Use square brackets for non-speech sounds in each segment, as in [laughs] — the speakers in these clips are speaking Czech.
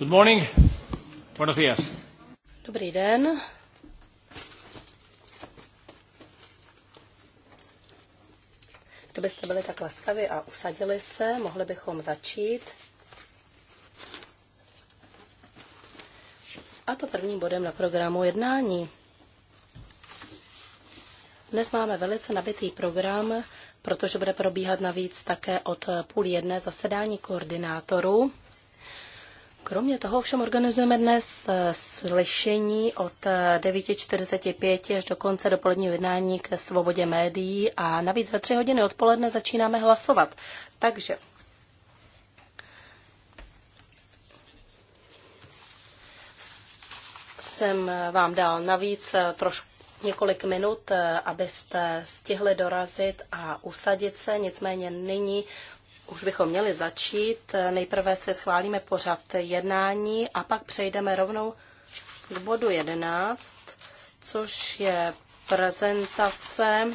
Dobrý den. Kdybyste byli tak laskavi a usadili se, mohli bychom začít. A to prvním bodem na programu jednání. Dnes máme velice nabitý program, protože bude probíhat navíc také od půl jedné zasedání koordinátorů. Kromě toho všem organizujeme dnes eh, slyšení od 9.45 eh, až do konce dopoledního jednání ke svobodě médií a navíc ve tři hodiny odpoledne začínáme hlasovat. Takže jsem vám dal navíc eh, trošku několik minut, abyste stihli dorazit a usadit se, nicméně nyní už bychom měli začít. Nejprve se schválíme pořad jednání a pak přejdeme rovnou k bodu 11, což je prezentace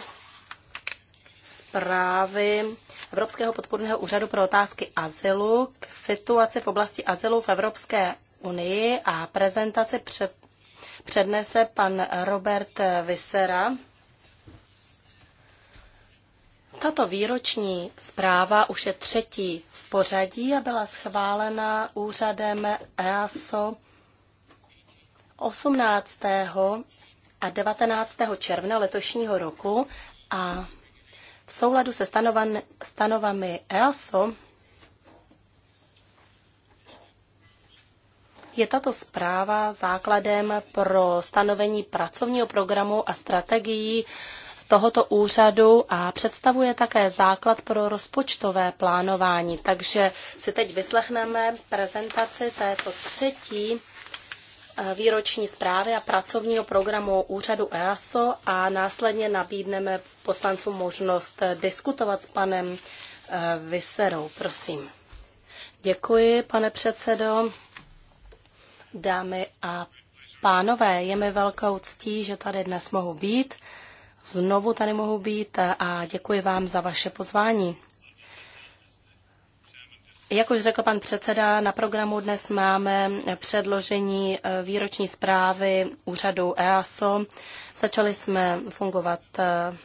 zprávy Evropského podpůrného úřadu pro otázky azylu k situaci v oblasti azylu v Evropské unii a prezentaci před, přednese pan Robert Visera tato výroční zpráva už je třetí v pořadí a byla schválena úřadem EASO 18. a 19. června letošního roku a v souladu se stanovan, stanovami EASO je tato zpráva základem pro stanovení pracovního programu a strategií tohoto úřadu a představuje také základ pro rozpočtové plánování. Takže si teď vyslechneme prezentaci této třetí eh, výroční zprávy a pracovního programu úřadu EASO a následně nabídneme poslancům možnost diskutovat s panem eh, Vyserou. Prosím. Děkuji, pane předsedo. Dámy a pánové, je mi velkou ctí, že tady dnes mohu být znovu tady mohu být a děkuji vám za vaše pozvání. Jak už řekl pan předseda, na programu dnes máme předložení eh, výroční zprávy úřadu EASO. Začali jsme fungovat eh,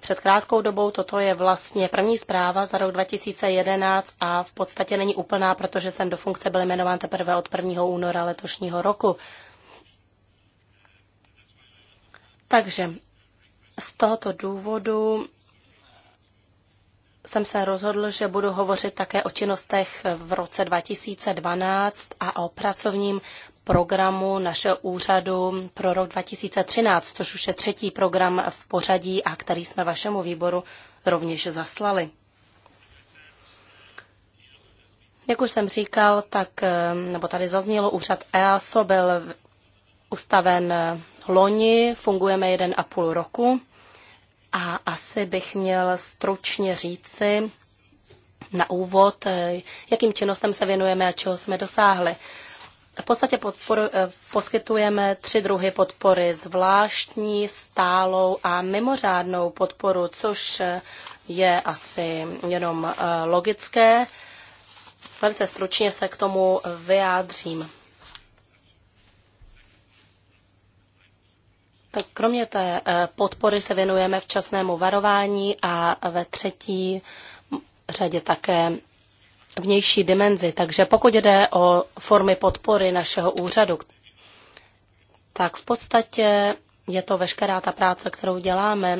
před krátkou dobou. Toto je vlastně první zpráva za rok 2011 a v podstatě není úplná, protože jsem do funkce byl jmenován teprve od 1. února letošního roku. Takže z tohoto důvodu jsem se rozhodl, že budu hovořit také o činnostech v roce 2012 a o pracovním programu našeho úřadu pro rok 2013, což už je třetí program v pořadí a který jsme vašemu výboru rovněž zaslali. Jak už jsem říkal, tak, eh, nebo tady zaznělo, úřad EASO byl ustaven loni, fungujeme jeden a půl roku a asi bych měl stručně říci na úvod, eh, jakým činnostem se věnujeme a čeho jsme dosáhli. V podstatě podporu, eh, poskytujeme tři druhy podpory, zvláštní, stálou a mimořádnou podporu, což je asi jenom eh, logické. Velice stručně se k tomu vyjádřím. Tak kromě té eh, podpory se věnujeme včasnému varování a ve třetí řadě také vnější dimenzi. Takže pokud jde o formy podpory našeho úřadu, tak v podstatě je to veškerá ta práce, kterou děláme.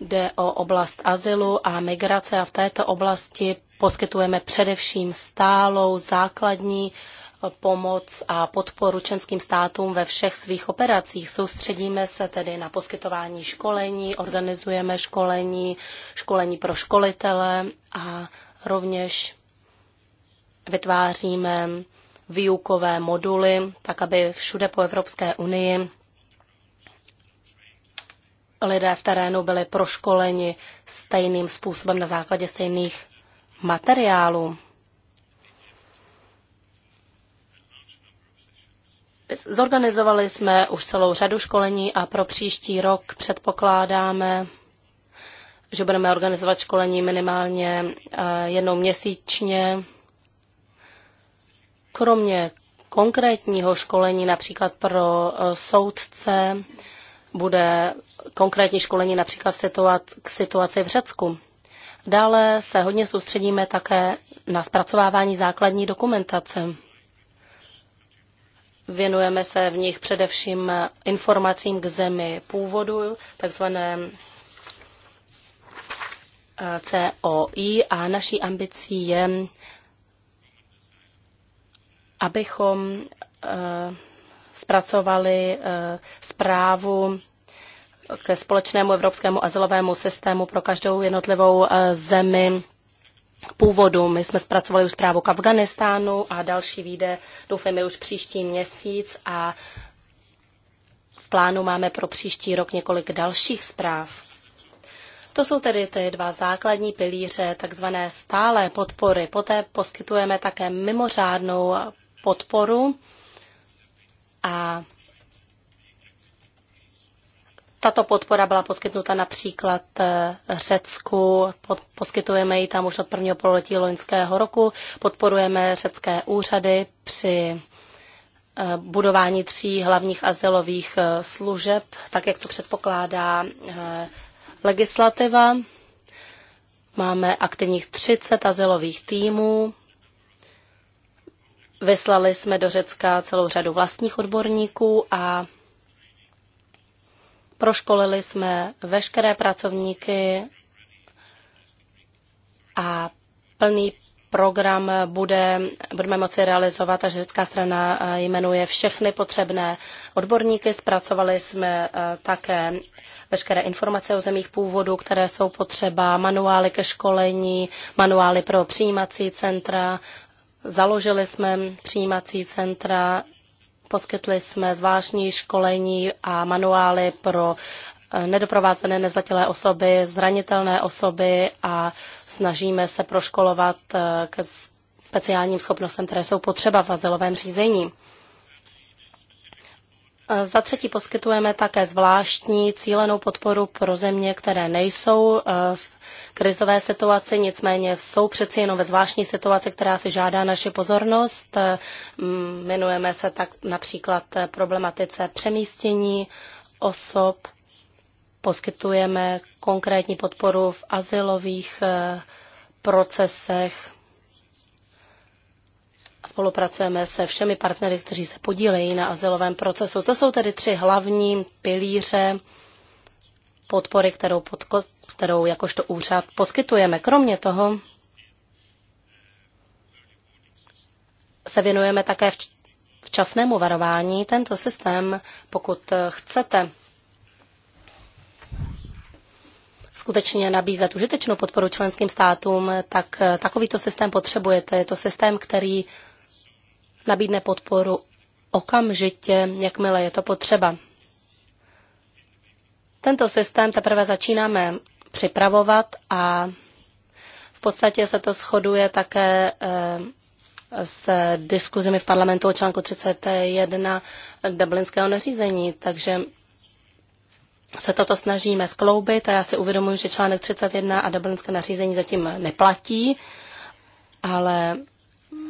Jde o oblast azylu a migrace a v této oblasti poskytujeme především stálou základní pomoc a podporu členským státům ve všech svých operacích. Soustředíme se tedy na poskytování školení, organizujeme školení, školení pro školitele a rovněž vytváříme výukové moduly, tak aby všude po Evropské unii lidé v terénu byli proškoleni stejným způsobem na základě stejných materiálů. Zorganizovali jsme už celou řadu školení a pro příští rok předpokládáme, že budeme organizovat školení minimálně eh, jednou měsíčně. Kromě konkrétního školení například pro eh, soudce bude konkrétní školení například v situaci, k situaci v Řecku. Dále se hodně soustředíme také na zpracovávání základní dokumentace. Věnujeme se v nich především informacím k zemi původu, takzvané eh, COI a naší ambicí je, abychom eh, zpracovali eh, zprávu ke společnému evropskému azylovému systému pro každou jednotlivou zemi původu. My jsme zpracovali už zprávu k Afganistánu a další vyjde, doufejme, už příští měsíc a v plánu máme pro příští rok několik dalších zpráv. To jsou tedy ty dva základní pilíře takzvané stálé podpory. Poté poskytujeme také mimořádnou podporu a tato podpora byla poskytnuta například eh, Řecku, poskytujeme ji tam už od prvního pololetí loňského roku, podporujeme řecké úřady při eh, budování tří hlavních azylových eh, služeb, tak jak to předpokládá legislativa. Máme aktivních 30 azylových týmů. Vyslali jsme do Řecka celou řadu vlastních odborníků a Proškolili jsme veškeré pracovníky a plný program bude, budeme moci realizovat a řecká strana eh, jmenuje všechny potřebné odborníky. Zpracovali jsme eh, také veškeré informace o zemích původu, které jsou potřeba, manuály ke školení, manuály pro přijímací centra. Založili jsme přijímací centra, Poskytli jsme zvláštní školení a manuály pro eh, nedoprovázené nezletilé osoby, zranitelné osoby a snažíme se proškolovat eh, k speciálním schopnostem, které jsou potřeba v azylovém řízení. Eh, za třetí poskytujeme také zvláštní cílenou podporu pro země, které nejsou v krizové situaci, nicméně jsou přeci jenom ve zvláštní situaci, která si žádá naši pozornost. Mm, Jmenujeme se tak například problematice přemístění osob, poskytujeme konkrétní podporu v asilových eh, procesech. Spolupracujeme se všemi partnery, kteří se podílejí na asilovém procesu. To jsou tedy tři hlavní pilíře podpory, kterou kterou jakožto úřad poskytujeme. Kromě toho se věnujeme také včasnému varování. Tento systém, pokud chcete skutečně nabízet užitečnou podporu členským státům, tak takovýto systém potřebujete. Je to systém, který nabídne podporu okamžitě, jakmile je to potřeba. Tento systém teprve začínáme připravovat a v podstatě se to shoduje také eh, s diskuzemi v parlamentu o článku 31 dublinského nařízení, takže se toto snažíme skloubit a já si uvědomuji, že článek 31 a dublinské nařízení zatím neplatí, ale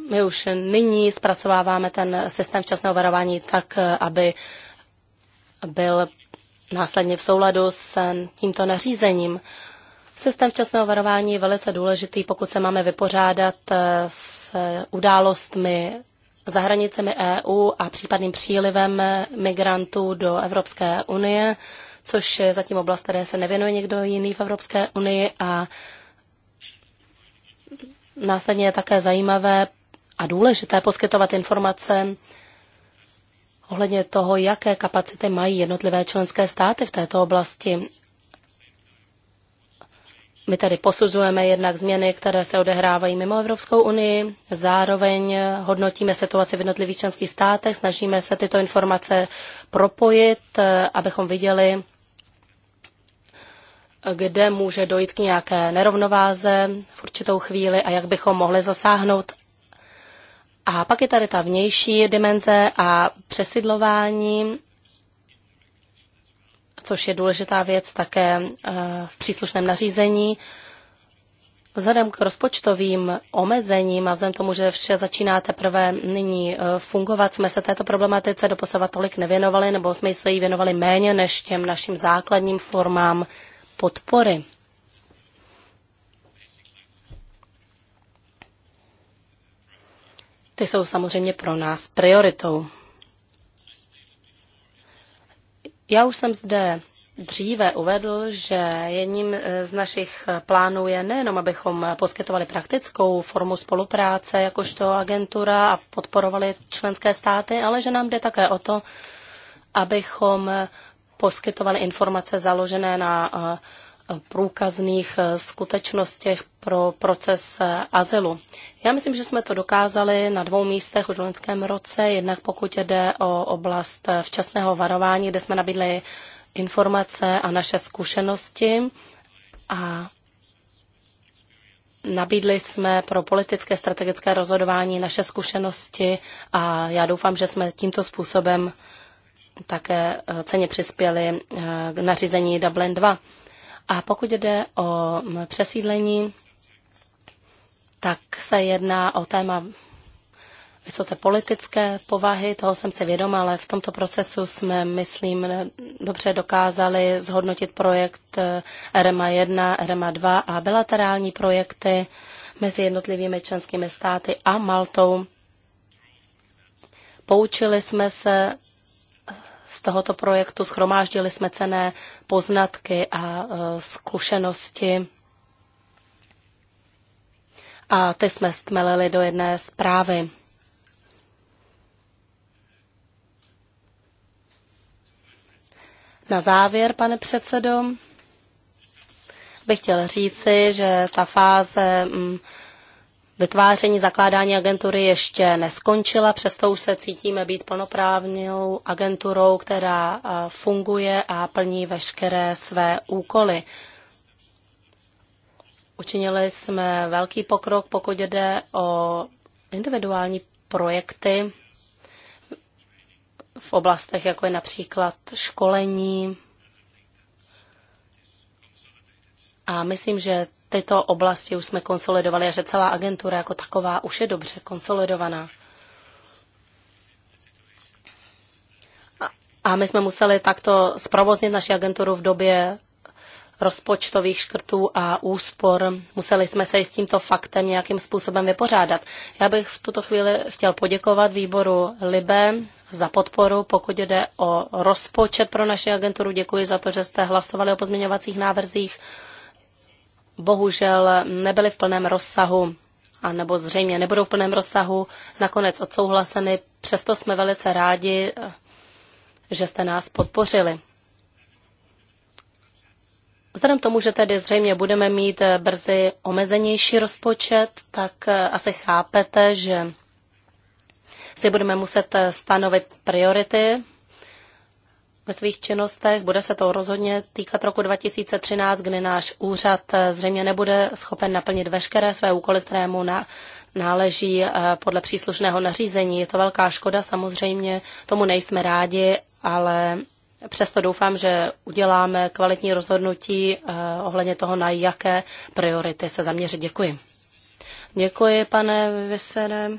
my už nyní zpracováváme ten systém včasného varování tak, eh, aby byl následně v souladu s eh, tímto nařízením. Systém včasného varování je velice důležitý, pokud se máme vypořádat eh, s eh, událostmi za hranicemi EU a případným přílivem migrantů do Evropské unie, což je zatím oblast, které se nevěnuje někdo jiný v Evropské unii a následně je také zajímavé a důležité poskytovat informace ohledně toho, jaké kapacity mají jednotlivé členské státy v této oblasti. My tedy posuzujeme jednak změny, které se odehrávají mimo Evropskou unii, zároveň hodnotíme situaci v jednotlivých členských státech, snažíme se tyto informace propojit, abychom viděli, kde může dojít k nějaké nerovnováze v určitou chvíli a jak bychom mohli zasáhnout a pak je tady ta vnější dimenze a přesidlování, což je důležitá věc také eh, v příslušném nařízení. Vzhledem k rozpočtovým omezením a vzhledem tomu, že vše začíná teprve nyní eh, fungovat, jsme se této problematice doposavat tolik nevěnovali, nebo jsme se jí věnovali méně než těm našim základním formám podpory. Ty jsou samozřejmě pro nás prioritou. Já už jsem zde dříve uvedl, že jedním z našich plánů je nejenom, abychom poskytovali praktickou formu spolupráce jakožto agentura a podporovali členské státy, ale že nám jde také o to, abychom poskytovali informace založené na průkazných eh, skutečnostech pro proces eh, azylu. Já myslím, že jsme to dokázali na dvou místech už v loňském roce, jednak pokud jde o oblast eh, včasného varování, kde jsme nabídli informace a naše zkušenosti a Nabídli jsme pro politické strategické rozhodování naše zkušenosti a já doufám, že jsme tímto způsobem také ceně přispěli k nařízení Dublin 2. A pokud jde o přesídlení, tak se jedná o téma vysoce politické povahy, toho jsem se vědoma, ale v tomto procesu jsme, myslím, dobře dokázali zhodnotit projekt RMA 1, RMA 2 a bilaterální projekty mezi jednotlivými členskými státy a Maltou. Poučili jsme se z tohoto projektu. Schromáždili jsme cené poznatky a e, zkušenosti a ty jsme stmelili do jedné zprávy. Na závěr, pane předsedo, bych chtěl říci, že ta fáze mm, vytváření, zakládání agentury ještě neskončila, přesto už se cítíme být plnoprávnou agenturou, která funguje a plní veškeré své úkoly. Učinili jsme velký pokrok, pokud jde o individuální projekty v oblastech, jako je například školení. A myslím, že tyto oblasti už jsme konsolidovali a že celá agentura jako taková už je dobře konsolidovaná. A my jsme museli takto zprovoznit naši agenturu v době rozpočtových škrtů a úspor. Museli jsme se i s tímto faktem nějakým způsobem vypořádat. Já bych v tuto chvíli chtěl poděkovat výboru Libe za podporu, pokud jde o rozpočet pro naši agenturu. Děkuji za to, že jste hlasovali o pozměňovacích návrzích bohužel nebyly v plném rozsahu a nebo zřejmě nebudou v plném rozsahu nakonec odsouhlaseny. Přesto jsme velice rádi, že jste nás podpořili. Vzhledem tomu, že tedy zřejmě budeme mít brzy omezenější rozpočet, tak asi chápete, že si budeme muset stanovit priority ve svých činnostech. Bude se to rozhodně týkat roku 2013, kdy náš úřad eh, zřejmě nebude schopen naplnit veškeré své úkoly, které mu na, náleží eh, podle příslušného nařízení. Je to velká škoda, samozřejmě tomu nejsme rádi, ale přesto doufám, že uděláme kvalitní rozhodnutí eh, ohledně toho, na jaké priority se zaměřit. Děkuji. Děkuji, pane Vysere.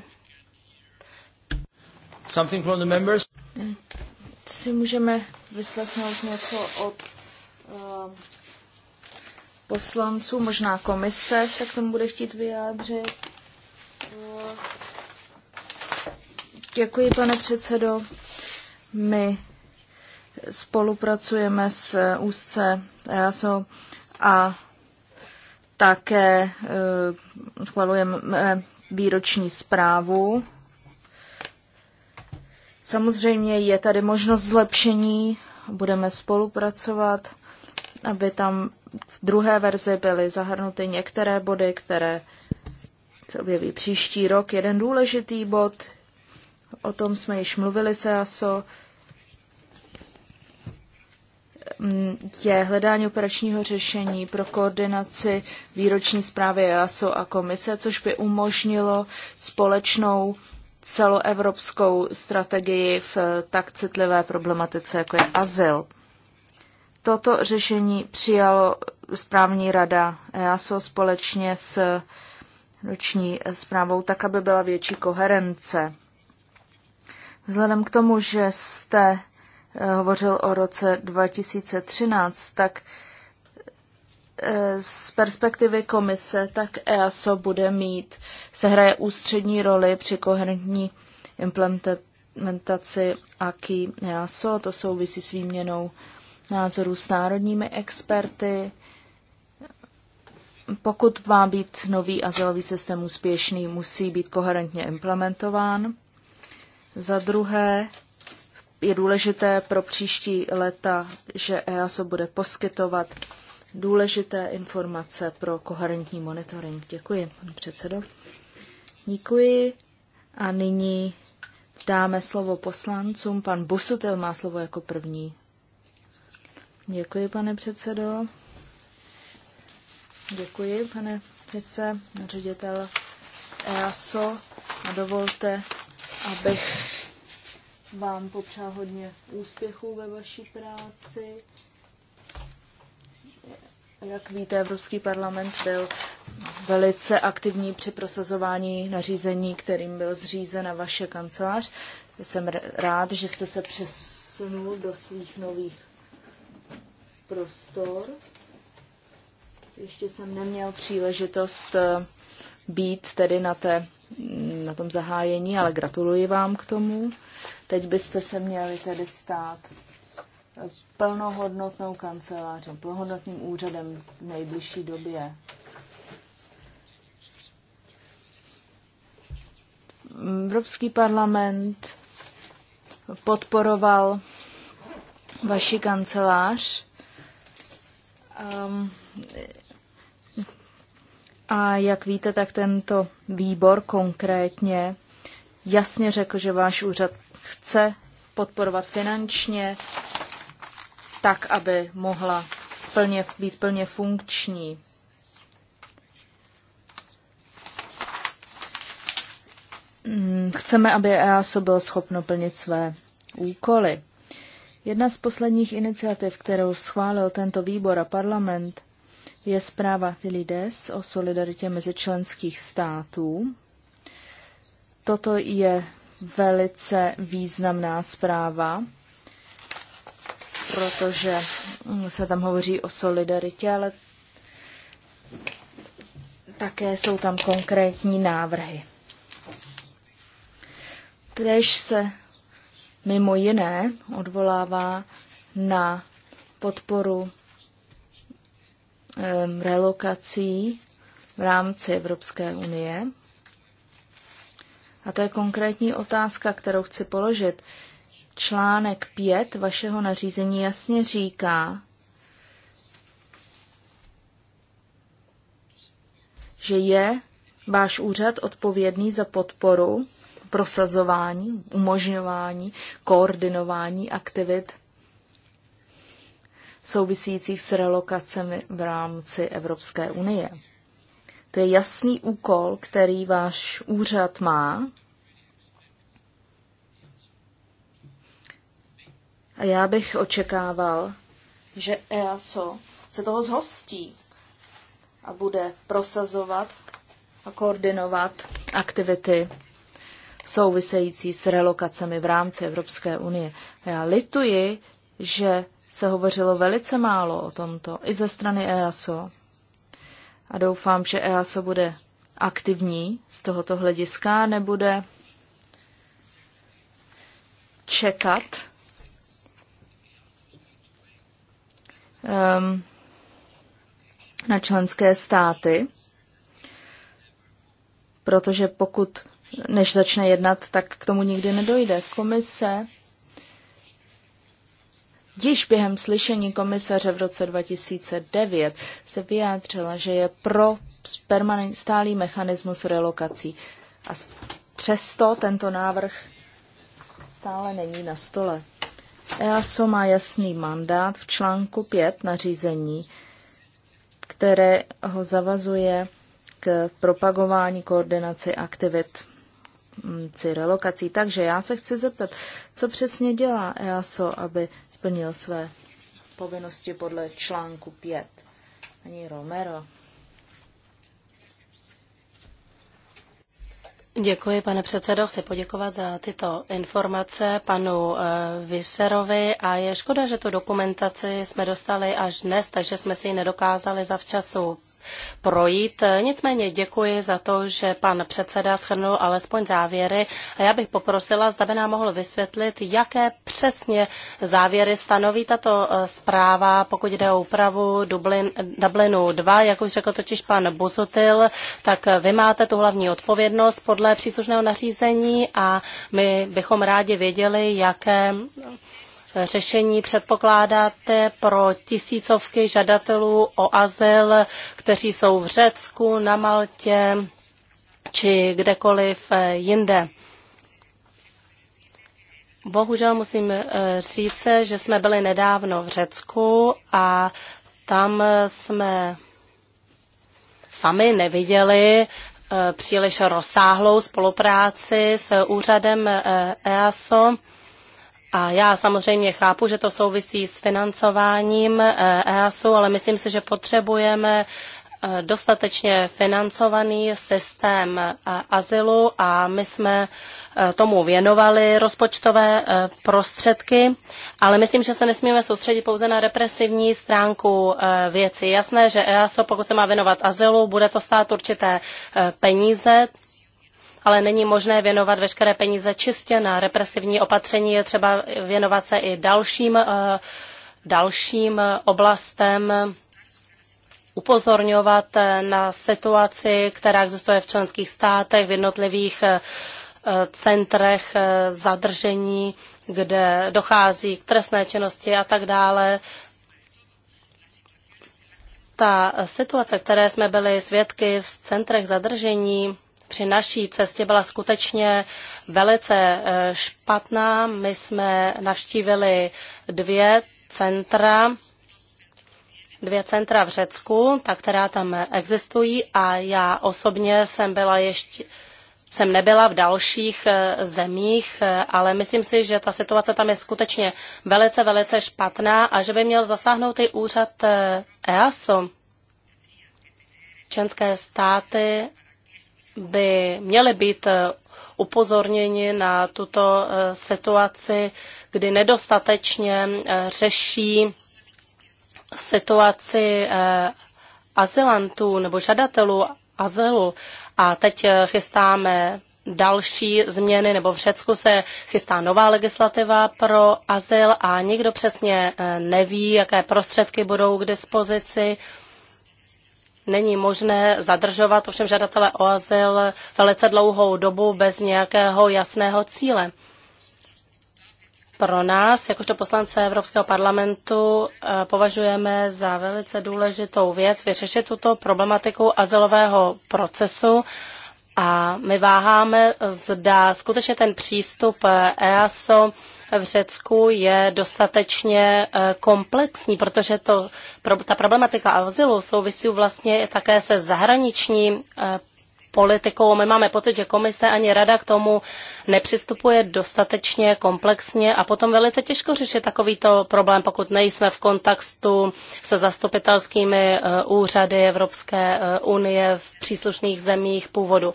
Something from the members? Mm si můžeme vyslechnout něco od eh, poslanců, možná komise se k tomu bude chtít vyjádřit. Eh, děkuji, pane předsedo. My spolupracujeme s úzce EASO a také eh, schvalujeme výroční zprávu Samozřejmě je tady možnost zlepšení, budeme spolupracovat, aby tam v druhé verzi byly zahrnuty některé body, které se objeví příští rok. Jeden důležitý bod, o tom jsme již mluvili se ASO, je hledání operačního řešení pro koordinaci výroční zprávy EASO a komise, což by umožnilo společnou celoevropskou strategii v tak citlivé problematice, jako je azyl. Toto řešení přijalo správní rada EASO společně s roční zprávou, tak aby byla větší koherence. Vzhledem k tomu, že jste eh, hovořil o roce 2013, tak Eh, z perspektivy komise, tak EASO bude mít, se hraje ústřední roli při koherentní implementaci AKI EASO, to souvisí s výměnou názorů s národními experty. Pokud má být nový azylový systém úspěšný, musí být koherentně implementován. Za druhé, je důležité pro příští leta, že EASO bude poskytovat důležité informace pro koherentní monitoring. Děkuji, pane předsedo. Děkuji a nyní dáme slovo poslancům. Pan Busutel má slovo jako první. Děkuji, pane předsedo. Děkuji, pane Hisse, ředitel EASO. A dovolte, abych vám popřál hodně úspěchů ve vaší práci jak víte, Evropský parlament byl velice aktivní při prosazování nařízení, kterým byl zřízena vaše kancelář. Jsem rád, že jste se přesunul do svých nových prostor. Ještě jsem neměl příležitost eh, být tedy na, té, mm, na tom zahájení, ale gratuluji vám k tomu. Teď byste se měli tedy stát plnohodnotnou kanceláří, plnohodnotným úřadem v nejbližší době. Evropský parlament podporoval vaši kancelář. Um, a jak víte, tak tento výbor konkrétně jasně řekl, že váš úřad chce podporovat finančně, tak, aby mohla plně, být plně funkční. Mm, chceme, aby EASO bylo schopno plnit své úkoly. Jedna z posledních iniciativ, kterou schválil tento výbor a parlament, je zpráva Filides o solidaritě mezi členských států. Toto je velice významná zpráva protože mm, se tam hovoří o solidaritě, ale také jsou tam konkrétní návrhy. Tež se mimo jiné odvolává na podporu relokací v rámci Evropské unie. A to je konkrétní otázka, kterou chci položit. Článek 5 vašeho nařízení jasně říká, že je váš úřad odpovědný za podporu, prosazování, umožňování, koordinování aktivit souvisejících s relokacemi v rámci Evropské unie. To je jasný úkol, který váš úřad má A já bych očekával, že EASO se toho zhostí a bude prosazovat a koordinovat aktivity související s relokacemi v rámci Evropské unie. A já lituji, že se hovořilo velice málo o tomto i ze strany EASO. A doufám, že EASO bude aktivní z tohoto hlediska, nebude čekat um, na členské státy, protože pokud než začne jednat, tak k tomu nikdy nedojde. Komise Již během slyšení komisaře v roce 2009 se vyjádřila, že je pro stálý mechanismus relokací. A přesto tento návrh stále není na stole. EASO má jasný mandát v článku 5 nařízení, které ho zavazuje k propagování koordinaci aktivit mm, při relokací. Takže já se chci zeptat, co přesně dělá EASO, aby splnil své povinnosti podle článku 5. Ani Romero. Děkuji, pane předsedo. Chci poděkovat za tyto informace panu eh, Viserovi a je škoda, že tu dokumentaci jsme dostali až dnes, takže jsme si ji nedokázali za včasu projít. Nicméně děkuji za to, že pan předseda schrnul alespoň závěry a já bych poprosila, zda by nám mohl vysvětlit, jaké přesně závěry stanoví tato eh, zpráva, pokud jde o úpravu Dublin, Dublinu 2, jak už řekl totiž pan Buzutil, tak eh, vy máte tu hlavní odpovědnost podle podle příslušného nařízení a my bychom rádi věděli, jaké řešení předpokládáte pro tisícovky žadatelů o azyl, kteří jsou v Řecku, na Maltě či kdekoliv eh, jinde. Bohužel musím eh, říct, že jsme byli nedávno v Řecku a tam jsme sami neviděli Eh, příliš rozsáhlou spolupráci s úřadem eh, EASO. A já samozřejmě chápu, že to souvisí s financováním eh, EASO, ale myslím si, že potřebujeme Eh, dostatečně financovaný systém eh, azylu a my jsme eh, tomu věnovali rozpočtové prostředky, ale myslím, že se nesmíme soustředit pouze na represivní stránku věci. Jasné, že EASO, pokud se má věnovat azylu, bude to stát určité peníze, ale není možné věnovat veškeré peníze čistě na represivní opatření. Je třeba věnovat se i dalším, dalším oblastem upozorňovat eh, na situaci, která existuje v členských státech, v jednotlivých eh, eh, centrech zadržení, kde dochází k trestné činnosti a tak dále. Ta situace, které jsme byli svědky v centrech zadržení při naší cestě, byla skutečně velice špatná. My jsme navštívili dvě centra dvě centra v Řecku, ta, která tam existují a já osobně jsem byla ještě jsem nebyla v dalších eh, zemích, eh, ale myslím si, že ta situace tam je skutečně velice, velice špatná a že by měl zasáhnout i úřad eh, EASO. Členské státy by měly být upozorněni na tuto situaci, kdy nedostatečně řeší situaci eh, azylantů nebo žadatelů azylu a teď eh, chystáme další změny, nebo v Řecku se chystá nová legislativa pro azyl a nikdo přesně eh, neví, jaké prostředky budou k dispozici. Není možné zadržovat ovšem žadatele o azyl velice dlouhou dobu bez nějakého jasného cíle pro nás, jakožto poslance Evropského parlamentu, eh, považujeme za velice důležitou věc vyřešit tuto problematiku azylového procesu. A my váháme, zda skutečně ten přístup eh, EASO v Řecku je dostatečně eh, komplexní, protože to, ta problematika azylu souvisí vlastně také se zahraniční politikou. My máme pocit, že komise ani rada k tomu nepřistupuje dostatečně komplexně a potom velice těžko řešit takovýto problém, pokud nejsme v kontaktu se zastupitelskými eh, úřady Evropské eh, unie v příslušných zemích původu.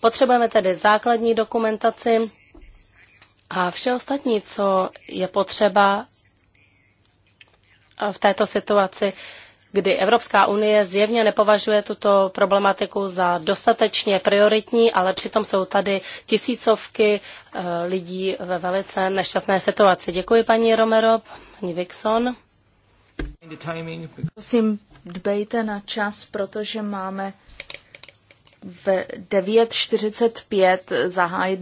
Potřebujeme tedy základní dokumentaci a vše ostatní, co je potřeba v této situaci, kdy Evropská unie zjevně nepovažuje tuto problematiku za dostatečně prioritní, ale přitom jsou tady tisícovky eh, lidí ve velice nešťastné situaci. Děkuji paní Romero, paní Vixon. Prosím, dbejte na čas, protože máme v 9.45 zahájit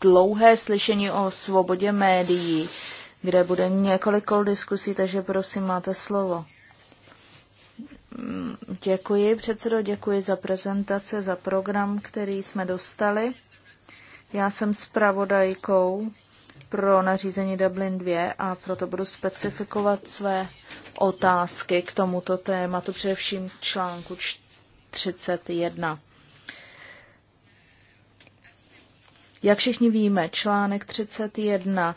dlouhé slyšení o svobodě médií, kde bude několik diskusí, takže prosím, máte slovo. Děkuji, předsedo, děkuji za prezentace, za program, který jsme dostali. Já jsem zpravodajkou pro nařízení Dublin 2 a proto budu specifikovat své otázky k tomuto tématu, především článku 31. Jak všichni víme, článek 31,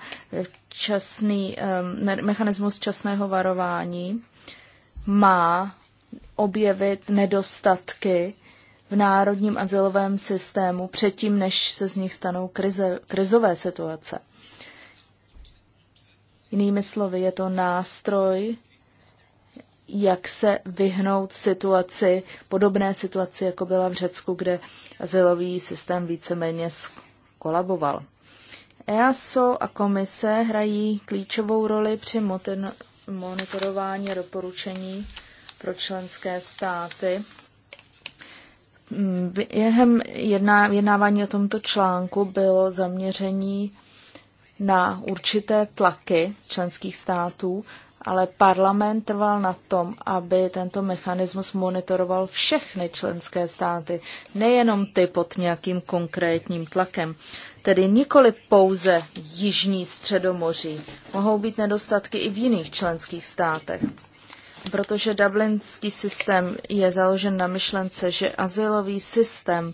časný, eh, mechanismus časného varování, má objevit nedostatky v národním azylovém systému předtím, než se z nich stanou krize, krizové situace. Jinými slovy, je to nástroj, jak se vyhnout situaci, podobné situaci, jako byla v Řecku, kde azylový systém víceméně skolaboval. EASO a komise hrají klíčovou roli při monitorování a doporučení pro členské státy. Mm, Během jedná, jednávání o tomto článku bylo zaměření na určité tlaky členských států, ale parlament trval na tom, aby tento mechanismus monitoroval všechny členské státy, nejenom ty pod nějakým konkrétním tlakem. Tedy nikoli pouze Jižní středomoří. Mohou být nedostatky i v jiných členských státech protože dublinský systém je založen na myšlence, že azylový systém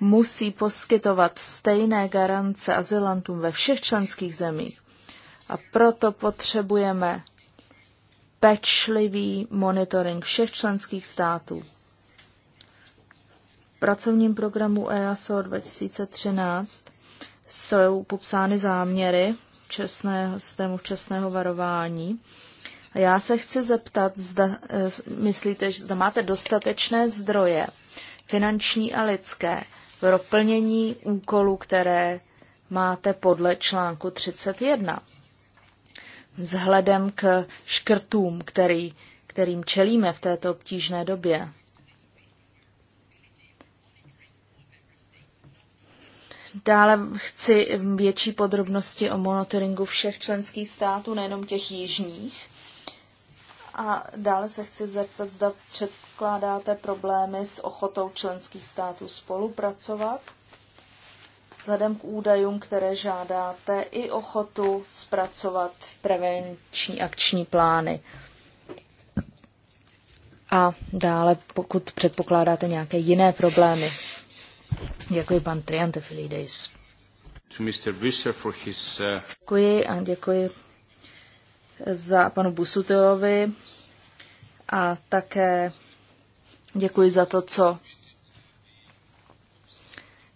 musí poskytovat stejné garance azylantům ve všech členských zemích. A proto potřebujeme pečlivý monitoring všech členských států. V pracovním programu EASO 2013 jsou popsány záměry čestného, systému včasného varování a já se chci zeptat, zda eh, myslíte, že zda máte dostatečné zdroje, finanční a lidské, pro plnění úkolů, které máte podle článku 31. Vzhledem k škrtům, který, kterým čelíme v této obtížné době. Dále chci větší podrobnosti o monitoringu všech členských států, nejenom těch jižních. A dále se chci zeptat, zda předkládáte problémy s ochotou členských států spolupracovat, vzhledem k údajům, které žádáte, i ochotu zpracovat prevenční akční plány. A dále, pokud předpokládáte nějaké jiné problémy. Děkuji, pan Triantafilidis. Uh, děkuji a děkuji za panu Busutilovi a také děkuji za to, co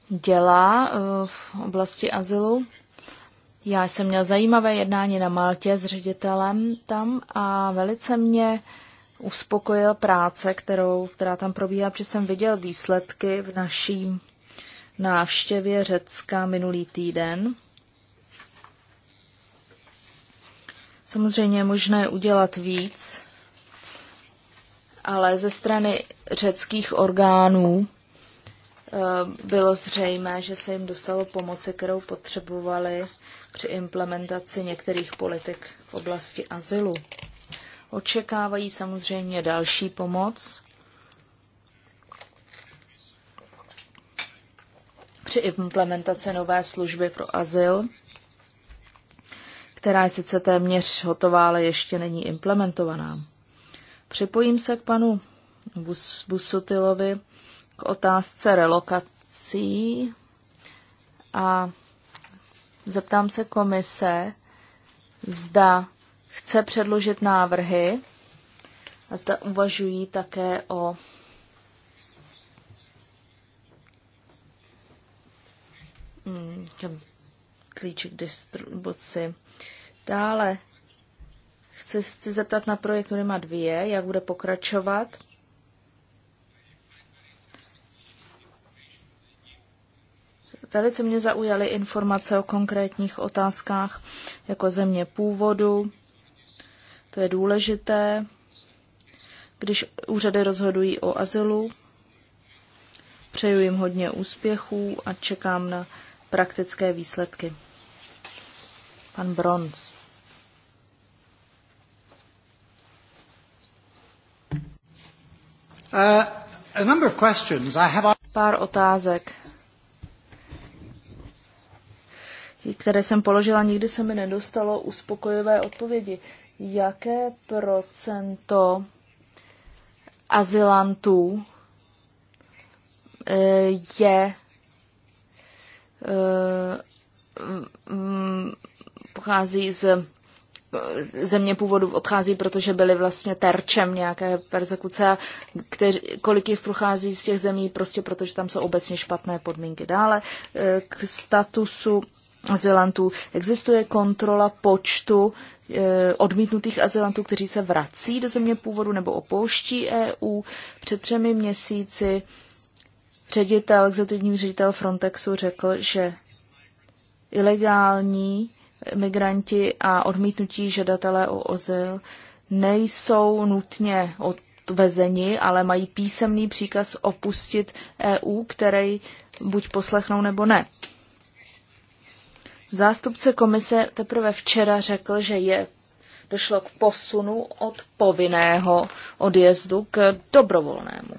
dělá eh, v oblasti azylu. Já jsem měl zajímavé jednání na Maltě s ředitelem tam a velice mě uspokojil práce, kterou, která tam probíhá, protože jsem viděl výsledky v naší návštěvě Řecka minulý týden. Samozřejmě je možné udělat víc, ale ze strany řeckých orgánů eh, bylo zřejmé, že se jim dostalo pomoci, kterou potřebovali při implementaci některých politik v oblasti azylu. Očekávají samozřejmě další pomoc. Při implementaci nové služby pro azyl která je sice téměř hotová, ale ještě není implementovaná. Připojím se k panu Bus- Busutilovi k otázce relokací a zeptám se komise, zda chce předložit návrhy a zda uvažují také o hmm, klíček distribuci. Dále chci, se zeptat na projekt má dvě. jak bude pokračovat. Velice mě zaujaly informace o konkrétních otázkách jako země původu. To je důležité, když úřady rozhodují o azylu. Přeju jim hodně úspěchů a čekám na praktické výsledky. Pan Bronz. Uh, a number of questions. I have... Pár otázek, které jsem položila, nikdy se mi nedostalo uspokojivé odpovědi. Jaké procento azylantů eh, je Eh, pochází z země původu odchází, protože byli vlastně terčem nějaké persekuce kteři, kolik jich prochází z těch zemí, prostě protože tam jsou obecně špatné podmínky. Dále eh, k statusu azylantů. Existuje kontrola počtu eh, odmítnutých azylantů, kteří se vrací do země původu nebo opouští EU. Před třemi měsíci ředitel, exekutivní ředitel Frontexu řekl, že ilegální migranti a odmítnutí žadatelé o azyl nejsou nutně odvezeni, ale mají písemný příkaz opustit EU, který buď poslechnou nebo ne. Zástupce komise teprve včera řekl, že je došlo k posunu od povinného odjezdu k dobrovolnému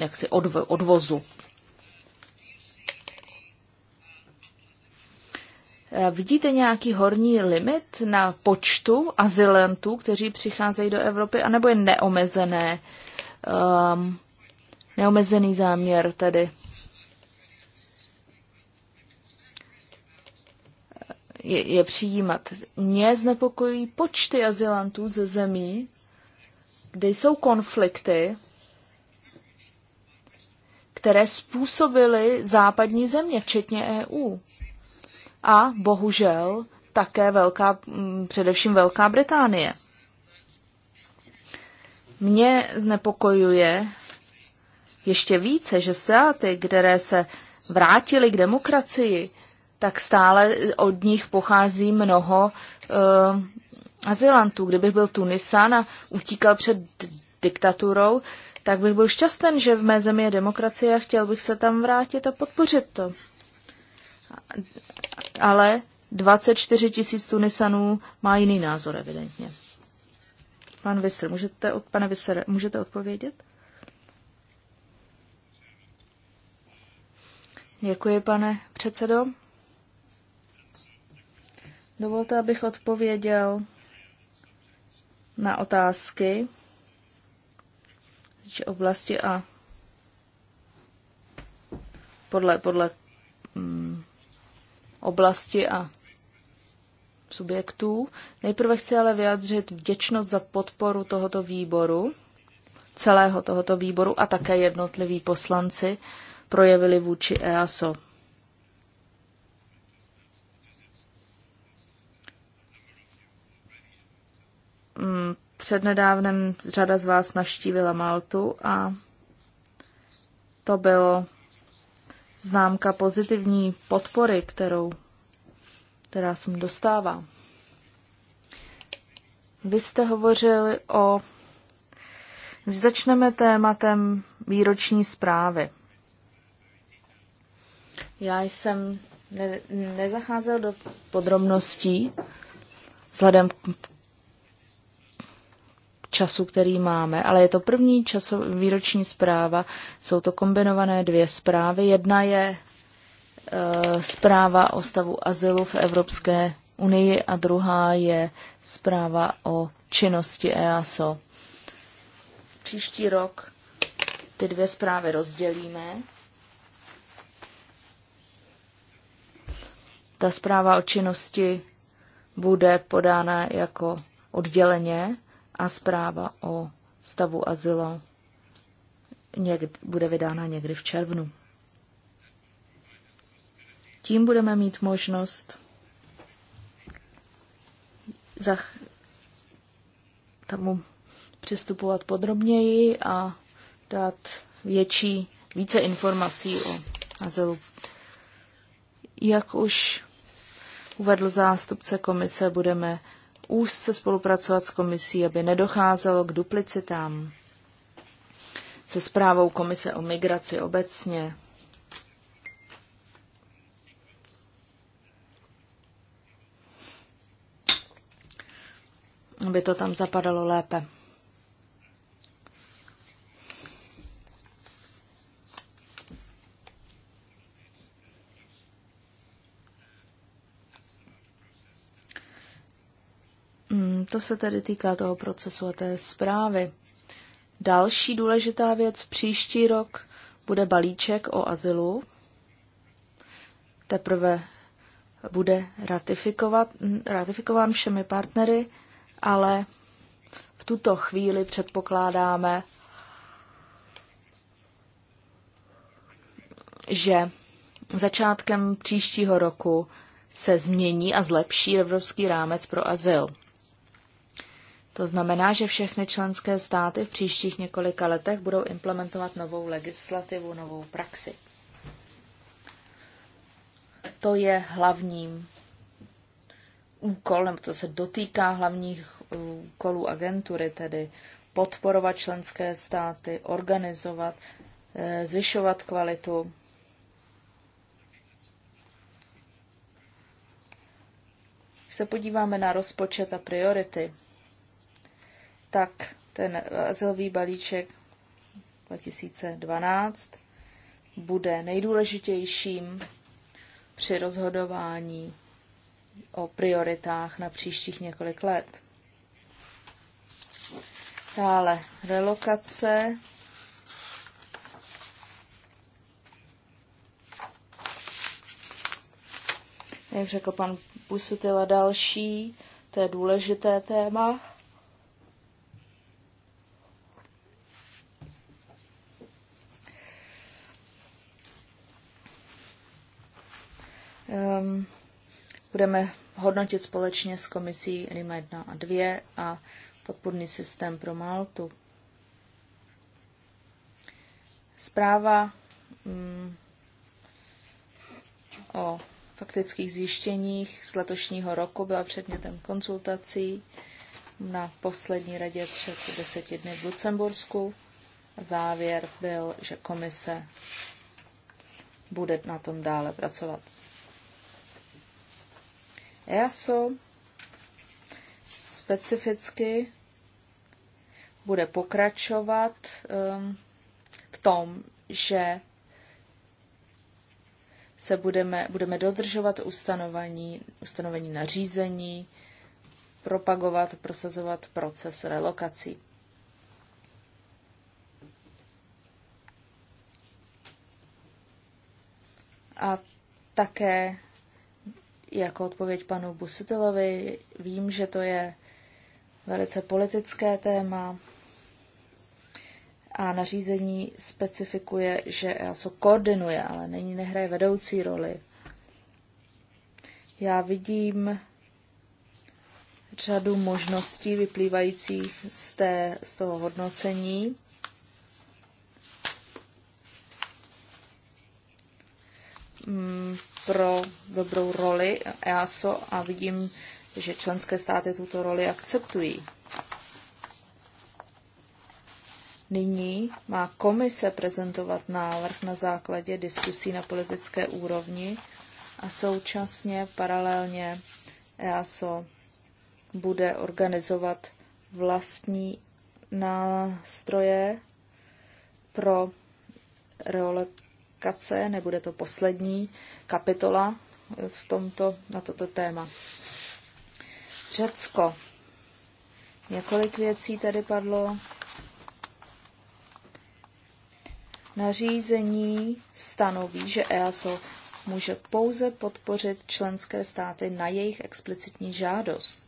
jaksi odv- odvozu. Eh, vidíte nějaký horní limit na počtu azylantů, kteří přicházejí do Evropy, anebo je neomezené, um, neomezený záměr tedy? Eh, je, je přijímat. Mě znepokojí počty azylantů ze zemí, kde jsou konflikty které způsobily západní země, včetně EU. A bohužel také velká, mm, především Velká Británie. Mě znepokojuje ještě více, že státy, které se vrátily k demokracii, tak stále od nich pochází mnoho uh, azylantů. Kdybych byl Tunisán a utíkal před diktaturou, tak bych byl šťastný, že v mé zemi je demokracie a chtěl bych se tam vrátit a podpořit to. Ale 24 tisíc Tunisanů má jiný názor evidentně. Pan Vysr, můžete, od, pane Vysr, můžete odpovědět? Děkuji, pane předsedo. Dovolte, abych odpověděl na otázky týče oblasti a podle, podle mm, oblasti a subjektů. Nejprve chci ale vyjádřit vděčnost za podporu tohoto výboru, celého tohoto výboru a také jednotliví poslanci projevili vůči EASO. Mm, Přednedávnem řada z vás navštívila Maltu a to bylo známka pozitivní podpory, kterou, která jsem dostává. Vy jste hovořili o... Začneme tématem výroční zprávy. Já jsem ne, nezacházel do podrobností, vzhledem k času, který máme, ale je to první časov, výroční zpráva, jsou to kombinované dvě zprávy. Jedna je e, zpráva o stavu azylu v Evropské unii a druhá je zpráva o činnosti EASO. Příští rok ty dvě zprávy rozdělíme. Ta zpráva o činnosti bude podána jako odděleně a zpráva o stavu azylu někdy, bude vydána někdy v červnu. Tím budeme mít možnost zach- tomu přistupovat podrobněji a dát větší, více informací o azylu. Jak už uvedl zástupce komise, budeme úzce spolupracovat s komisí, aby nedocházelo k duplicitám se zprávou komise o migraci obecně. Aby to tam zapadalo lépe. To se tedy týká toho procesu a té zprávy. Další důležitá věc příští rok bude balíček o azylu. Teprve bude ratifikovat, ratifikován všemi partnery, ale v tuto chvíli předpokládáme, že začátkem příštího roku se změní a zlepší evropský rámec pro azyl. To znamená, že všechny členské státy v příštích několika letech budou implementovat novou legislativu, novou praxi. To je hlavním úkol, nebo to se dotýká hlavních úkolů agentury, tedy podporovat členské státy, organizovat, eh, zvyšovat kvalitu. Když se podíváme na rozpočet a priority, tak ten azylový balíček 2012 bude nejdůležitějším při rozhodování o prioritách na příštích několik let. Dále relokace. Jak řekl pan Pusutila, další, to je důležité téma. Um, budeme hodnotit společně s komisí RIMA 1 a 2 a podpůrný systém pro Maltu. Zpráva um, o faktických zjištěních z letošního roku byla předmětem konzultací na poslední radě před deseti dny v Lucembursku. Závěr byl, že komise bude na tom dále pracovat. EASO specificky bude pokračovat um, v tom, že se budeme, budeme dodržovat ustanovení, ustanovení nařízení, propagovat, prosazovat proces relokací. A také jako odpověď panu Busutilovi. Vím, že to je velice politické téma a nařízení specifikuje, že ASO koordinuje, ale není nehraje vedoucí roli. Já vidím řadu možností vyplývajících z, té, z toho hodnocení. Hmm pro dobrou roli EASO a vidím, že členské státy tuto roli akceptují. Nyní má komise prezentovat návrh na základě diskusí na politické úrovni a současně paralelně EASO bude organizovat vlastní nástroje pro aplikace, nebude to poslední kapitola eh, v tomto, na toto téma. Řecko. Několik věcí tady padlo. Nařízení stanoví, že EASO může pouze podpořit členské státy na jejich explicitní žádost.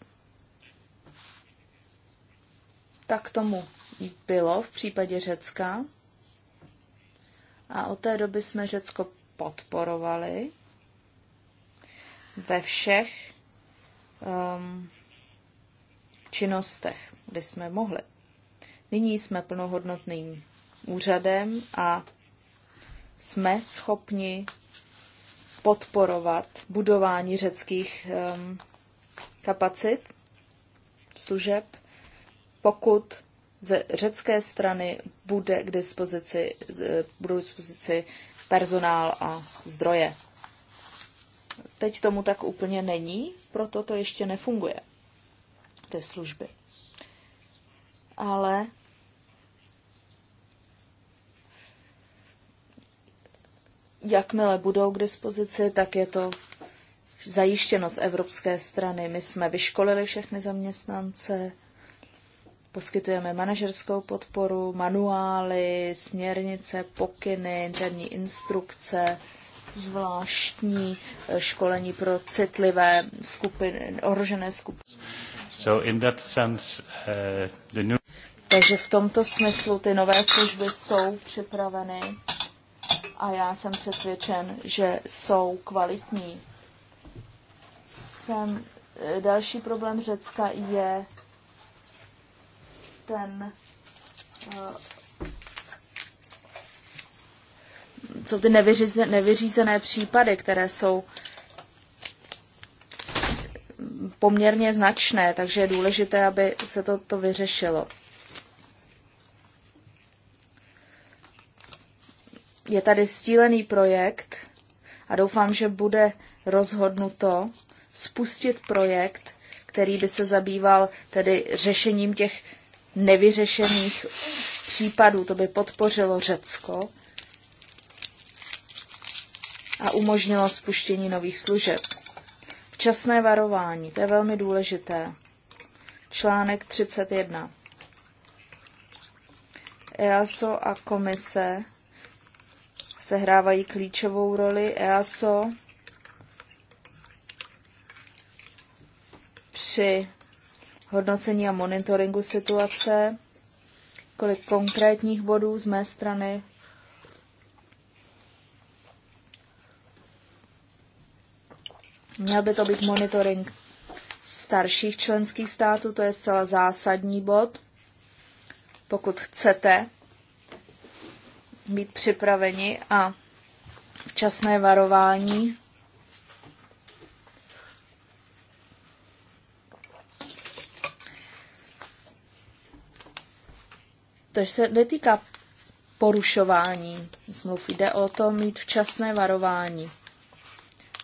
Tak tomu bylo v případě Řecka. A od té doby jsme Řecko podporovali ve všech um, činnostech, kdy jsme mohli. Nyní jsme plnohodnotným úřadem a jsme schopni podporovat budování řeckých um, kapacit, služeb, pokud ze řecké strany bude k dispozici, e, budou k dispozici personál a zdroje. Teď tomu tak úplně není, proto to ještě nefunguje, ty služby. Ale jakmile budou k dispozici, tak je to zajištěno z evropské strany. My jsme vyškolili všechny zaměstnance, Poskytujeme manažerskou podporu, manuály, směrnice, pokyny, interní instrukce, zvláštní eh, školení pro citlivé skupiny, ohrožené skupiny. So in that sense, uh, the new... Takže v tomto smyslu ty nové služby jsou připraveny a já jsem přesvědčen, že jsou kvalitní. Jsem, eh, další problém Řecka je ten eh, jsou ty nevyřízené, nevyřízené případy, které jsou poměrně značné, takže je důležité, aby se to, to vyřešilo. Je tady stílený projekt a doufám, že bude rozhodnuto spustit projekt, který by se zabýval tedy řešením těch nevyřešených případů. To by podpořilo Řecko a umožnilo spuštění nových služeb. Včasné varování, to je velmi důležité. Článek 31. EASO a komise sehrávají klíčovou roli. EASO při hodnocení a monitoringu situace, kolik konkrétních bodů z mé strany. Měl by to být monitoring starších členských států, to je zcela zásadní bod. Pokud chcete být připraveni a včasné varování To se netýká porušování smluv, jde o to mít včasné varování.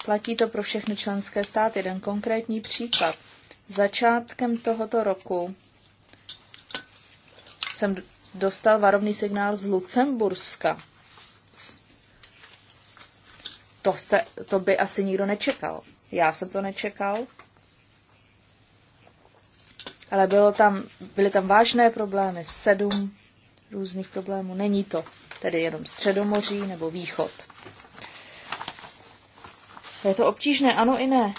Platí to pro všechny členské státy. Jeden konkrétní příklad. Začátkem tohoto roku jsem dostal varovný signál z Lucemburska. To, jste, to by asi nikdo nečekal. Já jsem to nečekal. Ale bylo tam, byly tam vážné problémy. Sedm různých problémů. Není to tedy jenom středomoří nebo východ. Je to obtížné, ano i ne.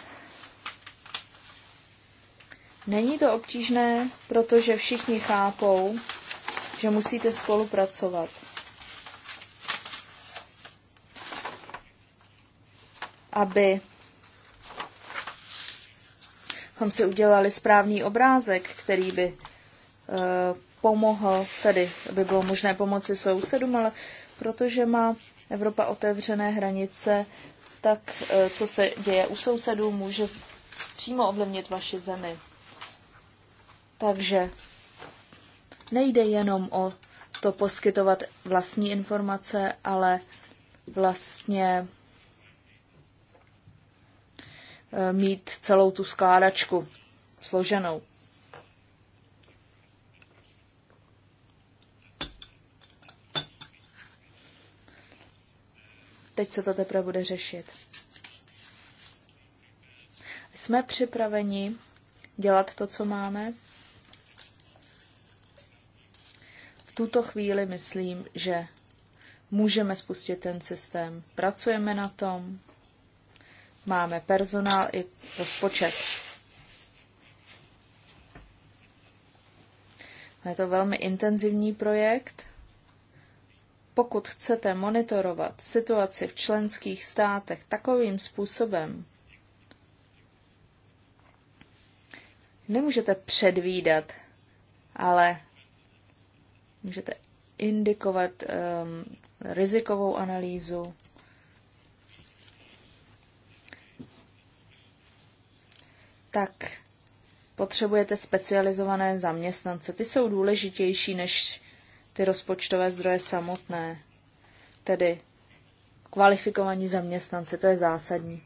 Není to obtížné, protože všichni chápou, že musíte spolupracovat. Aby abychom si udělali správný obrázek, který by eh, pomohl, tedy by bylo možné pomoci sousedům, ale protože má Evropa otevřené hranice, tak e, co se děje u sousedů, může přímo ovlivnit vaši zemi. Takže nejde jenom o to poskytovat vlastní informace, ale vlastně e, mít celou tu skládačku složenou. Teď se to teprve bude řešit. Jsme připraveni dělat to, co máme? V tuto chvíli myslím, že můžeme spustit ten systém. Pracujeme na tom, máme personál i rozpočet. Je to velmi intenzivní projekt pokud chcete monitorovat situaci v členských státech takovým způsobem, nemůžete předvídat, ale můžete indikovat um, rizikovou analýzu. Tak potřebujete specializované zaměstnance. Ty jsou důležitější než ty rozpočtové zdroje samotné. Tedy kvalifikovaní zaměstnanci, to je zásadní.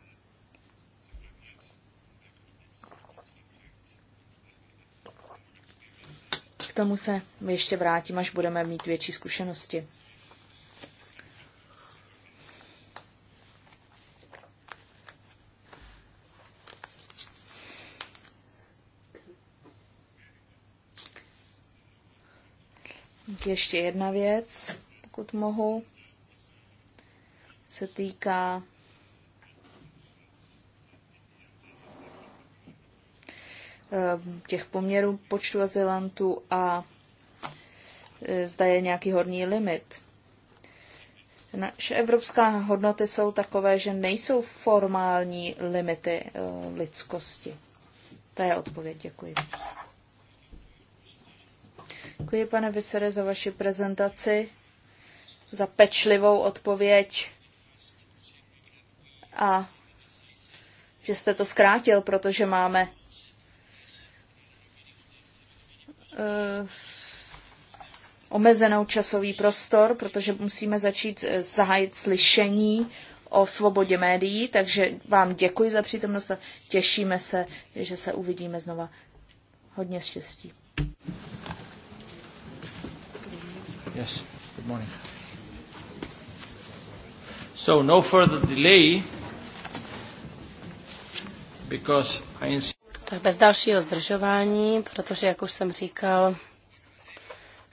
K tomu se ještě vrátím, až budeme mít větší zkušenosti. ještě jedna věc, pokud mohu, se týká eh, těch poměrů počtu azylantů a eh, zda je nějaký horní limit. Naše evropská hodnoty jsou takové, že nejsou formální limity eh, lidskosti. To je odpověď, děkuji. Děkuji, pane Vysere, za vaši prezentaci, za pečlivou odpověď a že jste to zkrátil, protože máme uh, omezenou časový prostor, protože musíme začít eh, zahájit slyšení o svobodě médií, takže vám děkuji za přítomnost a těšíme se, že se uvidíme znova. Hodně štěstí. Yes, good morning. So no further delay, because I tak bez dalšího zdržování, protože, jak už jsem říkal,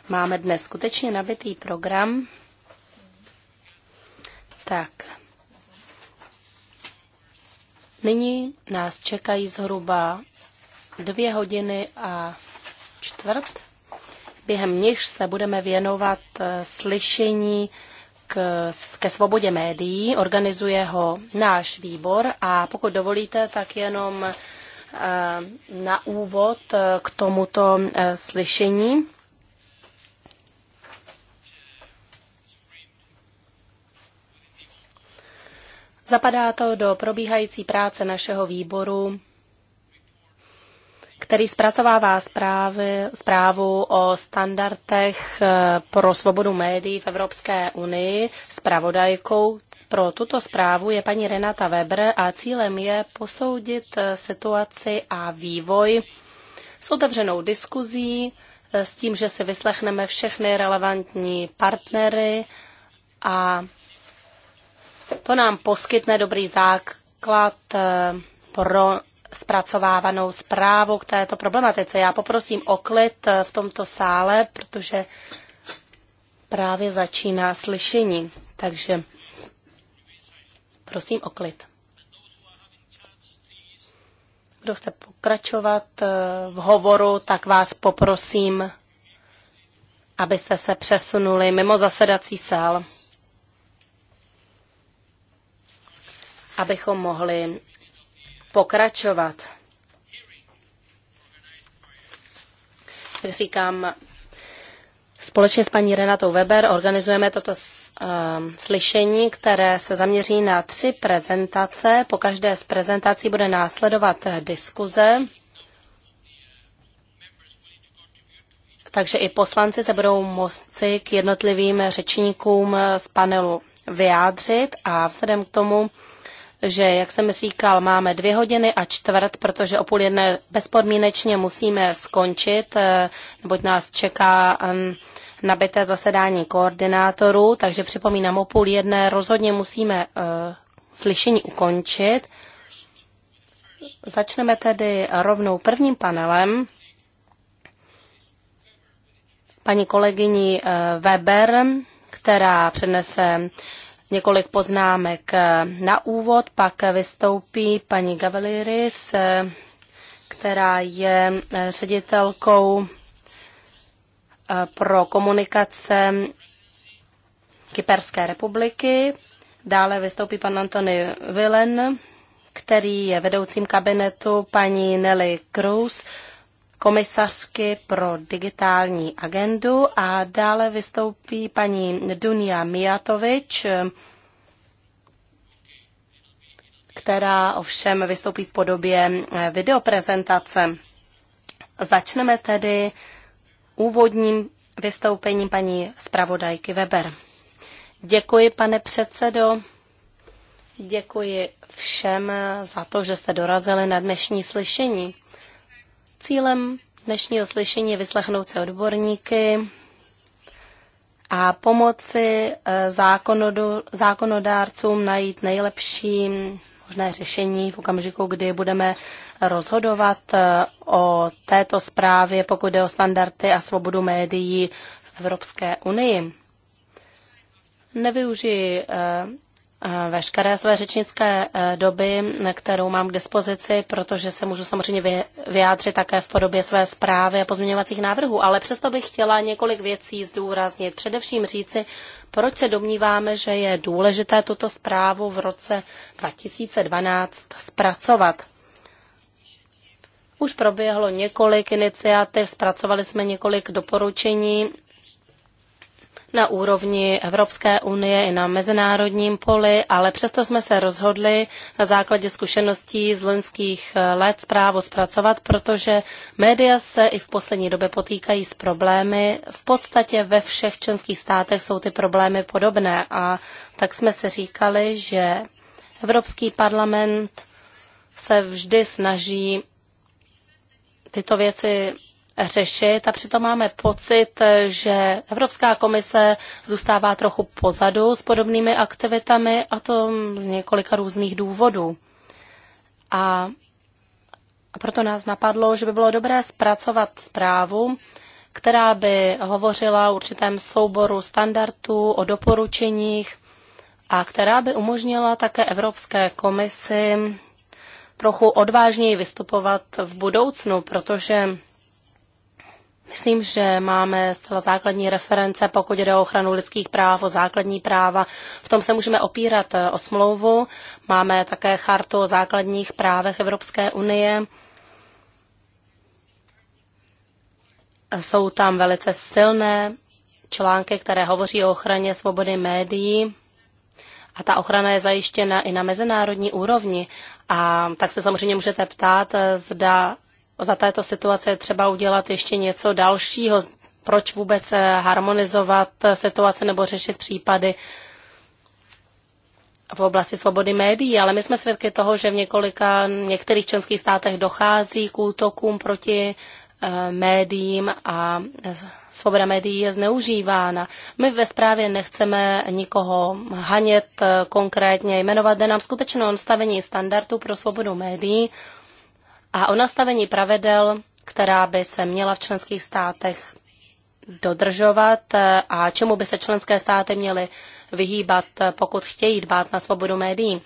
máme dnes skutečně nabitý program. Tak. Nyní nás čekají zhruba dvě hodiny a čtvrt během nichž se budeme věnovat eh, slyšení k, ke svobodě médií. Organizuje ho náš výbor a pokud dovolíte, tak jenom eh, na úvod eh, k tomuto slyšení. Zapadá to do probíhající práce našeho výboru který zpracovává zprávy, zprávu o standardech eh, pro svobodu médií v Evropské unii. pravodajkou pro tuto zprávu je paní Renata Weber a cílem je posoudit eh, situaci a vývoj s otevřenou diskuzí, eh, s tím, že si vyslechneme všechny relevantní partnery a to nám poskytne dobrý základ pro zpracovávanou zprávu k této problematice. Já poprosím o klid eh, v tomto sále, protože právě začíná slyšení. Takže prosím o klid. Kdo chce pokračovat eh, v hovoru, tak vás poprosím, abyste se přesunuli mimo zasedací sál, abychom mohli pokračovat. Jak říkám, společně s paní Renatou Weber organizujeme toto um, slyšení, které se zaměří na tři prezentace. Po každé z prezentací bude následovat diskuze. takže i poslanci se budou moci k jednotlivým řečníkům z panelu vyjádřit a vzhledem k tomu, že, jak jsem říkal, máme dvě hodiny a čtvrt, protože o půl jedné bezpodmínečně musíme skončit, eh, neboť nás čeká nabité zasedání koordinátorů, takže připomínám, o půl jedné rozhodně musíme eh, slyšení ukončit. Začneme tedy rovnou prvním panelem. Paní kolegyní eh, Weber, která přednese několik poznámek na úvod, pak vystoupí paní Gavaliris, která je ředitelkou eh, pro komunikace Kyperské republiky. Dále vystoupí pan Antony Willen, který je vedoucím kabinetu paní Nelly Cruz, komisařky pro digitální agendu a dále vystoupí paní Dunia Mijatovič, která ovšem vystoupí v podobě eh, videoprezentace. Začneme tedy úvodním vystoupením paní zpravodajky Weber. Děkuji, pane předsedo. Děkuji všem za to, že jste dorazili na dnešní slyšení. Cílem dnešního slyšení je vyslechnout se odborníky a pomoci eh, zákonodárcům najít nejlepší možné řešení v okamžiku, kdy budeme rozhodovat eh, o této zprávě, pokud jde o standardy a svobodu médií v Evropské unii. Nevyužiji eh, Eh, veškeré své řečnické eh, doby, kterou mám k dispozici, protože se můžu samozřejmě vyjádřit také v podobě své zprávy a pozměňovacích návrhů, ale přesto bych chtěla několik věcí zdůraznit. Především říci, proč se domníváme, že je důležité tuto zprávu v roce 2012 zpracovat. Už proběhlo několik iniciativ, zpracovali jsme několik doporučení na úrovni Evropské unie i na mezinárodním poli, ale přesto jsme se rozhodli na základě zkušeností z loňských eh, let zprávu zpracovat, protože média se i v poslední době potýkají s problémy. V podstatě ve všech členských státech jsou ty problémy podobné a tak jsme se říkali, že Evropský parlament se vždy snaží tyto věci řešit a přitom máme pocit, že Evropská komise zůstává trochu pozadu s podobnými aktivitami a to z několika různých důvodů. A proto nás napadlo, že by bylo dobré zpracovat zprávu, která by hovořila o určitém souboru standardů, o doporučeních a která by umožnila také Evropské komisi trochu odvážněji vystupovat v budoucnu, protože Myslím, že máme zcela základní reference, pokud jde o ochranu lidských práv, o základní práva. V tom se můžeme opírat eh, o smlouvu. Máme také chartu o základních právech Evropské unie. Jsou tam velice silné články, které hovoří o ochraně svobody médií. A ta ochrana je zajištěna i na mezinárodní úrovni. A tak se samozřejmě můžete ptát, eh, zda za této situace je třeba udělat ještě něco dalšího, proč vůbec eh, harmonizovat eh, situace nebo řešit případy v oblasti svobody médií, ale my jsme svědky toho, že v několika některých členských státech dochází k útokům proti eh, médiím a svoboda médií je zneužívána. My ve zprávě nechceme nikoho hanět konkrétně, jmenovat, jde nám skutečné nastavení standardu pro svobodu médií, a o nastavení pravidel, která by se měla v členských státech dodržovat eh, a čemu by se členské státy měly vyhýbat, eh, pokud chtějí dbát na svobodu médií.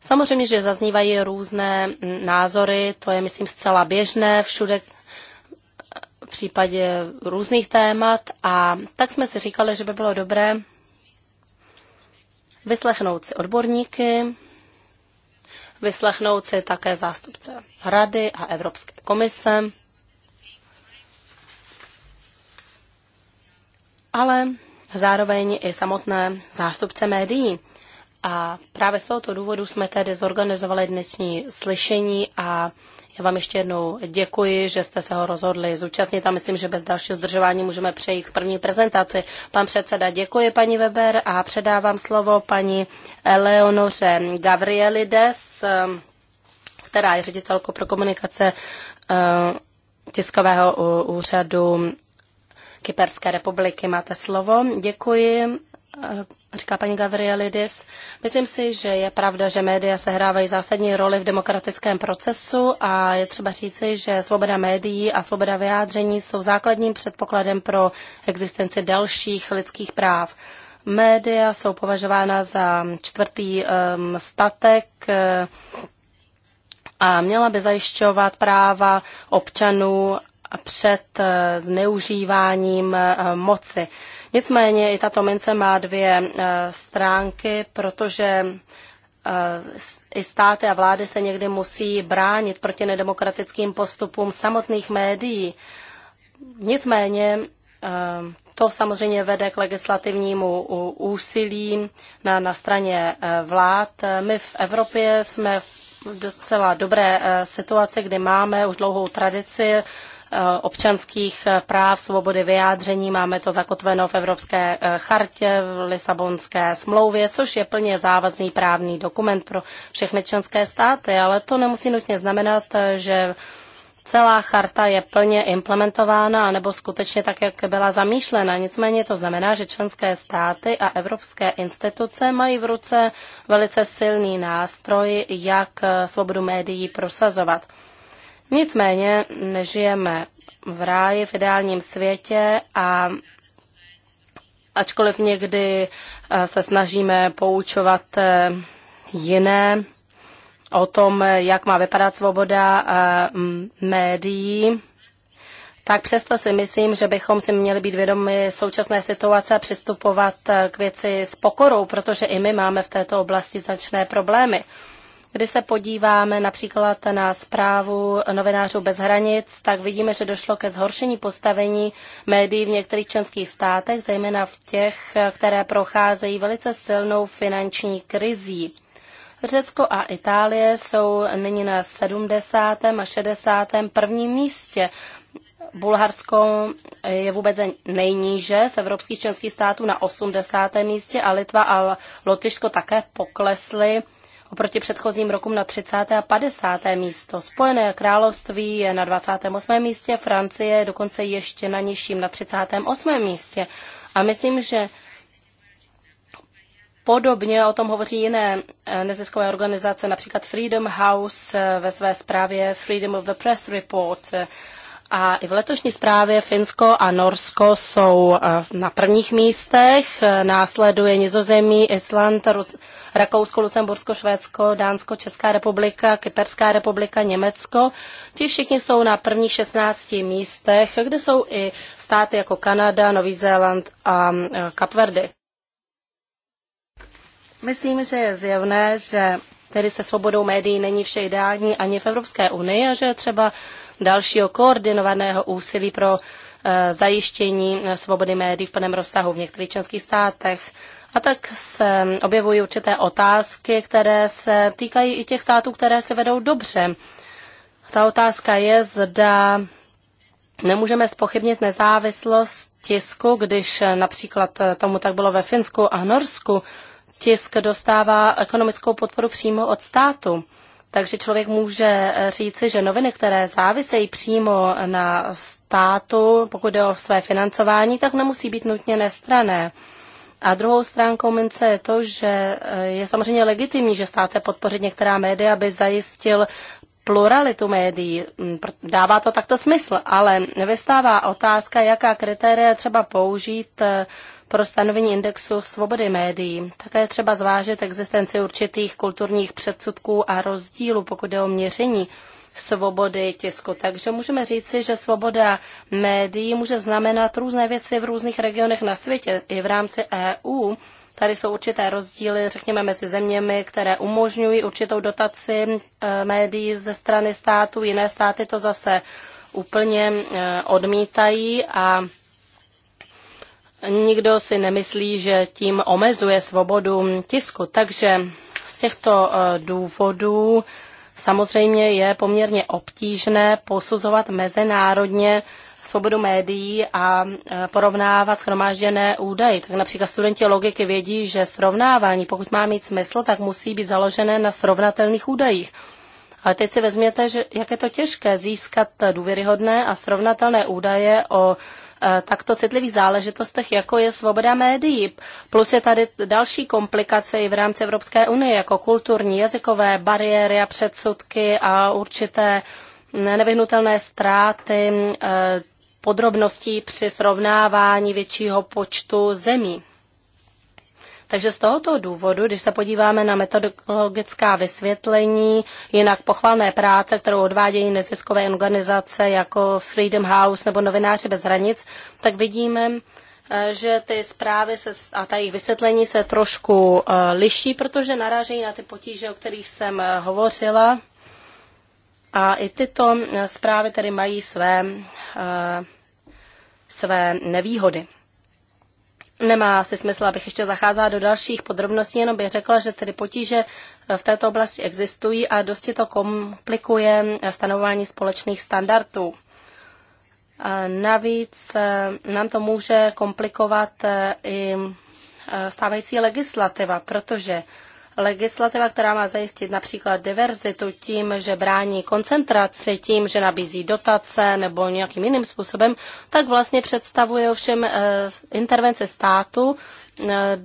Samozřejmě, že zaznívají různé mm, názory, to je, myslím, zcela běžné všude eh, v případě různých témat a tak jsme si říkali, že by bylo dobré vyslechnout si odborníky, vyslechnout si také zástupce Rady a Evropské komise. Ale zároveň i samotné zástupce médií. A právě z tohoto důvodu jsme tedy zorganizovali dnešní slyšení a já vám ještě jednou děkuji, že jste se ho rozhodli zúčastnit a myslím, že bez dalšího zdržování můžeme přejít k první prezentaci. Pan předseda děkuji paní Weber a předávám slovo paní Eleonoře Gavrielides, eh, která je ředitelkou pro komunikace eh, tiskového úřadu Kyperské republiky. Máte slovo. Děkuji. Eh, říká paní Gavrielidis. Myslím si, že je pravda, že média sehrávají zásadní roli v demokratickém procesu a je třeba říci, že svoboda médií a svoboda vyjádření jsou základním předpokladem pro existenci dalších lidských práv. Média jsou považována za čtvrtý um, statek eh, a měla by zajišťovat práva občanů před eh, zneužíváním eh, moci. Nicméně i tato mince má dvě eh, stránky, protože i státy a vlády se někdy musí bránit proti nedemokratickým postupům samotných médií. Nicméně to samozřejmě vede k legislativnímu úsilí na, na straně vlád. My v Evropě jsme v docela dobré situaci, kdy máme už dlouhou tradici Eh, občanských eh, práv, svobody vyjádření. Máme to zakotveno v Evropské eh, chartě, v Lisabonské smlouvě, což je plně závazný právní dokument pro všechny členské státy, ale to nemusí nutně znamenat, že celá charta je plně implementována nebo skutečně tak, jak byla zamýšlena. Nicméně to znamená, že členské státy a evropské instituce mají v ruce velice silný nástroj, jak svobodu médií prosazovat. Nicméně nežijeme v ráji, v ideálním světě a ačkoliv někdy eh, se snažíme poučovat eh, jiné o tom, jak má vypadat svoboda eh, médií, tak přesto si myslím, že bychom si měli být vědomi současné situace a přistupovat k věci s pokorou, protože i my máme v této oblasti značné problémy. Když se podíváme například na zprávu novinářů bez hranic, tak vidíme, že došlo ke zhoršení postavení médií v některých členských státech, zejména v těch, které procházejí velice silnou finanční krizí. Řecko a Itálie jsou nyní na 70. a 61. místě. Bulharsko je vůbec nejníže z evropských členských států na 80. místě a Litva a Lotyšsko také poklesly oproti předchozím rokům na 30. a 50. místo. Spojené království je na 28. místě, Francie je dokonce ještě na nižším, na 38. místě. A myslím, že Podobně o tom hovoří jiné eh, neziskové organizace, například Freedom House eh, ve své zprávě Freedom of the Press Report. A i v letošní zprávě Finsko a Norsko jsou eh, na prvních místech, eh, následuje Nizozemí, Island, Rus, Rakousko, Lucembursko, Švédsko, Dánsko, Česká republika, Kyperská republika, Německo. Ti všichni jsou na prvních 16 místech, kde jsou i státy jako Kanada, Nový Zéland a eh, Kapverdy. Myslím, že je zjevné, že tedy se svobodou médií není vše ideální ani v Evropské unii a že je třeba dalšího koordinovaného úsilí pro eh, zajištění eh, svobody médií v plném rozsahu v některých členských státech. A tak se objevují určité otázky, které se týkají i těch států, které se vedou dobře. Ta otázka je, zda nemůžeme spochybnit nezávislost tisku, když eh, například tomu tak bylo ve Finsku a Norsku, tisk dostává ekonomickou podporu přímo od státu. Takže člověk může eh, říci, že noviny, které závisejí přímo na státu, pokud jde o své financování, tak nemusí být nutně nestrané. A druhou stránkou mince je to, že eh, je samozřejmě legitimní, že stát se podpořit některá média, aby zajistil pluralitu médií. Mm, dává to takto smysl, ale vystává otázka, jaká kritéria třeba použít eh, pro stanovení indexu svobody médií. Také třeba zvážit existenci určitých kulturních předsudků a rozdílů, pokud je o měření svobody tisku. Takže můžeme říci, že svoboda médií může znamenat různé věci v různých regionech na světě i v rámci EU. Tady jsou určité rozdíly, řekněme, mezi zeměmi, které umožňují určitou dotaci e, médií ze strany státu, jiné státy to zase úplně e, odmítají a Nikdo si nemyslí, že tím omezuje svobodu tisku, takže z těchto eh, důvodů samozřejmě je poměrně obtížné posuzovat mezinárodně svobodu médií a eh, porovnávat schromážděné údaje. Tak například studenti logiky vědí, že srovnávání, pokud má mít smysl, tak musí být založené na srovnatelných údajích. Ale teď si vezměte, že jak je to těžké získat důvěryhodné a srovnatelné údaje o Eh, takto citlivých záležitostech, jako je svoboda médií. Plus je tady další komplikace i v rámci Evropské unie, jako kulturní, jazykové bariéry a předsudky a určité nevyhnutelné ztráty eh, podrobností při srovnávání většího počtu zemí. Takže z tohoto důvodu, když se podíváme na metodologická vysvětlení, jinak pochvalné práce, kterou odvádějí neziskové organizace jako Freedom House nebo Novináři bez hranic, tak vidíme, eh, že ty zprávy se, a ta jejich vysvětlení se trošku eh, liší, protože narážejí na ty potíže, o kterých jsem eh, hovořila. A i tyto zprávy tedy mají své, své nevýhody. Nemá asi smysl, abych ještě zacházela do dalších podrobností, jenom bych řekla, že tedy potíže v této oblasti existují a dosti to komplikuje stanovování společných standardů. A navíc e, nám to může komplikovat e, i e, stávající legislativa, protože Legislativa, která má zajistit například diverzitu tím, že brání koncentraci, tím, že nabízí dotace nebo nějakým jiným způsobem, tak vlastně představuje ovšem eh, intervence státu eh,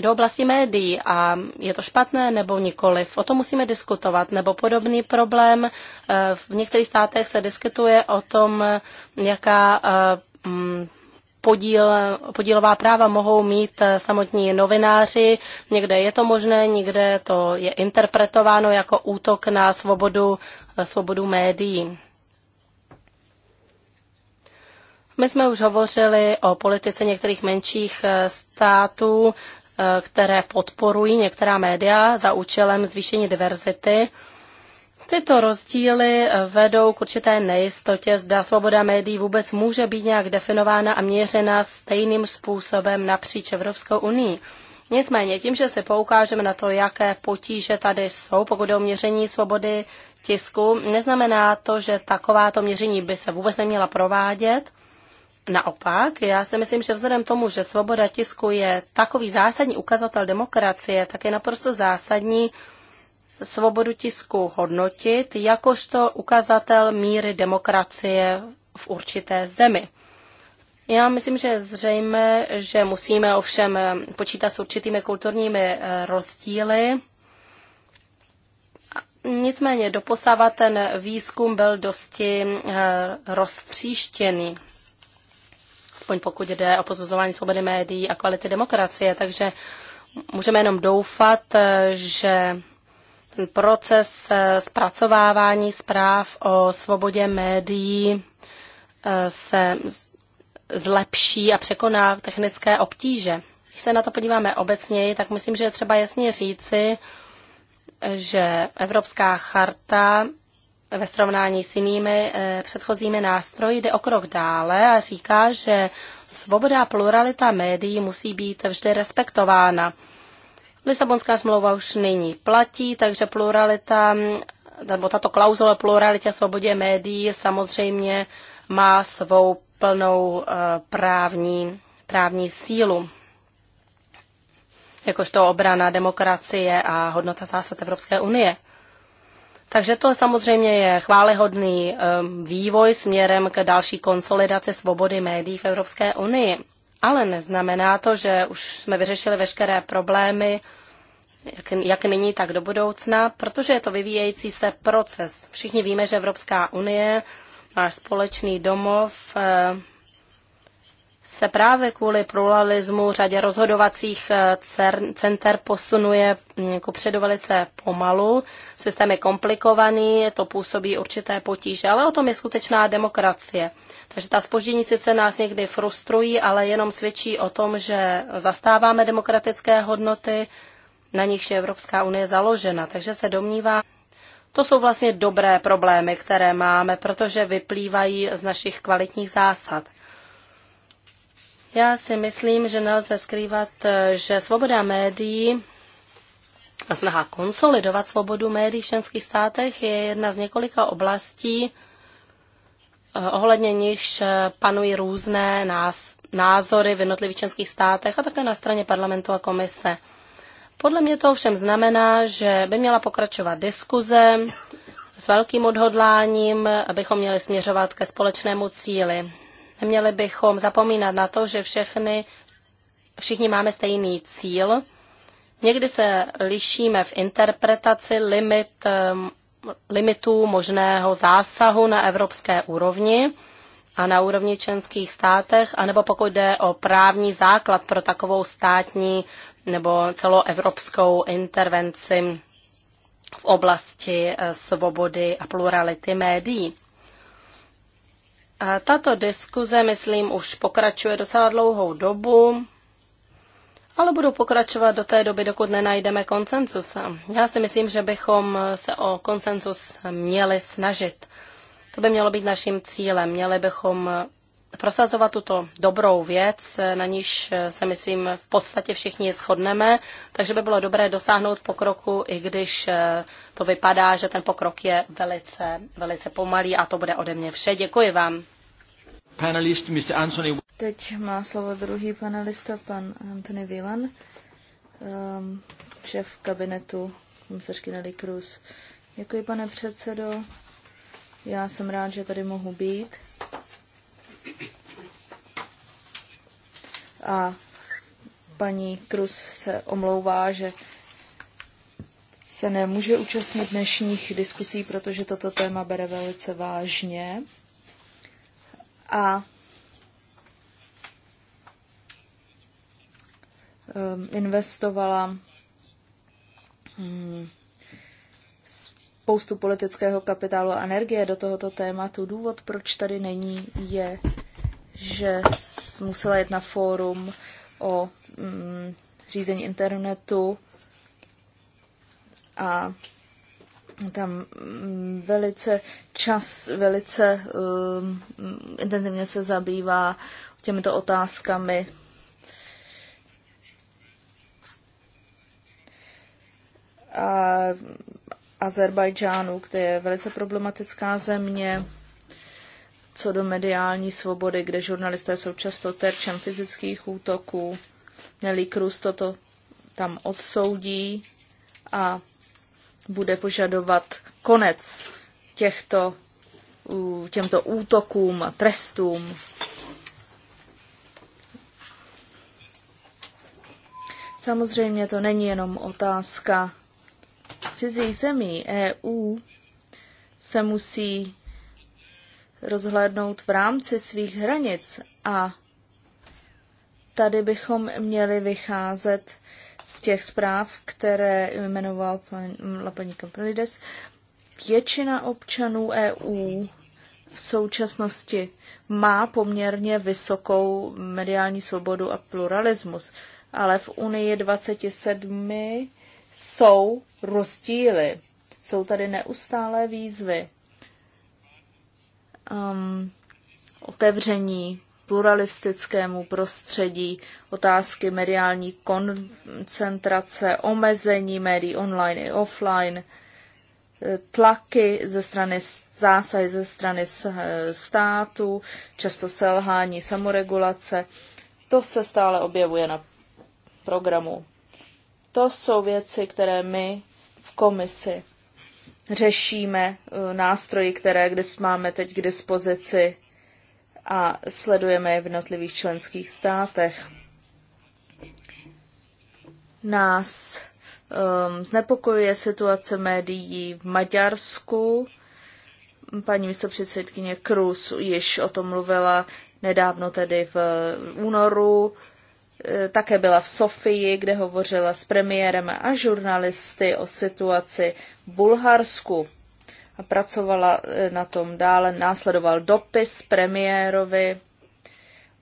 do oblasti médií a je to špatné nebo nikoliv. O tom musíme diskutovat. Nebo podobný problém eh, v některých státech se diskutuje o tom, jaká mm, podíl, podílová práva mohou mít eh, samotní novináři. Někde je to možné, někde to je interpretováno jako útok na svobodu, eh, svobodu médií. My jsme už hovořili o politice některých menších eh, států, které podporují některá média za účelem zvýšení diverzity. Tyto rozdíly eh, vedou k určité nejistotě, zda svoboda médií vůbec může být nějak definována a měřena stejným způsobem napříč Evropskou unii. Nicméně tím, že se poukážeme na to, jaké potíže tady jsou, pokud o měření svobody tisku, neznamená to, že takováto měření by se vůbec neměla provádět. Naopak, já si myslím, že vzhledem tomu, že svoboda tisku je takový zásadní ukazatel demokracie, tak je naprosto zásadní svobodu tisku hodnotit jakožto ukazatel míry demokracie v určité zemi. Já myslím, že je zřejmé, že musíme ovšem počítat s určitými kulturními eh, rozdíly. Nicméně doposava ten výzkum byl dosti eh, roztříštěný, aspoň pokud jde o pozorování svobody médií a kvality demokracie, takže můžeme jenom doufat, eh, že proces eh, zpracovávání zpráv o svobodě médií eh, se zlepší a překoná technické obtíže. Když se na to podíváme obecněji, tak myslím, že je třeba jasně říci, že Evropská charta ve srovnání s jinými eh, předchozími nástroji jde o krok dále a říká, že svoboda a pluralita médií musí být vždy respektována. Lisabonská smlouva už nyní platí, takže pluralita, nebo tato klauzule pluralitě svobodě médií samozřejmě má svou plnou eh, právní, právní sílu jakožto obrana demokracie a hodnota zásad Evropské unie. Takže to samozřejmě je chválehodný eh, vývoj směrem k další konsolidaci svobody médií v Evropské unii ale neznamená to, že už jsme vyřešili veškeré problémy, jak, jak nyní, tak do budoucna, protože je to vyvíjející se proces. Všichni víme, že Evropská unie, náš společný domov, eh, se právě kvůli pluralismu řadě rozhodovacích eh, center posunuje mm, ku jako předu velice pomalu. Systém je komplikovaný, to působí určité potíže, ale o tom je skutečná demokracie. Takže ta spoždění sice nás někdy frustrují, ale jenom svědčí o tom, že zastáváme demokratické hodnoty, na nichž je Evropská unie založena. Takže se domnívá, to jsou vlastně dobré problémy, které máme, protože vyplývají z našich kvalitních zásad. Já si myslím, že nelze skrývat, eh, že svoboda médií a snaha konsolidovat svobodu médií v členských státech je jedna z několika oblastí, eh, ohledně nichž eh, panují různé názory v jednotlivých členských státech a také na straně parlamentu a komise. Podle mě to ovšem znamená, že by měla pokračovat diskuze s velkým odhodláním, abychom měli směřovat ke společnému cíli. Neměli bychom zapomínat na to, že všechny, všichni máme stejný cíl. Někdy se lišíme v interpretaci limit, limitů možného zásahu na evropské úrovni a na úrovni členských státech, anebo pokud jde o právní základ pro takovou státní nebo celoevropskou intervenci v oblasti eh, svobody a plurality médií. Tato diskuze, myslím, už pokračuje docela dlouhou dobu, ale budu pokračovat do té doby, dokud nenajdeme konsensus. Já si myslím, že bychom se o konsensus měli snažit. To by mělo být naším cílem. Měli bychom prosazovat tuto dobrou věc, na níž eh, se myslím v podstatě všichni shodneme, takže by bylo dobré dosáhnout pokroku, i když eh, to vypadá, že ten pokrok je velice, velice pomalý a to bude ode mě vše. Děkuji vám. Panelist, Mr. Anthony. Teď má slovo druhý panelista, pan Anthony Wielan, um, ehm, šéf kabinetu komisařky Nelly Cruz. Děkuji, pane předsedo. Já jsem rád, že tady mohu být. A paní Krus se omlouvá, že se nemůže účastnit dnešních diskusí, protože toto téma bere velice vážně. A um, investovala hmm, spoustu politického kapitálu a energie do tohoto tématu. Důvod, proč tady není, je že musela jít na fórum o mm, řízení internetu a tam mm, velice čas, velice um, intenzivně se zabývá těmito otázkami. A Azerbajdžánu, kde je velice problematická země, co do mediální svobody, kde žurnalisté jsou často terčem fyzických útoků. Nelly Cruz toto tam odsoudí a bude požadovat konec těchto, těmto útokům a trestům. Samozřejmě to není jenom otázka cizích zemí. EU se musí rozhlédnout v rámci svých hranic a tady bychom měli vycházet z těch zpráv, které jmenoval Lapaní Kaprilides. Většina občanů EU v současnosti má poměrně vysokou mediální svobodu a pluralismus, ale v Unii 27 jsou rozdíly. Jsou tady neustálé výzvy um, otevření pluralistickému prostředí, otázky mediální koncentrace, omezení médií online i offline, tlaky ze strany zásahy ze strany státu, často selhání samoregulace. To se stále objevuje na programu. To jsou věci, které my v komisi řešíme eh, nástroji, které kde máme teď k dispozici a sledujeme je v jednotlivých členských státech. Nás um, znepokojuje situace médií v Maďarsku. Paní místopředsedkyně Krus již o tom mluvila nedávno tedy v únoru. Eh, také byla v Sofii, kde hovořila s premiérem a žurnalisty o situaci v Bulharsku a pracovala eh, na tom dále. Následoval dopis premiérovi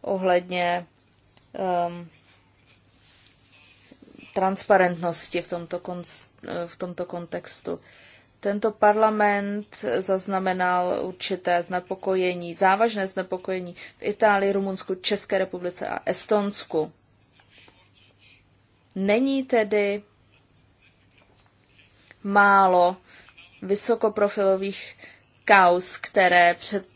ohledně um, transparentnosti v tomto, kon, eh, v tomto kontextu. Tento parlament zaznamenal určité znepokojení, závažné znepokojení v Itálii, Rumunsku, České republice a Estonsku. Není tedy málo vysokoprofilových kaus, které před,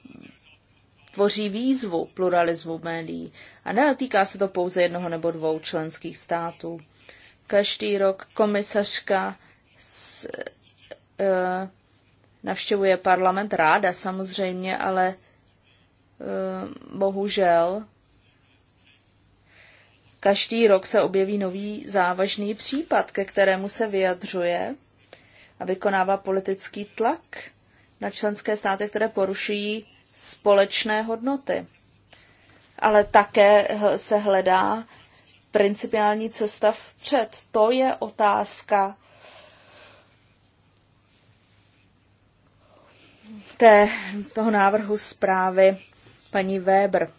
tvoří výzvu pluralismu médií a netýká se to pouze jednoho nebo dvou členských států. Každý rok komisařka s, e, navštěvuje parlament ráda samozřejmě, ale e, bohužel Každý rok se objeví nový závažný případ, ke kterému se vyjadřuje a vykonává politický tlak na členské státy, které porušují společné hodnoty. Ale také se hledá principiální cesta vpřed. To je otázka té, toho návrhu zprávy paní Weber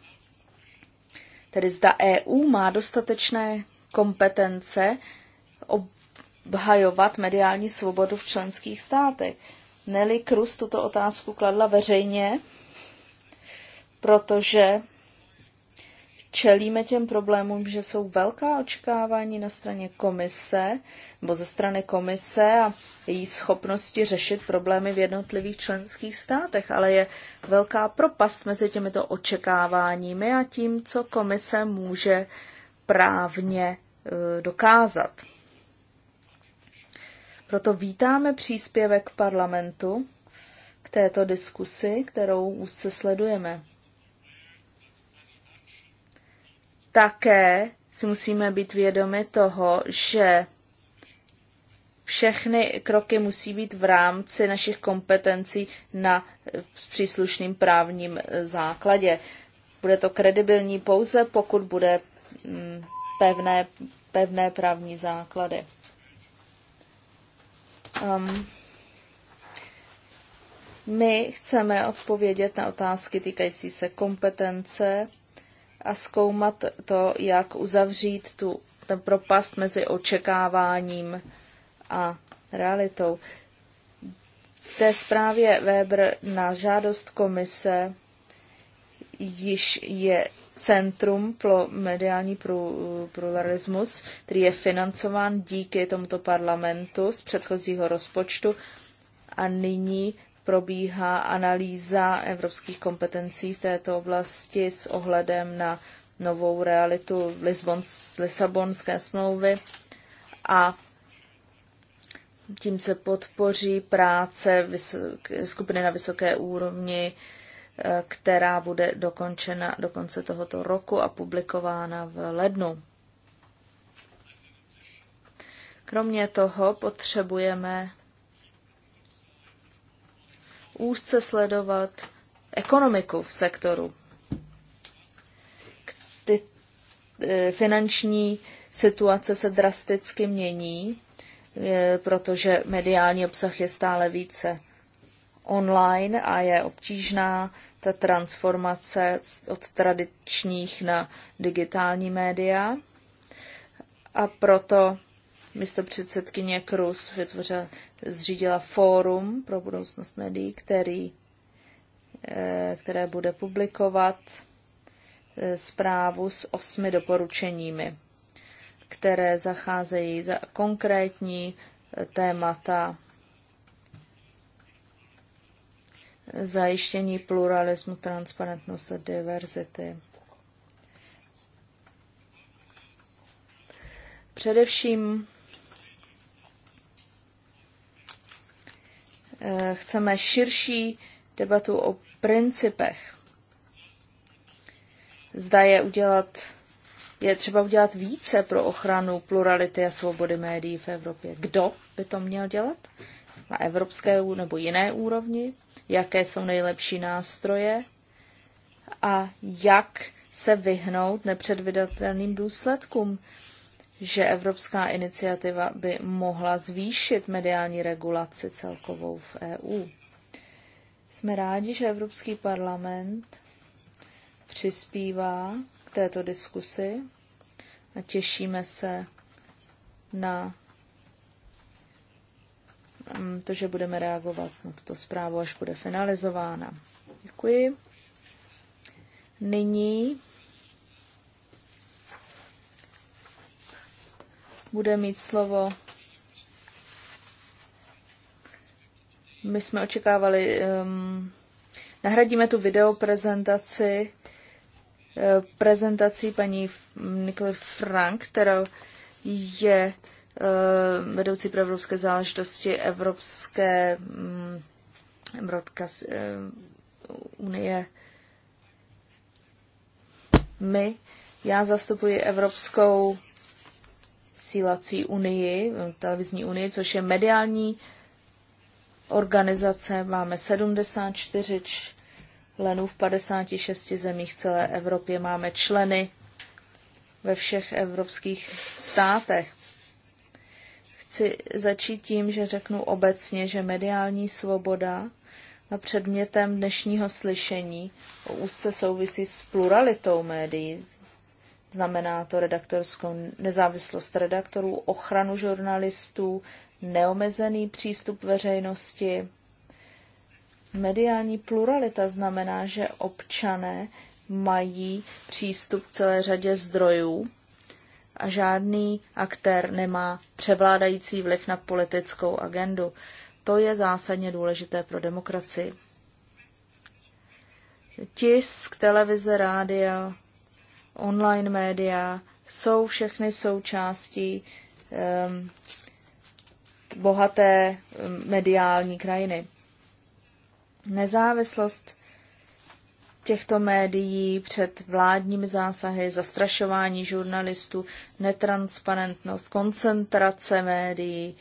tedy zda EU má dostatečné kompetence obhajovat mediální svobodu v členských státech. Nelly Cruz tuto otázku kladla veřejně, protože čelíme těm problémům, že jsou velká očekávání na straně komise nebo ze strany komise a její schopnosti řešit problémy v jednotlivých členských státech, ale je velká propast mezi těmito očekáváními a tím, co komise může právně e, dokázat. Proto vítáme příspěvek parlamentu k této diskusi, kterou už se sledujeme. Také si musíme být vědomi toho, že všechny kroky musí být v rámci našich kompetencí na příslušným právním základě. Bude to kredibilní pouze, pokud bude mm, pevné, pevné právní základy. Um, my chceme odpovědět na otázky týkající se kompetence a zkoumat to, jak uzavřít tu, ten propast mezi očekáváním a realitou. V té zprávě Weber na žádost komise již je Centrum pro mediální pluralismus, který je financován díky tomuto parlamentu z předchozího rozpočtu a nyní probíhá analýza evropských kompetencí v této oblasti s ohledem na novou realitu Lisabonské smlouvy a tím se podpoří práce skupiny na vysoké úrovni, eh, která bude dokončena do konce tohoto roku a publikována v lednu. Kromě toho potřebujeme úzce sledovat ekonomiku v sektoru. Ty e, finanční situace se drasticky mění, e, protože mediální obsah je stále více online a je obtížná ta transformace od tradičních na digitální média. A proto místo předsedkyně Cruz vytvořila, zřídila fórum pro budoucnost médií, který, eh, které bude publikovat eh, zprávu s osmi doporučeními, které zacházejí za konkrétní eh, témata zajištění pluralismu, transparentnost a diverzity. Především Eh, chceme širší debatu o principech. Zda je udělat, je třeba udělat více pro ochranu plurality a svobody médií v Evropě. Kdo by to měl dělat? Na evropské nebo jiné úrovni? Jaké jsou nejlepší nástroje? A jak se vyhnout nepředvydatelným důsledkům? že evropská iniciativa by mohla zvýšit mediální regulaci celkovou v EU. Jsme rádi, že Evropský parlament přispívá k této diskusi a těšíme se na mm, to, že budeme reagovat na tuto zprávu, až bude finalizována. Děkuji. Nyní bude mít slovo. My jsme očekávali, um, nahradíme tu videoprezentaci prezentaci eh, prezentací paní Nikoli Frank, která je uh, vedoucí pro evropské záležitosti Evropské um, broadcast, uh, unie. My, já zastupuji Evropskou vysílací unii, televizní unii, což je mediální organizace. Máme 74 členů v 56 zemích celé Evropě. Máme členy ve všech evropských státech. Chci začít tím, že řeknu obecně, že mediální svoboda a předmětem dnešního slyšení úzce souvisí s pluralitou médií, Znamená to redaktorskou nezávislost redaktorů, ochranu žurnalistů, neomezený přístup veřejnosti. Mediální pluralita znamená, že občané mají přístup k celé řadě zdrojů a žádný aktér nemá převládající vliv na politickou agendu. To je zásadně důležité pro demokracii. Tisk, televize, rádia, online média jsou všechny součástí um, bohaté mediální krajiny. Nezávislost těchto médií před vládními zásahy, zastrašování žurnalistů, netransparentnost, koncentrace médií,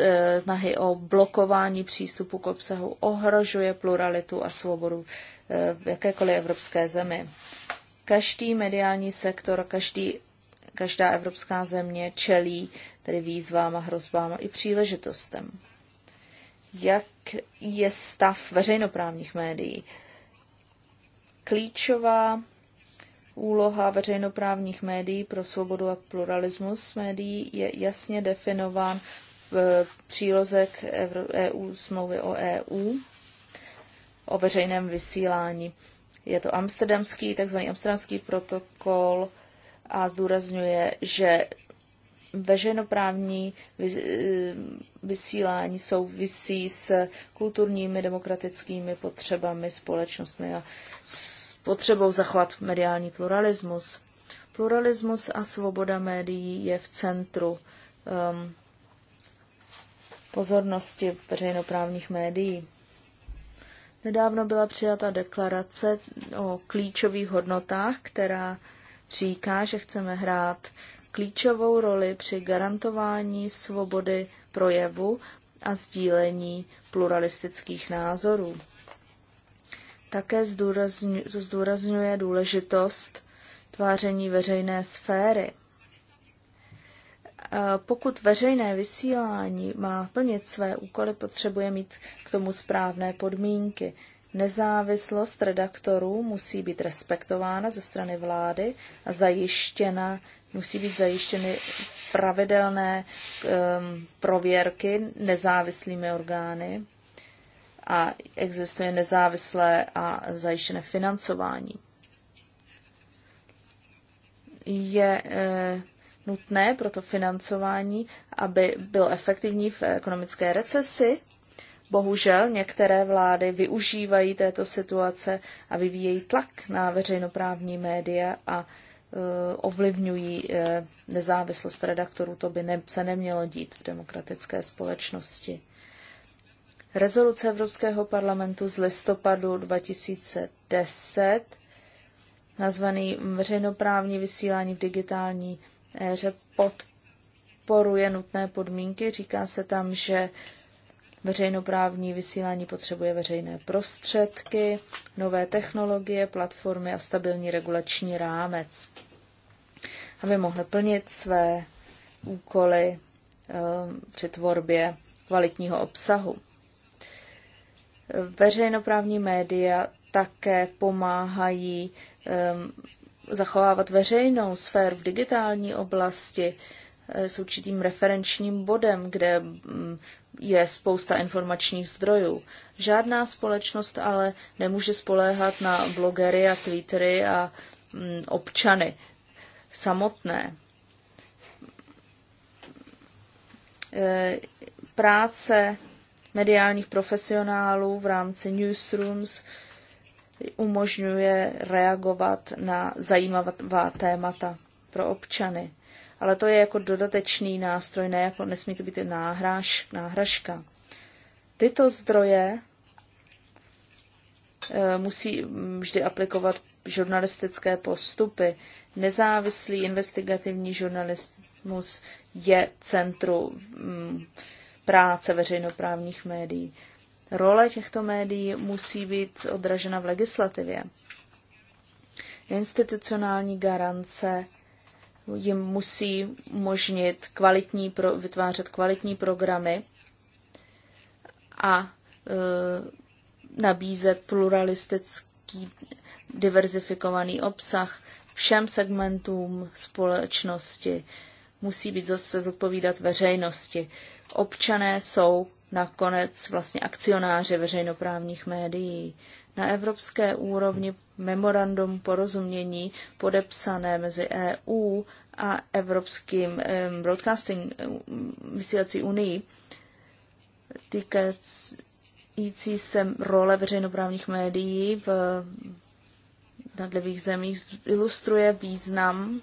e, snahy o blokování přístupu k obsahu ohrožuje pluralitu a svobodu e, v jakékoliv evropské zemi. Každý mediální sektor, každý, každá evropská země čelí tedy výzvám a hrozbám a i příležitostem. Jak je stav veřejnoprávních médií? Klíčová úloha veřejnoprávních médií pro svobodu a pluralismus médií je jasně definován v přílozek EU, smlouvy o EU o veřejném vysílání. Je to amsterdamský, takzvaný amsterdamský protokol a zdůrazňuje, že veřejnoprávní eh, vysílání souvisí s kulturními demokratickými potřebami společnostmi a s potřebou zachovat mediální pluralismus. Pluralismus a svoboda médií je v centru um, pozornosti veřejnoprávních médií. Nedávno byla přijata deklarace o klíčových hodnotách, která říká, že chceme hrát klíčovou roli při garantování svobody projevu a sdílení pluralistických názorů. Také zdůrazňuje důležitost tváření veřejné sféry pokud veřejné vysílání má plnit své úkoly, potřebuje mít k tomu správné podmínky. Nezávislost redaktorů musí být respektována ze strany vlády a zajištěna, musí být zajištěny pravidelné um, prověrky nezávislými orgány a existuje nezávislé a zajištěné financování. Je e, nutné pro to financování, aby byl efektivní v ekonomické recesi. Bohužel některé vlády využívají této situace a vyvíjejí tlak na veřejnoprávní média a e, ovlivňují e, nezávislost redaktorů. To by se nemělo dít v demokratické společnosti. Rezoluce Evropského parlamentu z listopadu 2010, nazvaný Veřejnoprávní vysílání v digitální že podporuje nutné podmínky. Říká se tam, že veřejnoprávní vysílání potřebuje veřejné prostředky, nové technologie, platformy a stabilní regulační rámec, aby mohly plnit své úkoly eh, při tvorbě kvalitního obsahu. Veřejnoprávní média také pomáhají eh, zachovávat veřejnou sféru v digitální oblasti eh, s určitým referenčním bodem, kde mm, je spousta informačních zdrojů. Žádná společnost ale nemůže spoléhat na blogery a twittery a mm, občany samotné. Eh, práce mediálních profesionálů v rámci newsrooms umožňuje reagovat na zajímavá témata pro občany. Ale to je jako dodatečný nástroj, ne jako, nesmí to být náhraž, náhražka. Tyto zdroje eh, musí vždy aplikovat žurnalistické postupy. Nezávislý investigativní žurnalismus je centru mm, práce veřejnoprávních médií. Role těchto médií musí být odražena v legislativě. Institucionální garance jim musí umožnit kvalitní pro, vytvářet kvalitní programy a e, nabízet pluralistický, diverzifikovaný obsah všem segmentům společnosti. Musí být zase zodpovídat veřejnosti. Občané jsou nakonec vlastně akcionáři veřejnoprávních médií. Na evropské úrovni memorandum porozumění podepsané mezi EU a Evropským broadcasting vysílací unii týkající se role veřejnoprávních médií v jednotlivých zemích ilustruje význam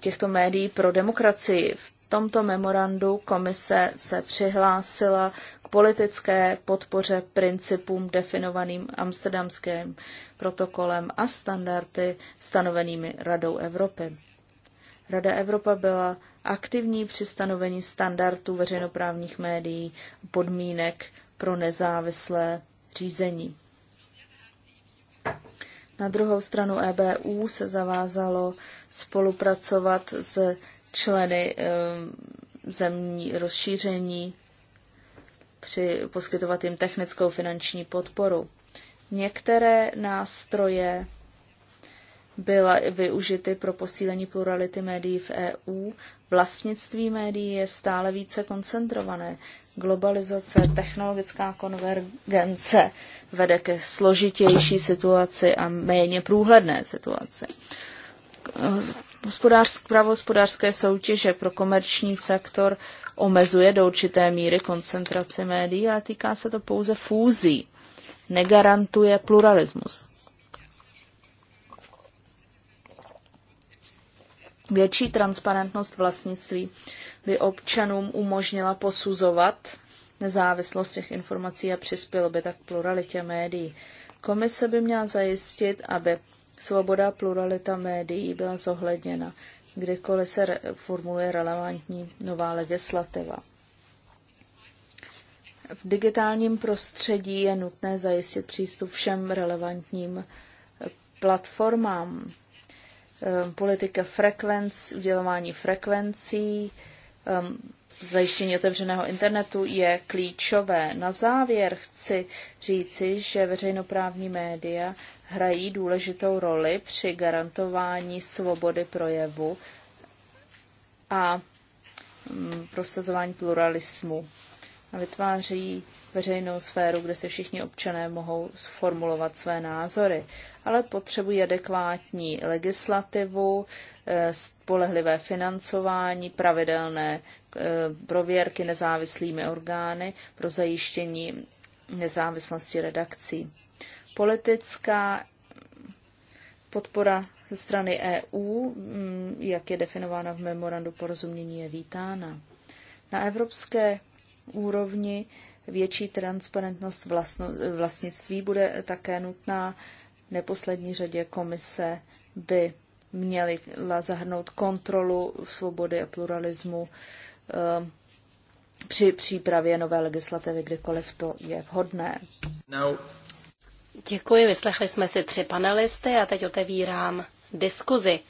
těchto médií pro demokracii v tomto memorandu komise se přihlásila k politické podpoře principům definovaným Amsterdamským protokolem a standardy stanovenými Radou Evropy. Rada Evropa byla aktivní při stanovení standardů veřejnoprávních médií podmínek pro nezávislé řízení. Na druhou stranu EBU se zavázalo spolupracovat s členy ehm, zemní rozšíření, při poskytovat jim technickou finanční podporu. Některé nástroje byla využity pro posílení plurality médií v EU. Vlastnictví médií je stále více koncentrované. Globalizace, technologická konvergence vede ke složitější situaci a méně průhledné situaci. Hospodářsk, právo hospodářské soutěže pro komerční sektor omezuje do určité míry koncentraci médií, ale týká se to pouze fúzí. Negarantuje pluralismus. Větší transparentnost vlastnictví by občanům umožnila posuzovat nezávislost těch informací a přispělo by tak pluralitě médií. Komise by měla zajistit, aby Svoboda a pluralita médií byla zohledněna, kdykoliv se formuluje relevantní nová legislativa. V digitálním prostředí je nutné zajistit přístup všem relevantním eh, platformám. Ehm, politika frekvenc, udělování frekvencí, ehm, zajištění otevřeného internetu je klíčové. Na závěr chci říci, že veřejnoprávní média hrají důležitou roli při garantování svobody projevu a mm, prosazování pluralismu. A vytváří veřejnou sféru, kde se všichni občané mohou sformulovat své názory, ale potřebují adekvátní legislativu, eh, spolehlivé financování, pravidelné eh, prověrky nezávislými orgány pro zajištění nezávislosti redakcí politická podpora ze strany EU, mm, jak je definována v memorandu porozumění, je vítána. Na evropské úrovni větší transparentnost vlastnictví bude také nutná. V neposlední řadě komise by měla zahrnout kontrolu svobody a pluralismu eh, při přípravě nové legislativy, kdykoliv to je vhodné. Now, Děkuji, vyslechli jsme si tři panelisty a teď otevírám diskuzi.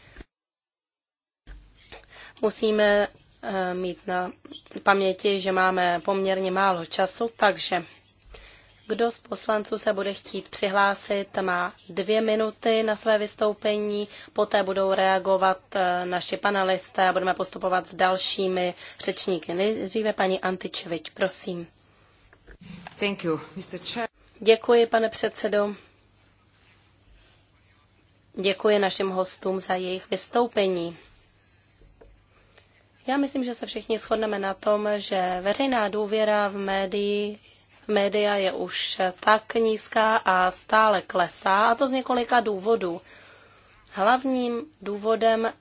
Musíme eh, mít na paměti, že máme poměrně málo času, takže kdo z poslanců se bude chtít přihlásit, má dvě minuty na své vystoupení, poté budou reagovat eh, naši panelisté a budeme postupovat s dalšími řečníky. Nejdříve paní Antičevič, prosím. Thank you, Mr. Chair. Děkuji, pane předsedo. Děkuji našim hostům za jejich vystoupení. Já myslím, že se všichni shodneme na tom, že veřejná důvěra v médii média je už tak nízká a stále klesá, a to z několika důvodů. Hlavním důvodem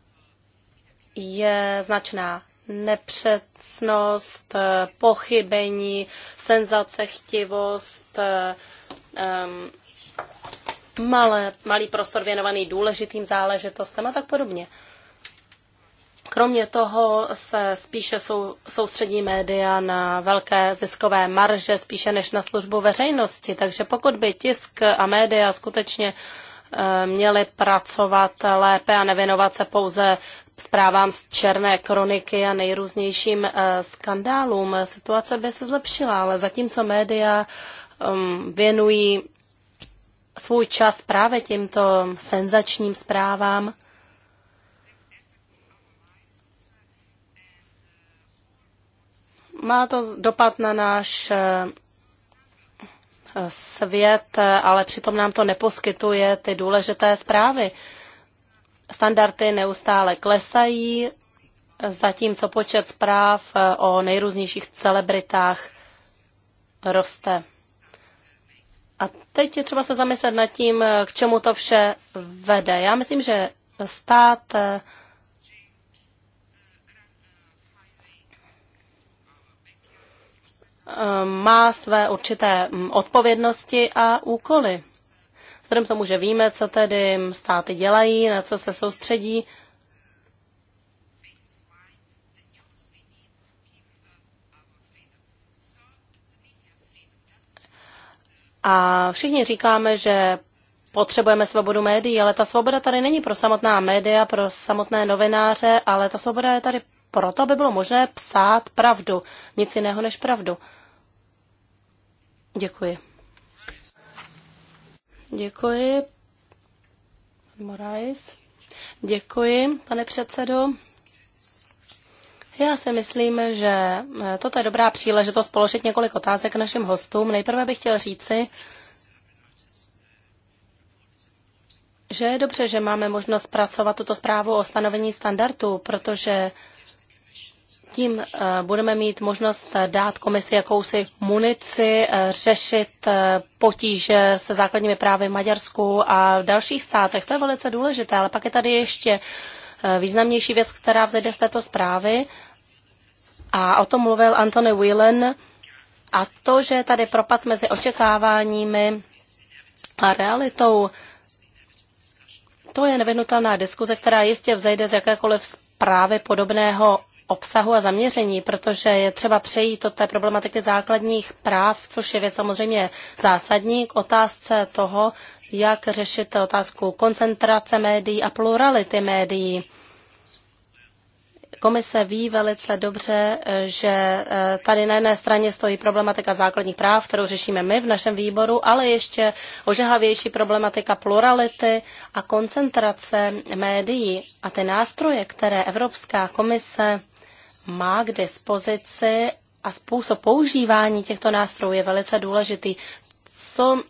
je značná nepřesnost, eh, pochybení, senzace, chtivost, eh, malé, malý prostor věnovaný důležitým záležitostem a tak podobně. Kromě toho se spíše sou, soustředí média na velké ziskové marže, spíše než na službu veřejnosti. Takže pokud by tisk a média skutečně eh, měli pracovat lépe a nevěnovat se pouze zprávám z černé kroniky a nejrůznějším eh, skandálům. Situace by se zlepšila, ale zatímco média um, věnují svůj čas právě těmto senzačním zprávám, má to dopad na náš eh, svět, eh, ale přitom nám to neposkytuje ty důležité zprávy standardy neustále klesají, zatímco počet zpráv eh, o nejrůznějších celebritách roste. A teď je třeba se zamyslet nad tím, eh, k čemu to vše vede. Já myslím, že stát eh, má své určité mm, odpovědnosti a úkoly. Vzhledem k tomu, že víme, co tedy státy dělají, na co se soustředí, A všichni říkáme, že potřebujeme svobodu médií, ale ta svoboda tady není pro samotná média, pro samotné novináře, ale ta svoboda je tady proto, aby bylo možné psát pravdu. Nic jiného než pravdu. Děkuji. Děkuji. Morais. Děkuji, pane předsedo. Já si myslím, že eh, toto je dobrá příležitost položit několik otázek našim hostům. Nejprve bych chtěl říci, že je dobře, že máme možnost zpracovat tuto zprávu o stanovení standardů, protože tím eh, budeme mít možnost eh, dát komisi jakousi munici, eh, řešit potíže se základními právy v Maďarsku a v dalších státech. To je velice důležité, ale pak je tady ještě významnější věc, která vzejde z této zprávy. A o tom mluvil Anthony Whelan. A to, že je tady propast mezi očekáváními a realitou, to je nevyhnutelná diskuze, která jistě vzejde z jakékoliv zprávy podobného obsahu a zaměření, protože je třeba přejít od té problematiky základních práv, což je věc samozřejmě zásadní, k otázce toho, jak řešit otázku koncentrace médií a plurality médií. Komise ví velice dobře, že eh, tady na jedné straně stojí problematika základních práv, kterou řešíme my v našem výboru, ale ještě ožehavější problematika plurality a koncentrace médií a ty nástroje, které Evropská komise má k dispozici a způsob používání těchto nástrojů je velice důležitý. Co,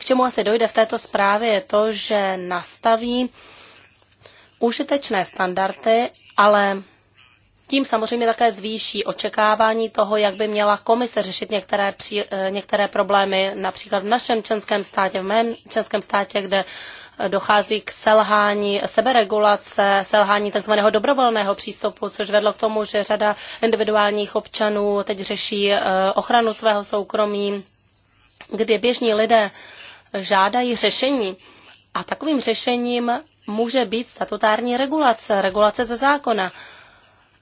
k čemu asi dojde v této zprávě, je to, že nastaví užitečné standardy, ale tím samozřejmě také zvýší očekávání toho, jak by měla komise řešit některé, při, eh, některé problémy, například v našem členském státě, v mém členském státě, kde dochází k selhání seberegulace, selhání tzv. dobrovolného přístupu, což vedlo k tomu, že řada individuálních občanů teď řeší eh, ochranu svého soukromí, kdy běžní lidé žádají řešení. A takovým řešením může být statutární regulace, regulace ze zákona.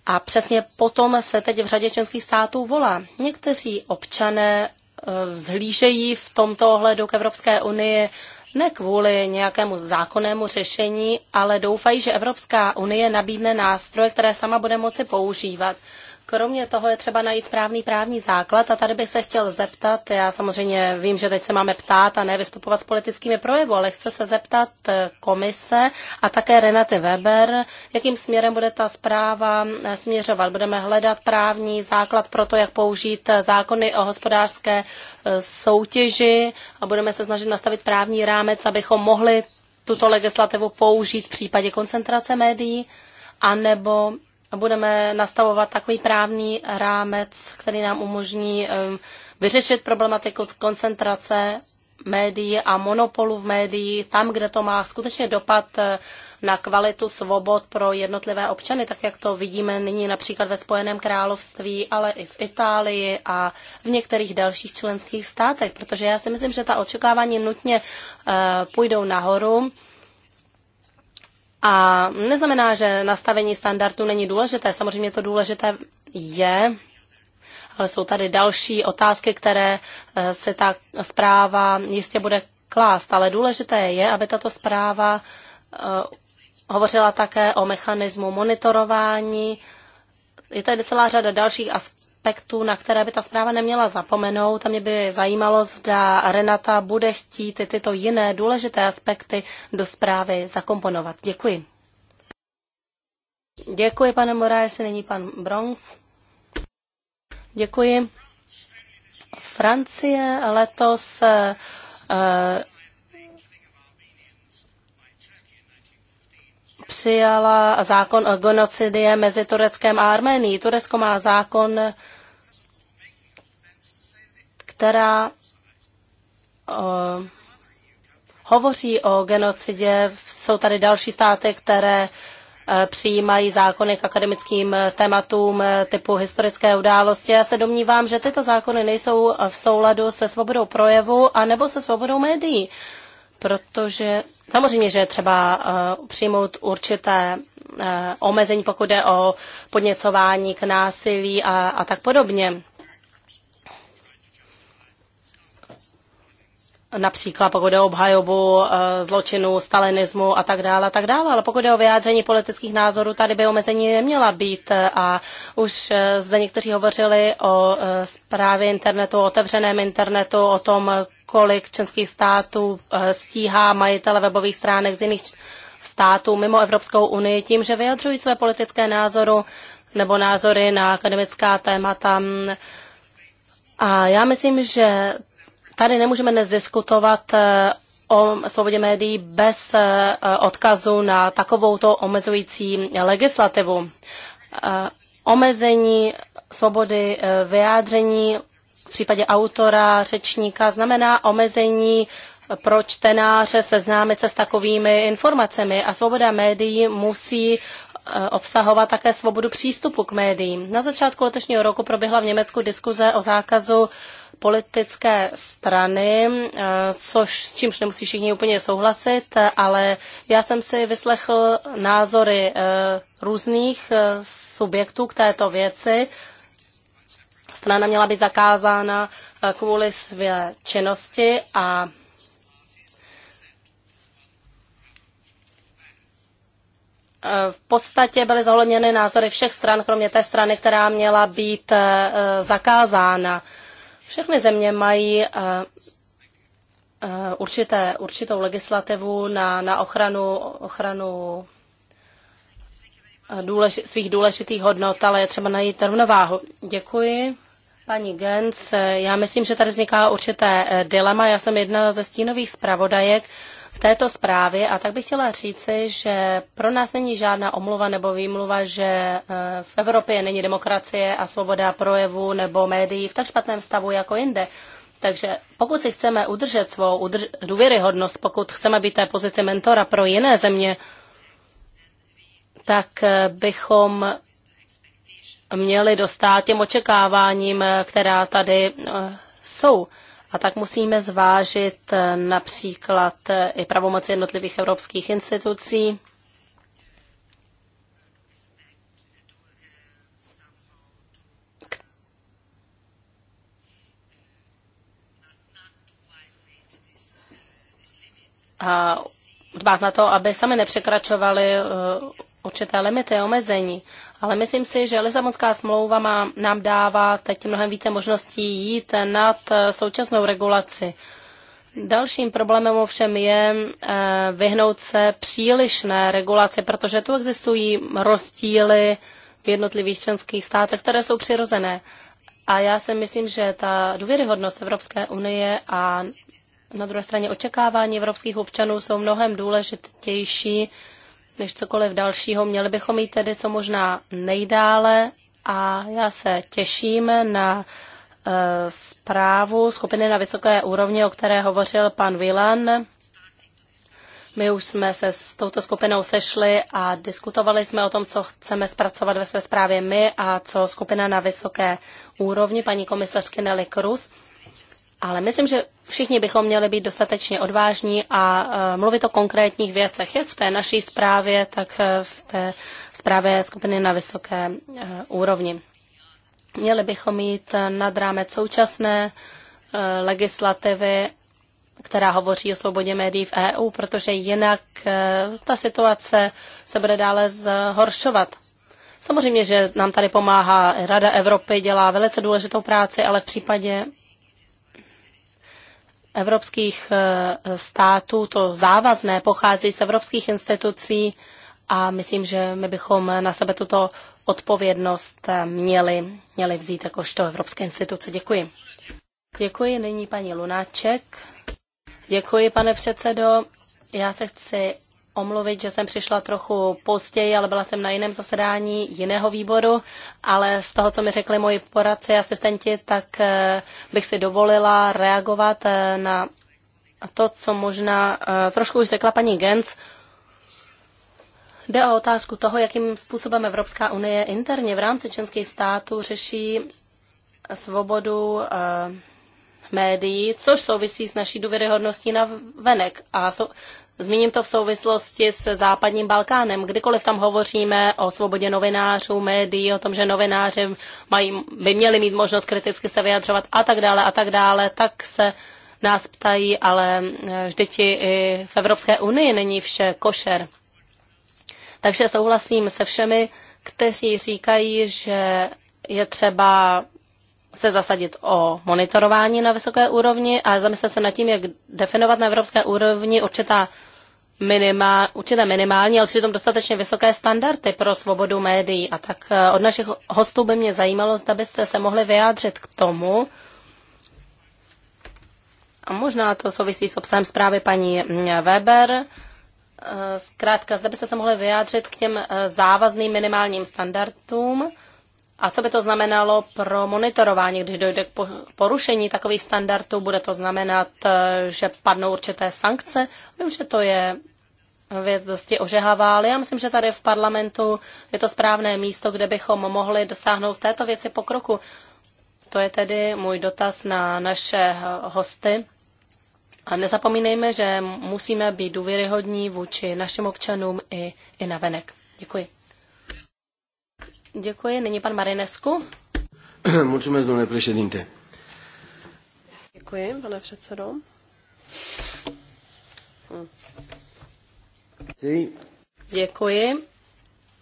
A přesně potom se teď v řadě členských států volá. Někteří občané eh, vzhlížejí v tomto ohledu k Evropské unii ne kvůli nějakému zákonnému řešení, ale doufají, že Evropská unie nabídne nástroje, které sama bude moci používat. Kromě toho je třeba najít správný právní základ a tady bych se chtěl zeptat, já samozřejmě vím, že teď se máme ptát a ne vystupovat s politickými projevy, ale chci se zeptat eh, komise a také Renate Weber, jakým směrem bude ta zpráva eh, směřovat. Budeme hledat právní základ pro to, jak použít eh, zákony o hospodářské soutěži a budeme se snažit nastavit právní rámec, abychom mohli tuto legislativu použít v případě koncentrace médií, anebo budeme nastavovat takový právní rámec, který nám umožní um, vyřešit problematiku koncentrace médií a monopolu v médiích, tam, kde to má skutečně dopad uh, na kvalitu svobod pro jednotlivé občany, tak jak to vidíme nyní například ve Spojeném království, ale i v Itálii a v některých dalších členských státech, protože já si myslím, že ta očekávání nutně uh, půjdou nahoru a neznamená, že nastavení standardu není důležité. Samozřejmě to důležité je, ale jsou tady další otázky, které eh, se ta zpráva jistě bude klást. Ale důležité je, aby tato zpráva eh, hovořila také o mechanismu monitorování. Je tady celá řada dalších aspektů, na které by ta zpráva neměla zapomenout. A mě by zajímalo, zda Renata bude chtít i tyto jiné důležité aspekty do zprávy zakomponovat. Děkuji. Děkuji, pane Moraes, nyní pan Bronx. Děkuji. Francie letos eh, přijala zákon o genocidě mezi Tureckem a Arménií. Turecko má zákon, která hovoří o genocidě. Jsou tady další státy, které e, přijímají zákony k akademickým tématům e, typu historické události. Já se domnívám, že tyto zákony nejsou v souladu se svobodou projevu a nebo se svobodou médií protože samozřejmě, že je třeba eh, přijmout určité eh, omezení, pokud jde o podněcování k násilí a, a tak podobně. Například pokud jde o obhajobu eh, zločinu, stalinismu a tak dále, a tak dále. Ale pokud jde o vyjádření politických názorů, tady by omezení neměla být. A už zde někteří hovořili o zprávě internetu, o otevřeném internetu, o tom, kolik členských států eh, stíhá majitele webových stránek z jiných států mimo Evropskou unii tím, že vyjadřují své politické názory nebo názory na akademická témata. A já myslím, že tady nemůžeme dnes diskutovat eh, o svobodě médií bez eh, odkazu na takovouto omezující legislativu. Omezení svobody vyjádření v případě autora, řečníka, znamená omezení pro čtenáře seznámit se s takovými informacemi a svoboda médií musí e, obsahovat také svobodu přístupu k médiím. Na začátku letošního roku proběhla v Německu diskuze o zákazu politické strany, e, což s čímž nemusí všichni úplně souhlasit, ale já jsem si vyslechl názory e, různých subjektů k této věci strana měla být zakázána eh, kvůli své činnosti a eh, v podstatě byly zohledněny názory všech stran, kromě té strany, která měla být eh, zakázána. Všechny země mají určité, určitou legislativu na, na ochranu, ochranu svých důležitých hodnot, ale je třeba najít rovnováhu. Děkuji. Pani Gens, já myslím, že tady vzniká určité eh, dilema. Já jsem jedna ze stínových zpravodajek v této zprávě a tak bych chtěla říci, že pro nás není žádná omluva nebo výmluva, že eh, v Evropě není demokracie a svoboda projevu nebo médií v tak špatném stavu jako jinde. Takže pokud si chceme udržet svou udrž- důvěryhodnost, pokud chceme být té pozici mentora pro jiné země, tak eh, bychom měli dostat těm očekáváním, eh, která tady eh, jsou. A tak musíme zvážit eh, například i pravomoci jednotlivých evropských institucí, a dbát na to, aby sami nepřekračovali určité limity, omezení. Ale myslím si, že Lisabonská smlouva má, nám dává teď mnohem více možností jít nad eh, současnou regulaci. Dalším problémem ovšem je eh, vyhnout se přílišné regulaci, protože tu existují rozdíly v jednotlivých členských státech, které jsou přirozené. A já si myslím, že ta důvěryhodnost Evropské unie a na druhé straně očekávání evropských občanů jsou mnohem důležitější než cokoliv dalšího. Měli bychom jít tedy co možná nejdále a já se těším na eh, zprávu skupiny na vysoké úrovni, o které hovořil pan Vilan. My už jsme se s touto skupinou sešli a diskutovali jsme o tom, co chceme zpracovat ve své zprávě my a co skupina na vysoké úrovni paní komisařky Nelly Cruz. Ale myslím, že všichni bychom měli být dostatečně odvážní a e, mluvit o konkrétních věcech, jak v té naší zprávě, tak e, v té zprávě skupiny na vysoké e, úrovni. Měli bychom jít nad rámec současné legislativy, která hovoří o svobodě médií v EU, protože jinak ta situace se bude dále zhoršovat. Samozřejmě, že nám tady pomáhá Rada Evropy, dělá velice důležitou práci, ale v případě evropských eh, států, to závazné pochází z evropských institucí a myslím, že my bychom na sebe tuto odpovědnost eh, měli, měli vzít jakožto evropské instituce. Děkuji. Děkuji, nyní paní Lunáček. Děkuji, pane předsedo. Já se chci omluvit, že jsem přišla trochu později, ale byla jsem na jiném zasedání jiného výboru, ale z toho, co mi řekli moji poradci, asistenti, tak eh, bych si dovolila reagovat eh, na to, co možná eh, trošku už řekla paní Gens. Jde o otázku toho, jakým způsobem Evropská unie interně v rámci členských států řeší svobodu médií, což souvisí s naší důvěryhodností na venek. A Zmíním to v souvislosti s západním Balkánem. Kdykoliv tam hovoříme o svobodě novinářů, médií, o tom, že novináři mají, by měli mít možnost kriticky se vyjadřovat a tak dále a tak dále, tak se nás ptají, ale eh, vždyť i v Evropské unii není vše košer. Takže souhlasím se všemi, kteří říkají, že je třeba se zasadit o monitorování na vysoké úrovni a zamyslet se nad tím, jak definovat na evropské úrovni určitá minima, určité minimální, ale přitom dostatečně vysoké standardy pro svobodu médií. A tak eh, od našich hostů by mě zajímalo, zda byste se mohli vyjádřit k tomu, a možná to souvisí s obsahem zprávy paní mm, Weber, eh, zkrátka, zda byste se mohli vyjádřit k těm eh, závazným minimálním standardům, a co by to znamenalo pro monitorování, když dojde k porušení takových standardů? Bude to znamenat, eh, že padnou určité sankce? Vím, že to je věc dosti ožehavá, ale já myslím, že tady v parlamentu je to správné místo, kde bychom mohli dosáhnout této věci pokroku. To je tedy můj dotaz na naše hosty. A nezapomínejme, že musíme být důvěryhodní vůči našim občanům i, i navenek. Děkuji. Děkuji. Nyní pan Marinescu. [clears throat] Mulțumesc, domnule președinte. Děkuji, pane předsedo. Děkuji.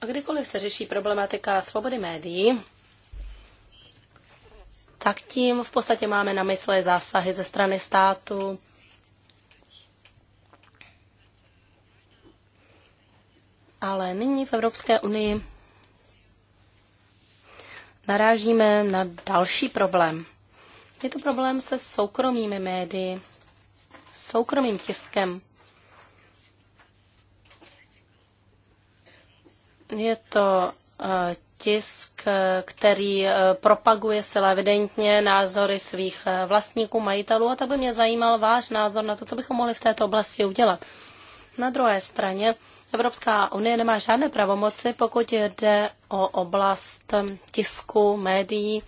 A kdykoliv se řeší problematika svobody médií, tak tím v podstatě máme na mysli zásahy ze strany státu. Ale nyní v Evropské unii narážíme na další problém. Je to problém se soukromými médii, soukromým tiskem. Je to eh, tisk, který eh, propaguje zcela evidentně názory svých eh, vlastníků, majitelů a tak by mě zajímal váš názor na to, co bychom mohli v této oblasti udělat. Na druhé straně Evropská unie nemá žádné pravomoci, pokud jde o oblast tisku, médií.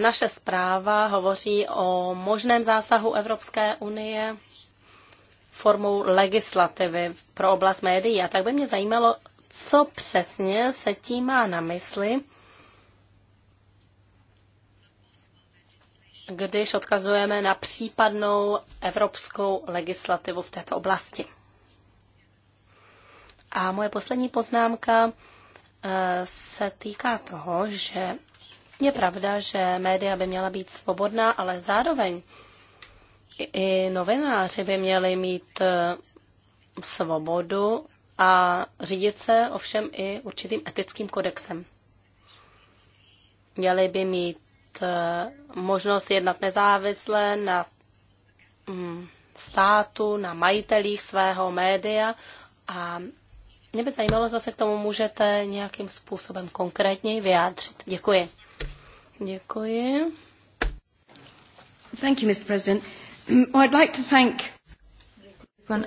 Naše zpráva hovoří o možném zásahu Evropské unie formou legislativy pro oblast médií. A tak by mě zajímalo, co přesně se tím má na mysli když odkazujeme na případnou evropskou legislativu v této oblasti. A moje poslední poznámka eh, se týká toho, že je pravda, že média by měla být svobodná, ale zároveň i novináři by měli mít eh, svobodu a řídit se ovšem i určitým etickým kodexem. Měli by mít Eh, možnost jednat nezávisle na mm, státu, na majitelích svého média a mě by zajímalo, zase k tomu můžete nějakým způsobem konkrétněji vyjádřit. Děkuji. Děkuji. Thank you, Mr. President. Mm, I'd like to thank... Pan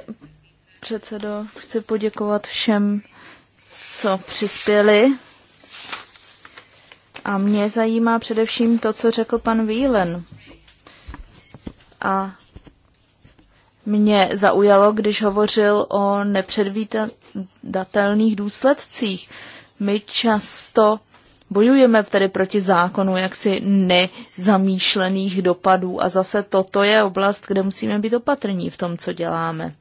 předsedo, chci poděkovat všem, co přispěli a mě zajímá především to, co řekl pan Vílen. A mě zaujalo, když hovořil o nepředvídatelných důsledcích. My často bojujeme tedy proti zákonu jaksi nezamýšlených dopadů a zase toto je oblast, kde musíme být opatrní v tom, co děláme.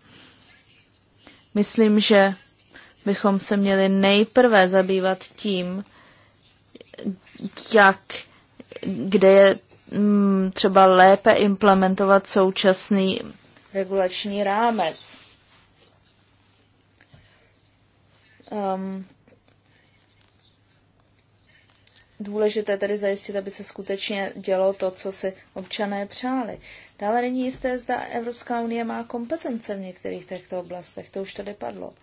Myslím, že bychom se měli nejprve zabývat tím, jak, kde je mm, třeba lépe implementovat současný regulační rámec. Um, důležité tedy zajistit, aby se skutečně dělo to, co si občané přáli. Dále není jisté, zda Evropská unie má kompetence v některých těchto oblastech. To už tady padlo.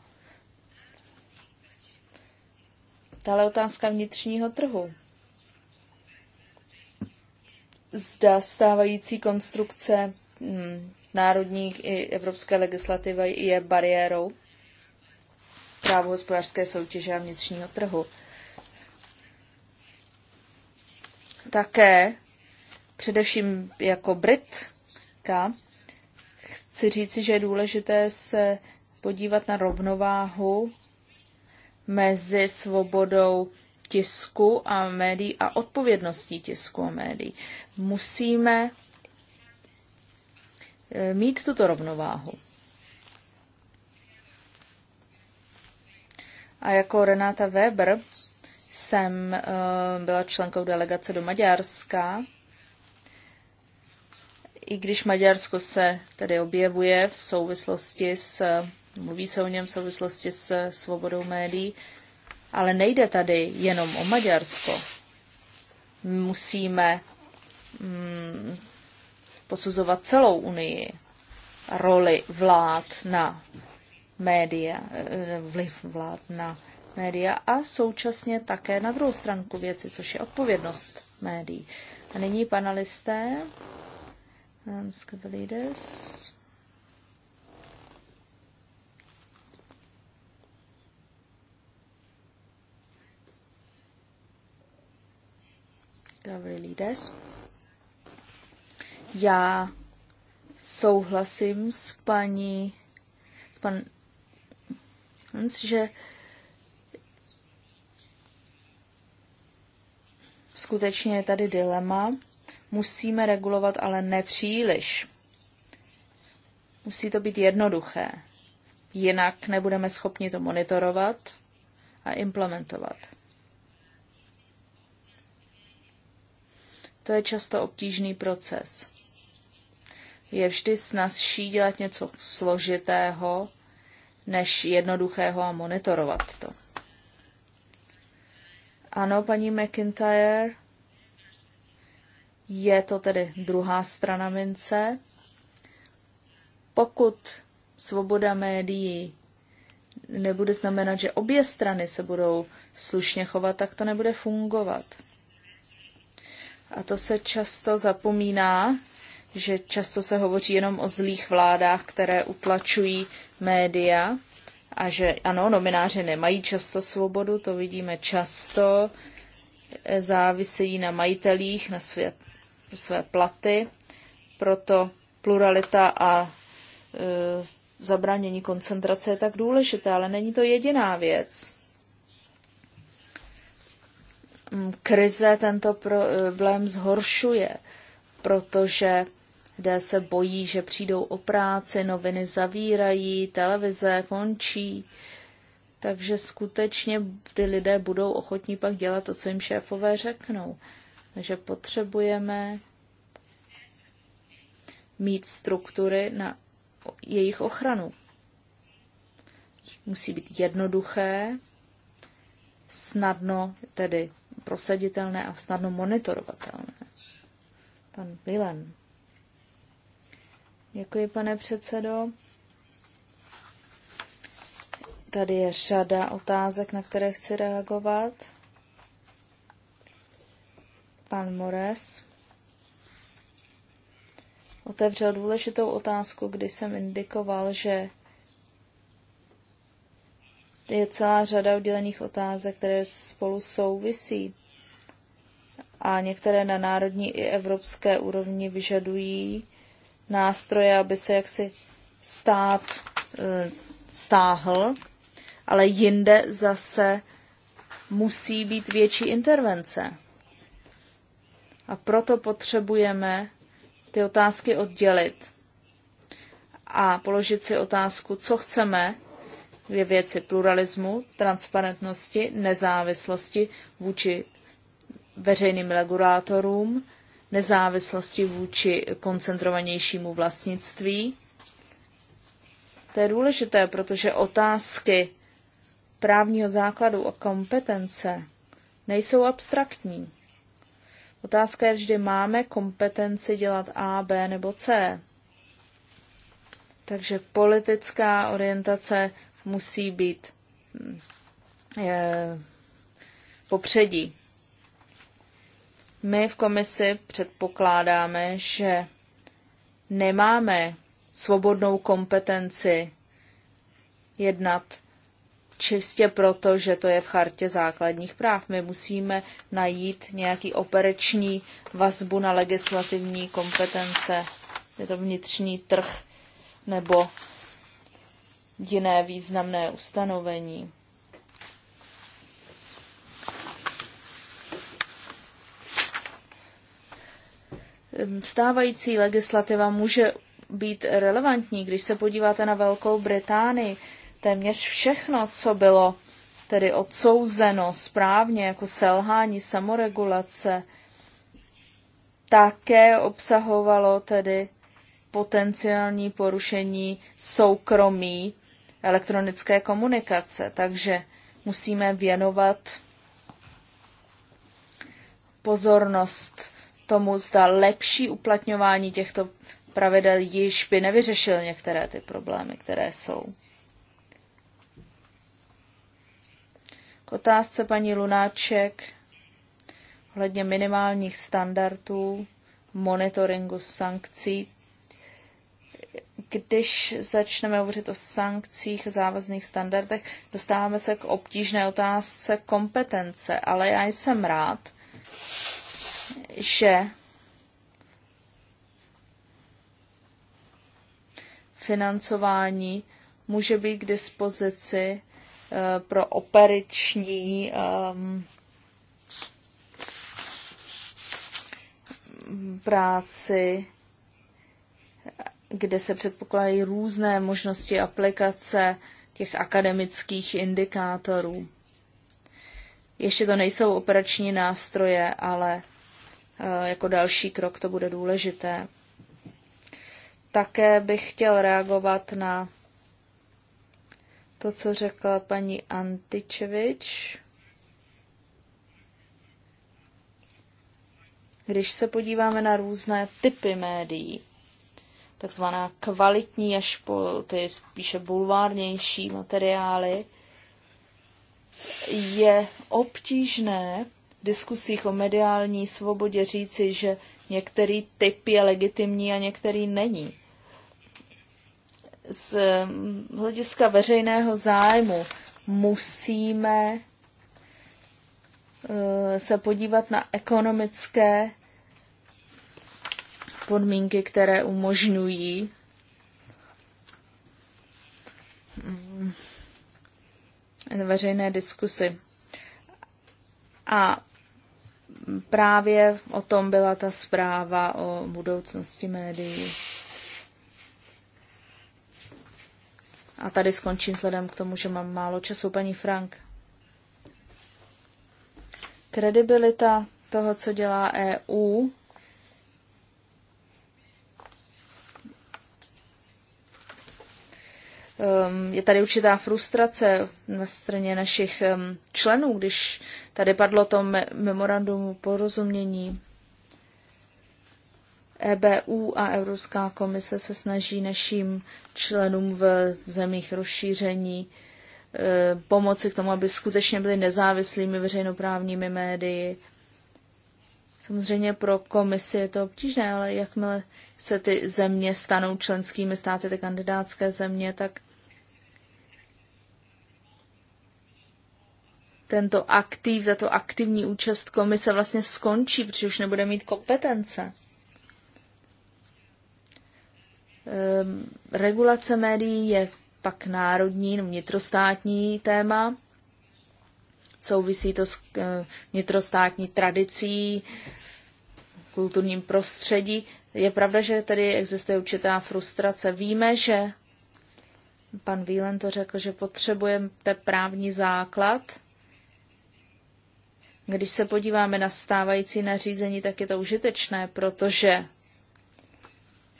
Dále otázka vnitřního trhu zda stávající konstrukce mm, národních i evropské legislativy je bariérou právu hospodářské soutěže a vnitřního trhu. Také, především jako Britka, chci říci, že je důležité se podívat na rovnováhu mezi svobodou tisku a médií a odpovědností tisku a médií. Musíme eh, mít tuto rovnováhu. A jako Renáta Weber jsem eh, byla členkou delegace do Maďarska. I když Maďarsko se tedy objevuje v souvislosti s, mluví se o něm v souvislosti s svobodou médií, ale nejde tady jenom o Maďarsko. Musíme mm, posuzovat celou Unii, roli vlád na média, eh, vliv vlád na média a současně také na druhou stranku věci, což je odpovědnost médií. A nyní panelisté. Leaders. Já souhlasím s paní, s pan, že skutečně je tady dilema. Musíme regulovat, ale nepříliš. Musí to být jednoduché. Jinak nebudeme schopni to monitorovat a implementovat. To je často obtížný proces. Je vždy snazší dělat něco složitého, než jednoduchého a monitorovat to. Ano, paní McIntyre, je to tedy druhá strana mince. Pokud svoboda médií nebude znamenat, že obě strany se budou slušně chovat, tak to nebude fungovat. A to se často zapomíná, že často se hovoří jenom o zlých vládách, které utlačují média a že ano, nomináři nemají často svobodu, to vidíme často, eh, závisejí na majitelích, na své, své platy, proto pluralita a e, zabránění koncentrace je tak důležité, ale není to jediná věc. Mm, krize tento problém zhoršuje, protože lidé se bojí, že přijdou o práci, noviny zavírají, televize končí. Takže skutečně ty lidé budou ochotní pak dělat to, co jim šéfové řeknou. Takže potřebujeme mít struktury na jejich ochranu. Musí být jednoduché, snadno tedy prosaditelné a snadno monitorovatelné. Pan Bilan. Děkuji, pane předsedo. Tady je řada otázek, na které chci reagovat. Pan Mores otevřel důležitou otázku, kdy jsem indikoval, že je celá řada oddělených otázek, které spolu souvisí. A některé na národní i evropské úrovni vyžadují nástroje, aby se jaksi stát eh, stáhl, ale jinde zase musí být větší intervence. A proto potřebujeme ty otázky oddělit a položit si otázku, co chceme ve věci pluralismu, transparentnosti, nezávislosti vůči veřejným regulátorům, nezávislosti vůči koncentrovanějšímu vlastnictví. To je důležité, protože otázky právního základu a kompetence nejsou abstraktní. Otázka je vždy, máme kompetenci dělat A, B nebo C. Takže politická orientace musí být mm, popředí. My v komisi předpokládáme, že nemáme svobodnou kompetenci jednat čistě proto, že to je v chartě základních práv. My musíme najít nějaký operační vazbu na legislativní kompetence, je to vnitřní trh nebo jiné významné ustanovení. Stávající legislativa může být relevantní, když se podíváte na Velkou Británii. Téměř všechno, co bylo tedy odsouzeno správně jako selhání samoregulace, také obsahovalo tedy potenciální porušení soukromí elektronické komunikace, takže musíme věnovat pozornost tomu, zda lepší uplatňování těchto pravidel již by nevyřešil některé ty problémy, které jsou. K otázce paní Lunáček ohledně minimálních standardů monitoringu sankcí když začneme hovořit o sankcích, závazných standardech, dostáváme se k obtížné otázce kompetence, ale já jsem rád, že financování může být k dispozici eh, pro operiční ehm, práci kde se předpokládají různé možnosti aplikace těch akademických indikátorů. Ještě to nejsou operační nástroje, ale eh, jako další krok to bude důležité. Také bych chtěl reagovat na to, co řekla paní Antičevič. Když se podíváme na různé typy médií, takzvaná kvalitní až po ty spíše bulvárnější materiály, je obtížné v diskusích o mediální svobodě říci, že některý typ je legitimní a některý není. Z mm, hlediska veřejného zájmu musíme eh, se podívat na ekonomické podmínky, které umožňují mm, veřejné diskusy. A právě o tom byla ta zpráva o budoucnosti médií. A tady skončím vzhledem k tomu, že mám málo času, paní Frank. Kredibilita toho, co dělá EU, Ehm, je tady určitá frustrace na straně našich ehm, členů, když tady padlo to memorandum porozumění. EBU a Evropská komise se snaží našim členům v zemích rozšíření ehm, pomoci k tomu, aby skutečně byli nezávislými veřejnoprávními médii. Samozřejmě pro komisi je to obtížné, ale jakmile se ty země stanou členskými státy, ty kandidátské země, tak tento aktiv, za to aktivní účast komise vlastně skončí, protože už nebude mít kompetence. Ehm, regulace médií je pak národní, no, vnitrostátní téma. Souvisí to s eh, vnitrostátní tradicí, kulturním prostředí. Je pravda, že tady existuje určitá frustrace. Víme, že pan Vílen to řekl, že potřebujeme právní základ když se podíváme na stávající nařízení, tak je to užitečné, protože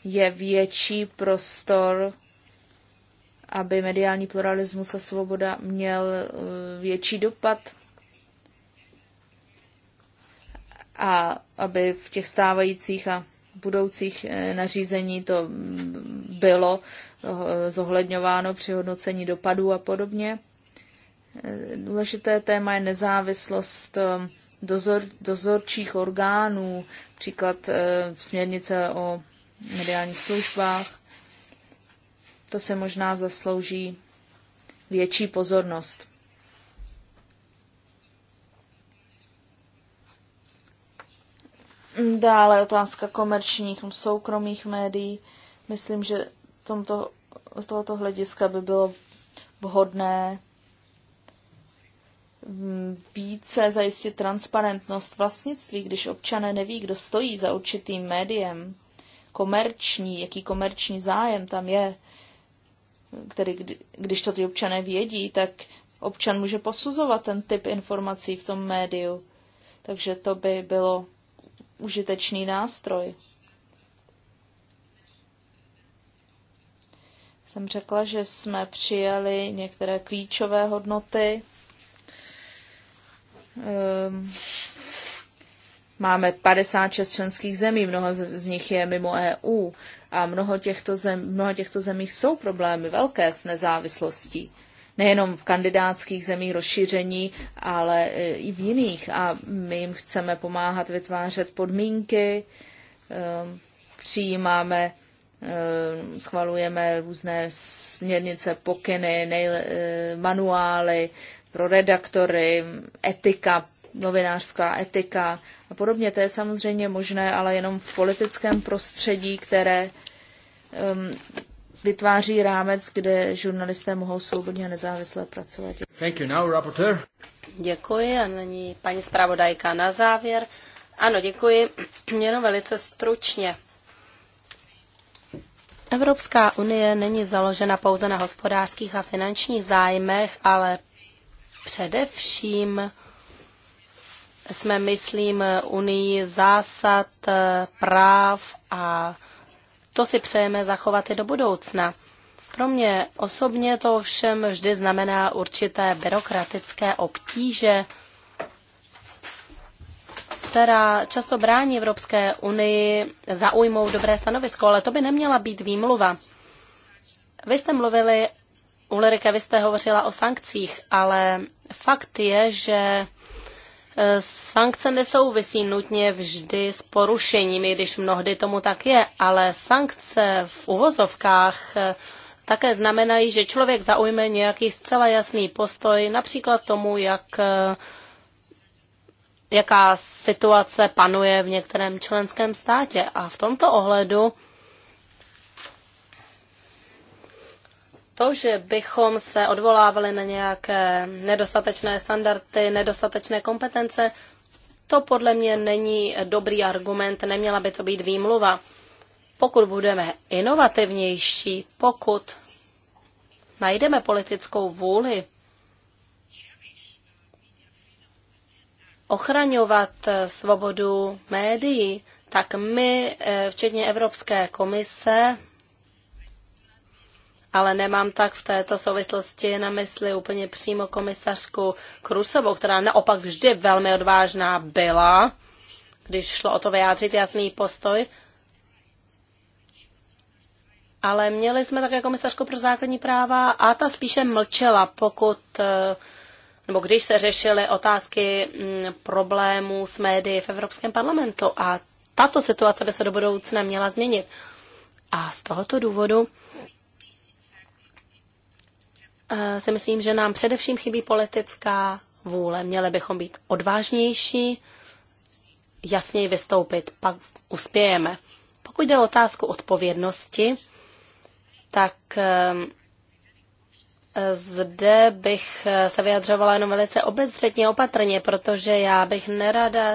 je větší prostor, aby mediální pluralismus a svoboda měl eh, větší dopad a aby v těch stávajících a budoucích eh, nařízení to mm, bylo eh, zohledňováno při hodnocení dopadů a podobně. Důležité téma je nezávislost eh, dozor, dozorčích orgánů, příklad eh, směrnice o mediálních službách. To se možná zaslouží větší pozornost. Dále otázka komerčních, soukromých médií. Myslím, že tomto, z tohoto hlediska by bylo vhodné více zajistit transparentnost vlastnictví, když občané neví, kdo stojí za určitým médiem, komerční, jaký komerční zájem tam je, který, když to ty občané vědí, tak občan může posuzovat ten typ informací v tom médiu. Takže to by bylo užitečný nástroj. Jsem řekla, že jsme přijali některé klíčové hodnoty, Ehm, máme 56 členských zemí, mnoho z nich je mimo EU a mnoho těchto zem, mnoho těchto zemích jsou problémy velké s nezávislostí. Nejenom v kandidátských zemích rozšíření, ale e, i v jiných. A my jim chceme pomáhat vytvářet podmínky, ehm, přijímáme, ehm, schvalujeme různé směrnice, pokyny, e, manuály, pro redaktory, etika, novinářská etika a podobně. To je samozřejmě možné, ale jenom v politickém prostředí, které um, vytváří rámec, kde žurnalisté mohou svobodně a nezávisle pracovat. Thank you now, Děkuji a není paní zpravodajka na závěr. Ano, děkuji. [clears throat] Jenom velice stručně. Evropská unie není založena pouze na hospodářských a finančních zájmech, ale Především jsme, myslím, unii zásad, práv a to si přejeme zachovat i do budoucna. Pro mě osobně to ovšem vždy znamená určité byrokratické obtíže, která často brání Evropské unii zaujmout dobré stanovisko, ale to by neměla být výmluva. Vy jste mluvili Ulrike, vy jste hovořila o sankcích, ale fakt je, že e, Sankce nesouvisí nutně vždy s porušením, i když mnohdy tomu tak je, ale sankce v uvozovkách e, také znamenají, že člověk zaujme nějaký zcela jasný postoj, například tomu, jak, e, jaká situace panuje v některém členském státě. A v tomto ohledu to, že bychom se odvolávali na nějaké nedostatečné standardy, nedostatečné kompetence, to podle mě není dobrý argument, neměla by to být výmluva. Pokud budeme inovativnější, pokud najdeme politickou vůli ochraňovat svobodu médií, tak my, eh, včetně Evropské komise, ale nemám tak v této souvislosti na mysli úplně přímo komisařku Krusovou, která naopak vždy velmi odvážná byla, když šlo o to vyjádřit jasný postoj. Ale měli jsme také komisařku pro základní práva a ta spíše mlčela, pokud eh, nebo když se řešily otázky mm, problémů s médií v Evropském parlamentu a tato situace by se do budoucna měla změnit. A z tohoto důvodu Eh, si myslím, že nám především chybí politická vůle. Měli bychom být odvážnější, jasněji vystoupit, pak uspějeme. Pokud jde o otázku odpovědnosti, tak ehm, zde bych eh, se vyjadřovala jenom velice obezřetně, opatrně, protože já bych nerada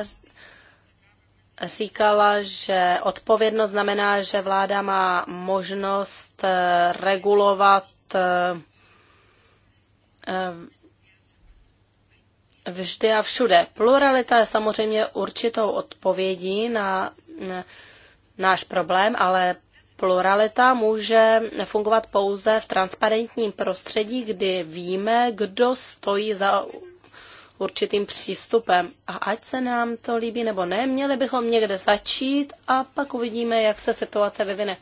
říkala, že odpovědnost znamená, že vláda má možnost eh, regulovat Ehm, vždy a všude. Pluralita je samozřejmě určitou odpovědí na náš problém, ale pluralita může fungovat pouze v transparentním prostředí, kdy víme, kdo stojí za určitým přístupem. A ať se nám to líbí nebo ne, měli bychom někde začít a pak uvidíme, jak se situace vyvine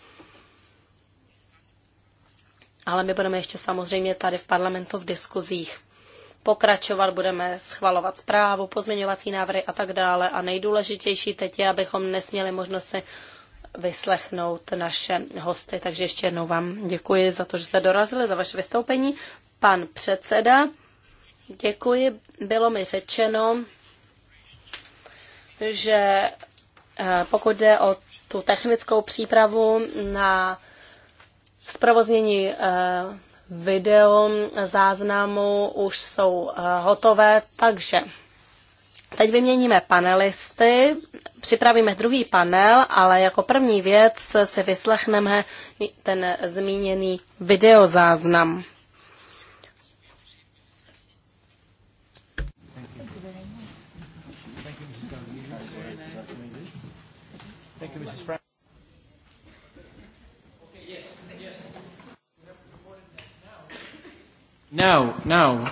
ale my budeme ještě samozřejmě tady v parlamentu v diskuzích pokračovat, budeme schvalovat zprávu, pozměňovací návrhy a tak dále. A nejdůležitější teď je, abychom nesměli možnost si vyslechnout naše hosty. Takže ještě jednou vám děkuji za to, že jste dorazili, za vaše vystoupení. Pan předseda, děkuji. Bylo mi řečeno, že eh, pokud jde o tu technickou přípravu na Zprovoznění eh, video záznamu už jsou eh, hotové, takže teď vyměníme panelisty, připravíme druhý panel, ale jako první věc si vyslechneme ten zmíněný videozáznam. No, no.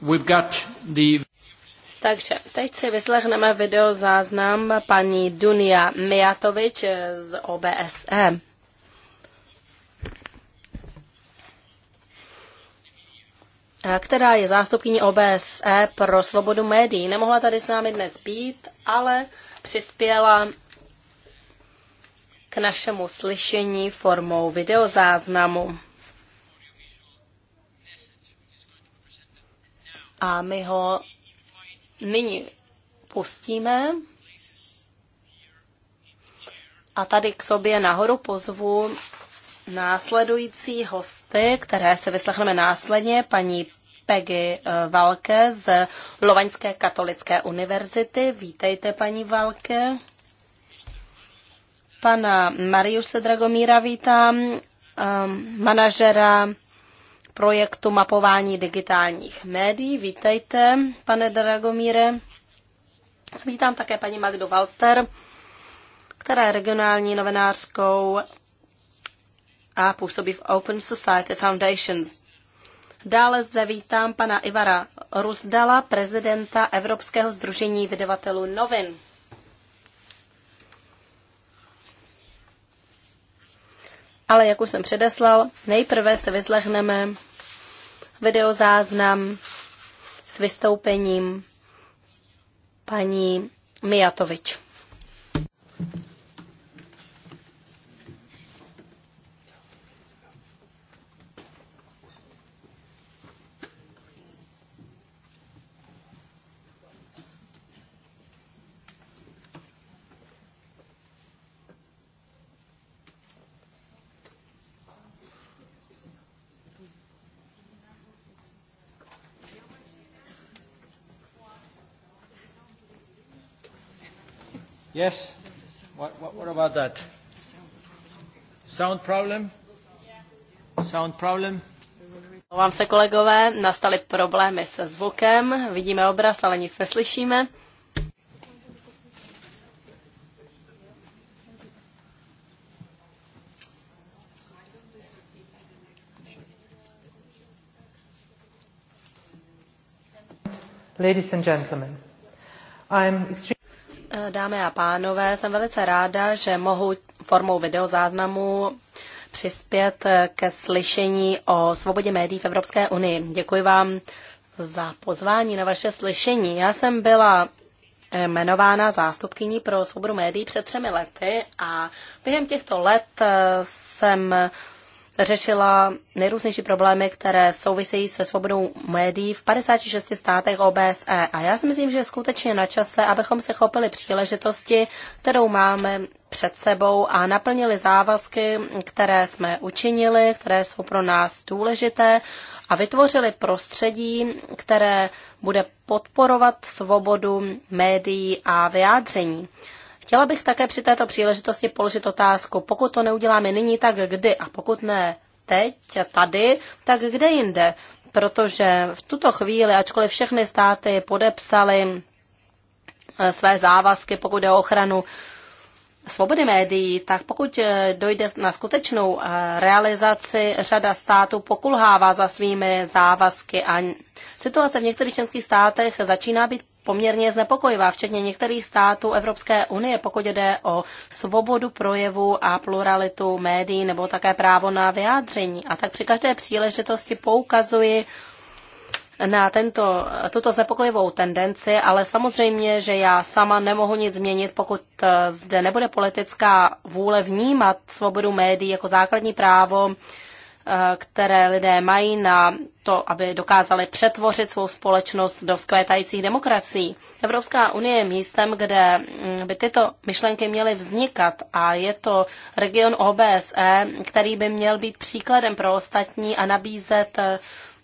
We've got the... Takže teď si vyslechneme videozáznam paní Dunia Mijatovič z OBSE. která je zástupkyní OBSE pro svobodu médií. Nemohla tady s námi dnes být, ale přispěla k našemu slyšení formou videozáznamu. a my ho nyní pustíme a tady k sobě nahoru pozvu následující hosty, které se vyslechneme následně, paní Peggy eh, Valke z Lovaňské katolické univerzity. Vítejte, paní Valke. Pana Mariuse Dragomíra vítám, um, manažera projektu mapování digitálních médií. Vítejte, pane Dragomíre. Vítám také paní Magdo Walter, která je regionální novinářskou a působí v Open Society Foundations. Dále zde vítám pana Ivara Rusdala, prezidenta Evropského združení vydavatelů novin. ale jak už jsem předeslal, nejprve se vyslechneme videozáznam s vystoupením paní Mijatovič. Yes? What, what, what about that? Sound problem? Sound problem? Vám se kolegové, nastaly problémy se zvukem, vidíme obraz, ale nic neslyšíme. Ladies and gentlemen, I am extremely Dámy a pánové, jsem velice ráda, že mohu formou videozáznamu přispět ke slyšení o svobodě médií v Evropské unii. Děkuji vám za pozvání na vaše slyšení. Já jsem byla jmenována zástupkyní pro svobodu médií před třemi lety a během těchto let jsem řešila nejrůznější problémy, které souvisejí se svobodou médií v 56 státech OBSE. A já si myslím, že je skutečně na čase, abychom se chopili příležitosti, kterou máme před sebou a naplnili závazky, které jsme učinili, které jsou pro nás důležité a vytvořili prostředí, které bude podporovat svobodu médií a vyjádření. Chtěla bych také při této příležitosti položit otázku, pokud to neuděláme nyní, tak kdy? A pokud ne teď, tady, tak kde jinde? Protože v tuto chvíli, ačkoliv všechny státy podepsaly eh, své závazky, pokud jde o ochranu svobody médií, tak pokud eh, dojde na skutečnou eh, realizaci, řada států pokulhává za svými závazky a situace v některých členských státech začíná být poměrně znepokojivá, včetně některých států Evropské unie, pokud jde o svobodu projevu a pluralitu médií nebo také právo na vyjádření. A tak při každé příležitosti poukazuji na tento, tuto znepokojivou tendenci, ale samozřejmě, že já sama nemohu nic změnit, pokud eh, zde nebude politická vůle vnímat svobodu médií jako základní právo Eh, které lidé mají na to, aby dokázali přetvořit svou společnost do vzkvétajících demokracií. Evropská unie je místem, kde mm, by tyto myšlenky měly vznikat a je to region OBSE, který by měl být příkladem pro ostatní a nabízet eh,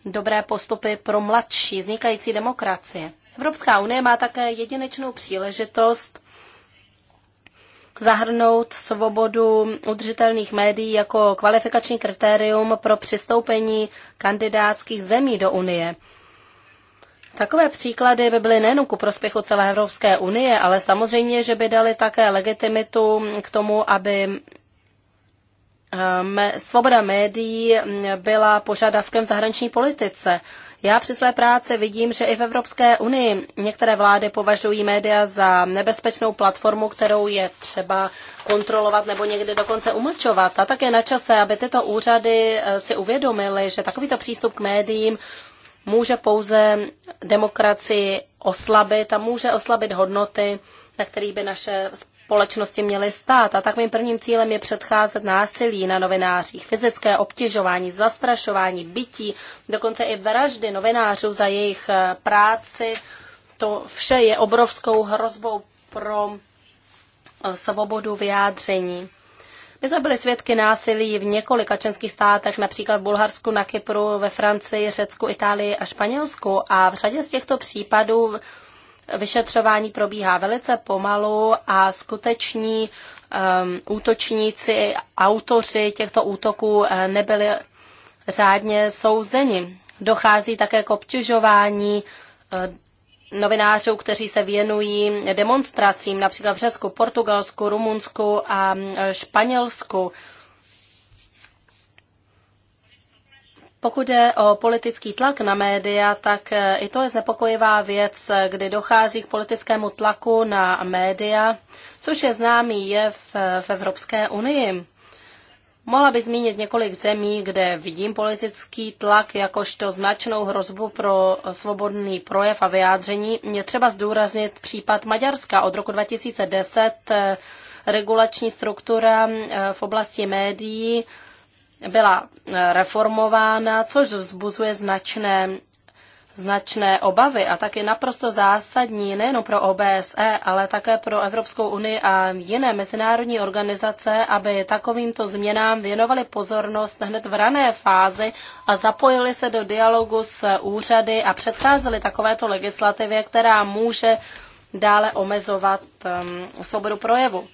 dobré postupy pro mladší vznikající demokracie. Evropská unie má také jedinečnou příležitost zahrnout svobodu udržitelných médií jako kvalifikační kritérium pro přistoupení kandidátských zemí do Unie. Takové příklady by byly nejen ku prospěchu celé Evropské unie, ale samozřejmě, že by dali také legitimitu k tomu, aby eh, svoboda médií byla požadavkem v zahraniční politice. Já při své práci vidím, že i v Evropské unii některé vlády považují média za nebezpečnou platformu, kterou je třeba kontrolovat nebo někdy dokonce umlčovat. A tak je na čase, aby tyto úřady eh, si uvědomily, že takovýto přístup k médiím může pouze demokracii oslabit a může oslabit hodnoty, na kterých by naše společnosti měly stát. A tak mým prvním cílem je předcházet násilí na novinářích, fyzické obtěžování, zastrašování, bytí, dokonce i vraždy novinářů za jejich eh, práci. To vše je obrovskou hrozbou pro eh, svobodu vyjádření. My jsme byli svědky násilí v několika členských státech, například v Bulharsku, na Kypru, ve Francii, Řecku, Itálii a Španělsku. A v řadě z těchto případů vyšetřování probíhá velice pomalu a skuteční um, útočníci, autoři těchto útoků eh, nebyli řádně souzeni. Dochází také k obtěžování eh, novinářů, kteří se věnují demonstracím, například v Řecku, Portugalsku, Rumunsku a eh, Španělsku. Pokud je o politický tlak na média, tak e, i to je znepokojivá věc, kdy dochází k politickému tlaku na média, což je známý v, e, v Evropské unii. Mohla by zmínit několik zemí, kde vidím politický tlak jakožto značnou hrozbu pro svobodný projev a vyjádření. Mě třeba zdůraznit případ Maďarska od roku 2010, e, regulační struktura v oblasti médií byla eh, reformována, což vzbuzuje značné značné obavy a taky naprosto zásadní nejen pro OBSE, ale také pro Evropskou unii a jiné mezinárodní organizace, aby takovýmto změnám věnovali pozornost hned v rané fázi a zapojili se do dialogu s úřady a předcházeli takovéto legislativě, která může dále omezovat um, svobodu projevu.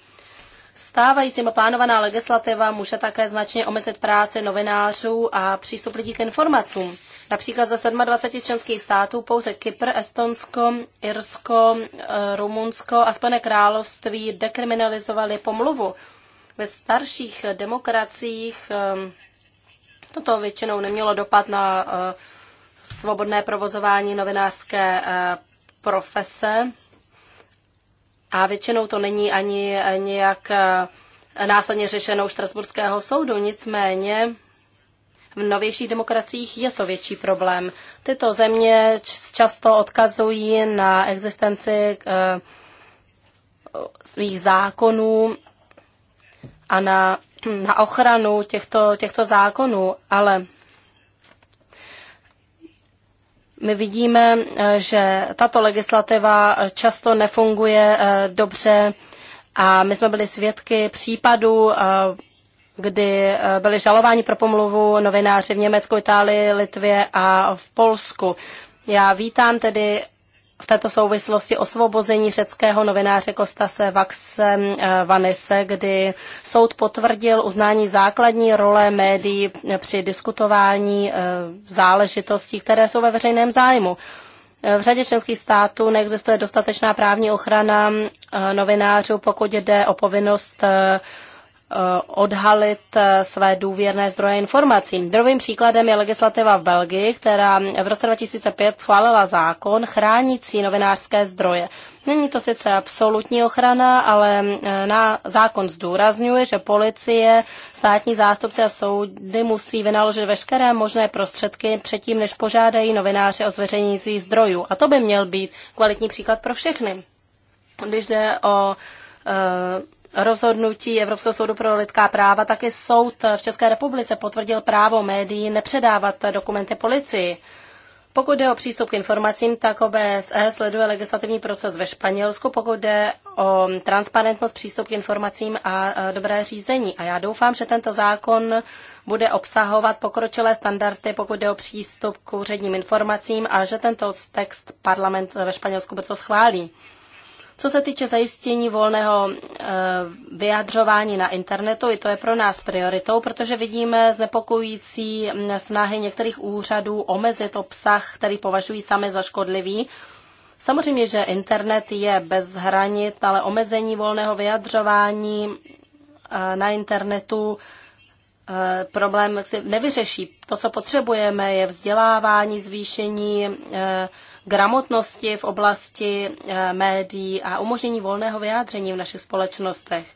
Stávající plánovaná legislativa může také značně omezit práci novinářů a přístup lidí k informacím. Například ze 27 členských států pouze Kypr, Estonsko, Irsko, eh, Rumunsko a Spojené království dekriminalizovali pomluvu. Ve starších demokraciích eh, toto většinou nemělo dopad na eh, svobodné provozování novinářské profese. A většinou to není ani nějak eh, následně řešeno u Štrasburského soudu. Nicméně v novějších demokraciích je to větší problém. Tyto země často odkazují na existenci eh, svých zákonů a na, na ochranu těchto, těchto zákonů, ale my vidíme, eh, že tato legislativa eh, často nefunguje eh, dobře a my jsme byli svědky případů, kdy byli žalováni pro pomluvu novináři v Německu, Itálii, Litvě a v Polsku. Já vítám tedy v této souvislosti osvobození řeckého novináře Kostase Vaxe eh, Vanese, kdy soud potvrdil uznání základní role médií při diskutování eh, záležitostí, které jsou ve veřejném zájmu. Eh, v řadě členských států neexistuje dostatečná právní ochrana novinářů, pokud jde o povinnost Eh, odhalit eh, své důvěrné zdroje informací. Druhým příkladem je legislativa v Belgii, která v roce 2005 schválila zákon chránící novinářské zdroje. Není to sice absolutní ochrana, ale eh, na zákon zdůrazňuje, že policie, státní zástupci a soudy musí vynaložit veškeré možné prostředky předtím, než požádají novináře o zveřejnění svých zdrojů. A to by měl být kvalitní příklad pro všechny. Když jde o rozhodnutí Evropského soudu pro lidská práva taky soud v České republice potvrdil právo médií nepředávat dokumenty policii. Pokud jde o přístup k informacím, tak OBSE sleduje legislativní proces ve Španělsku, pokud jde o transparentnost, přístup k informacím a e, dobré řízení. A já doufám, že tento zákon bude obsahovat pokročilé standardy, pokud jde o přístup k úředním informacím a že tento text parlament ve Španělsku brzo schválí. Co se týče zajištění volného eh, vyjadřování na internetu, i to je pro nás prioritou, protože vidíme znepokojící snahy některých úřadů omezit obsah, který považují sami za škodlivý. Samozřejmě, že internet je bez hranit, ale omezení volného vyjadřování eh, na internetu eh, problém nevyřeší. To, co potřebujeme, je vzdělávání, zvýšení gramotnosti v oblasti eh, médií a umožnění volného vyjádření v našich společnostech.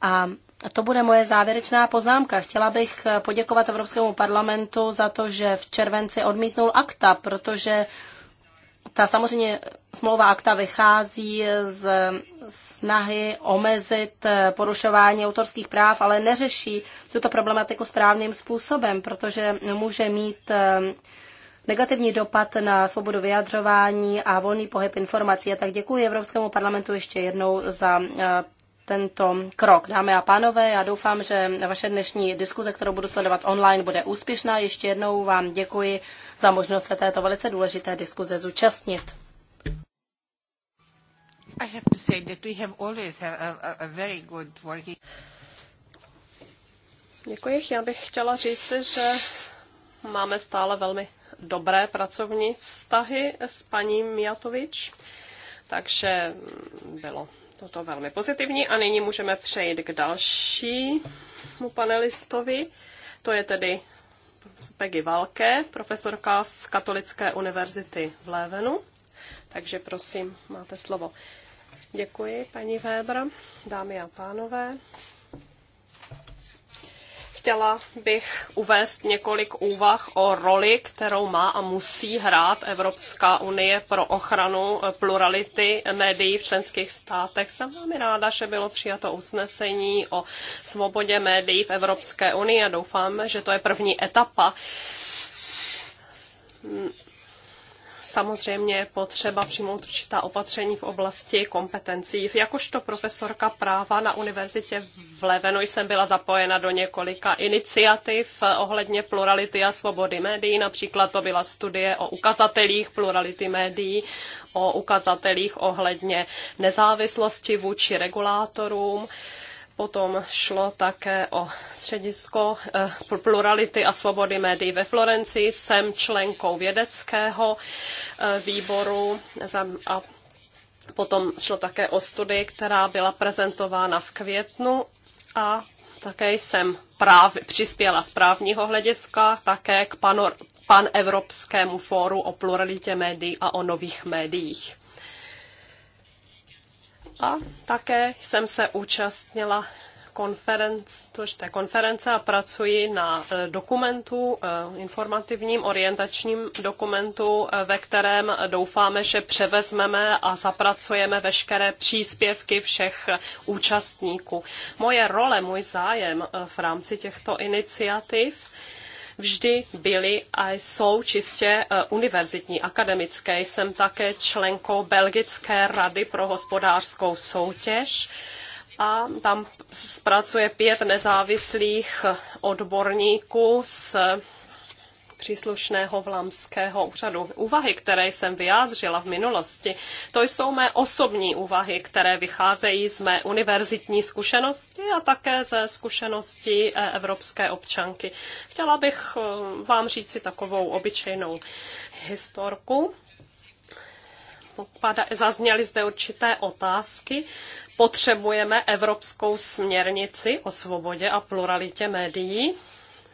A to bude moje závěrečná poznámka. Chtěla bych eh, poděkovat Evropskému parlamentu za to, že v červenci odmítnul akta, protože ta samozřejmě smlouva akta vychází z snahy omezit eh, porušování autorských práv, ale neřeší tuto problematiku správným způsobem, protože může mít negativní dopad na svobodu vyjadřování a volný pohyb informací. A tak děkuji Evropskému parlamentu ještě jednou za eh, tento krok. Dámy a pánové, já doufám, že vaše dnešní diskuze, kterou budu sledovat online, bude úspěšná. Ještě jednou vám děkuji za možnost se této velice důležité diskuze zúčastnit. Děkuji. Já bych chtěla říct, že Máme stále velmi dobré pracovní vztahy s paní Mijatovič, takže bylo toto velmi pozitivní. A nyní můžeme přejít k dalšímu panelistovi. To je tedy Peggy Valke, profesorka z Katolické univerzity v Lévenu. Takže prosím, máte slovo. Děkuji, paní Weber, dámy a pánové. Chtěla bych uvést několik úvah o roli, kterou má a musí hrát Evropská unie pro ochranu eh, plurality médií v členských státech. Jsem velmi ráda, že bylo přijato usnesení o svobodě médií v Evropské unii a doufám, že to je první etapa samozřejmě je potřeba přijmout určitá opatření v oblasti kompetencí. Jakožto profesorka práva na univerzitě v Levenu jsem byla zapojena do několika iniciativ ohledně plurality a svobody médií. Například to byla studie o ukazatelích plurality médií, o ukazatelích ohledně nezávislosti vůči regulátorům. Potom šlo také o středisko eh, plurality a svobody médií ve Florencii. Jsem členkou vědeckého eh, výboru a potom šlo také o studii, která byla prezentována v květnu a také jsem práv, přispěla z právního hlediska také k panor, panevropskému fóru o pluralitě médií a o nových médiích a také jsem se účastnila konference, konference a pracuji na e, dokumentu, e, informativním orientačním dokumentu, e, ve kterém doufáme, že převezmeme a zapracujeme veškeré příspěvky všech účastníků. Moje role, můj zájem v rámci těchto iniciativ vždy byly a jsou čistě eh, univerzitní, akademické. Jsem také členkou Belgické rady pro hospodářskou soutěž a tam zpracuje pět nezávislých odborníků s příslušného vlámského úřadu. Úvahy, které jsem vyjádřila v minulosti, to jsou mé osobní úvahy, které vycházejí z mé univerzitní zkušenosti a také ze zkušeností eh, evropské občanky. Chtěla bych eh, vám říci takovou obyčejnou historku zazněly zde určité otázky. Potřebujeme evropskou směrnici o svobodě a pluralitě médií.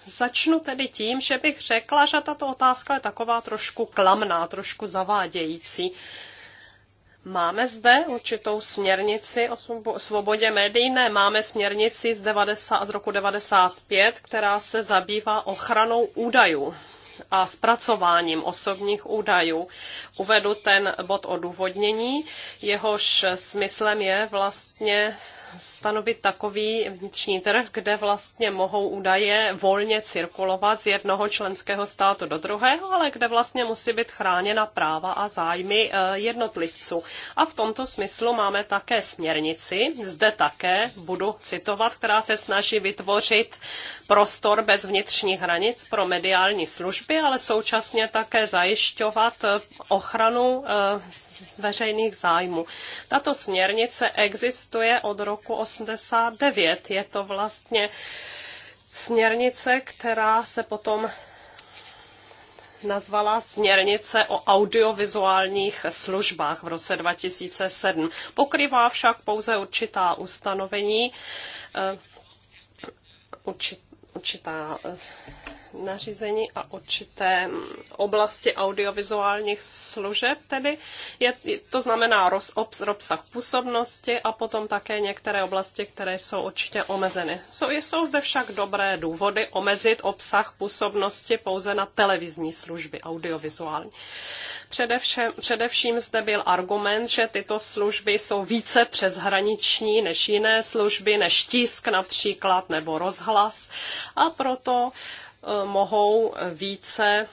Začnu tedy tím, že bych řekla, že tato otázka je taková trošku klamná, trošku zavádějící. Máme zde určitou směrnici o svobodě médií, ne, máme směrnici z, 90, z roku 95, která se zabývá ochranou údajů a zpracováním osobních údajů. Uvedu ten bod odůvodnění, jehož smyslem je vlastně stanovit takový vnitřní trh, kde vlastně mohou údaje volně cirkulovat z jednoho členského státu do druhého, ale kde vlastně musí být chráněna práva a zájmy eh, jednotlivců. A v tomto smyslu máme také směrnici, zde také budu citovat, která se snaží vytvořit prostor bez vnitřních hranic pro mediální služby služby, ale současně také zajišťovat eh, ochranu eh, z veřejných zájmů. Tato směrnice existuje od roku 89. Je to vlastně směrnice, která se potom nazvala směrnice o audiovizuálních službách v roce 2007. Pokrývá však pouze určitá ustanovení, eh, určitá nařízení a určité oblasti audiovizuálních služeb, tedy je, to znamená roz, obsah působnosti a potom také některé oblasti, které jsou určitě omezeny. Jsou, jsou zde však dobré důvody omezit obsah působnosti pouze na televizní služby audiovizuální. Především, především zde byl argument, že tyto služby jsou více přeshraniční než jiné služby, než tisk například nebo rozhlas a proto mohou více,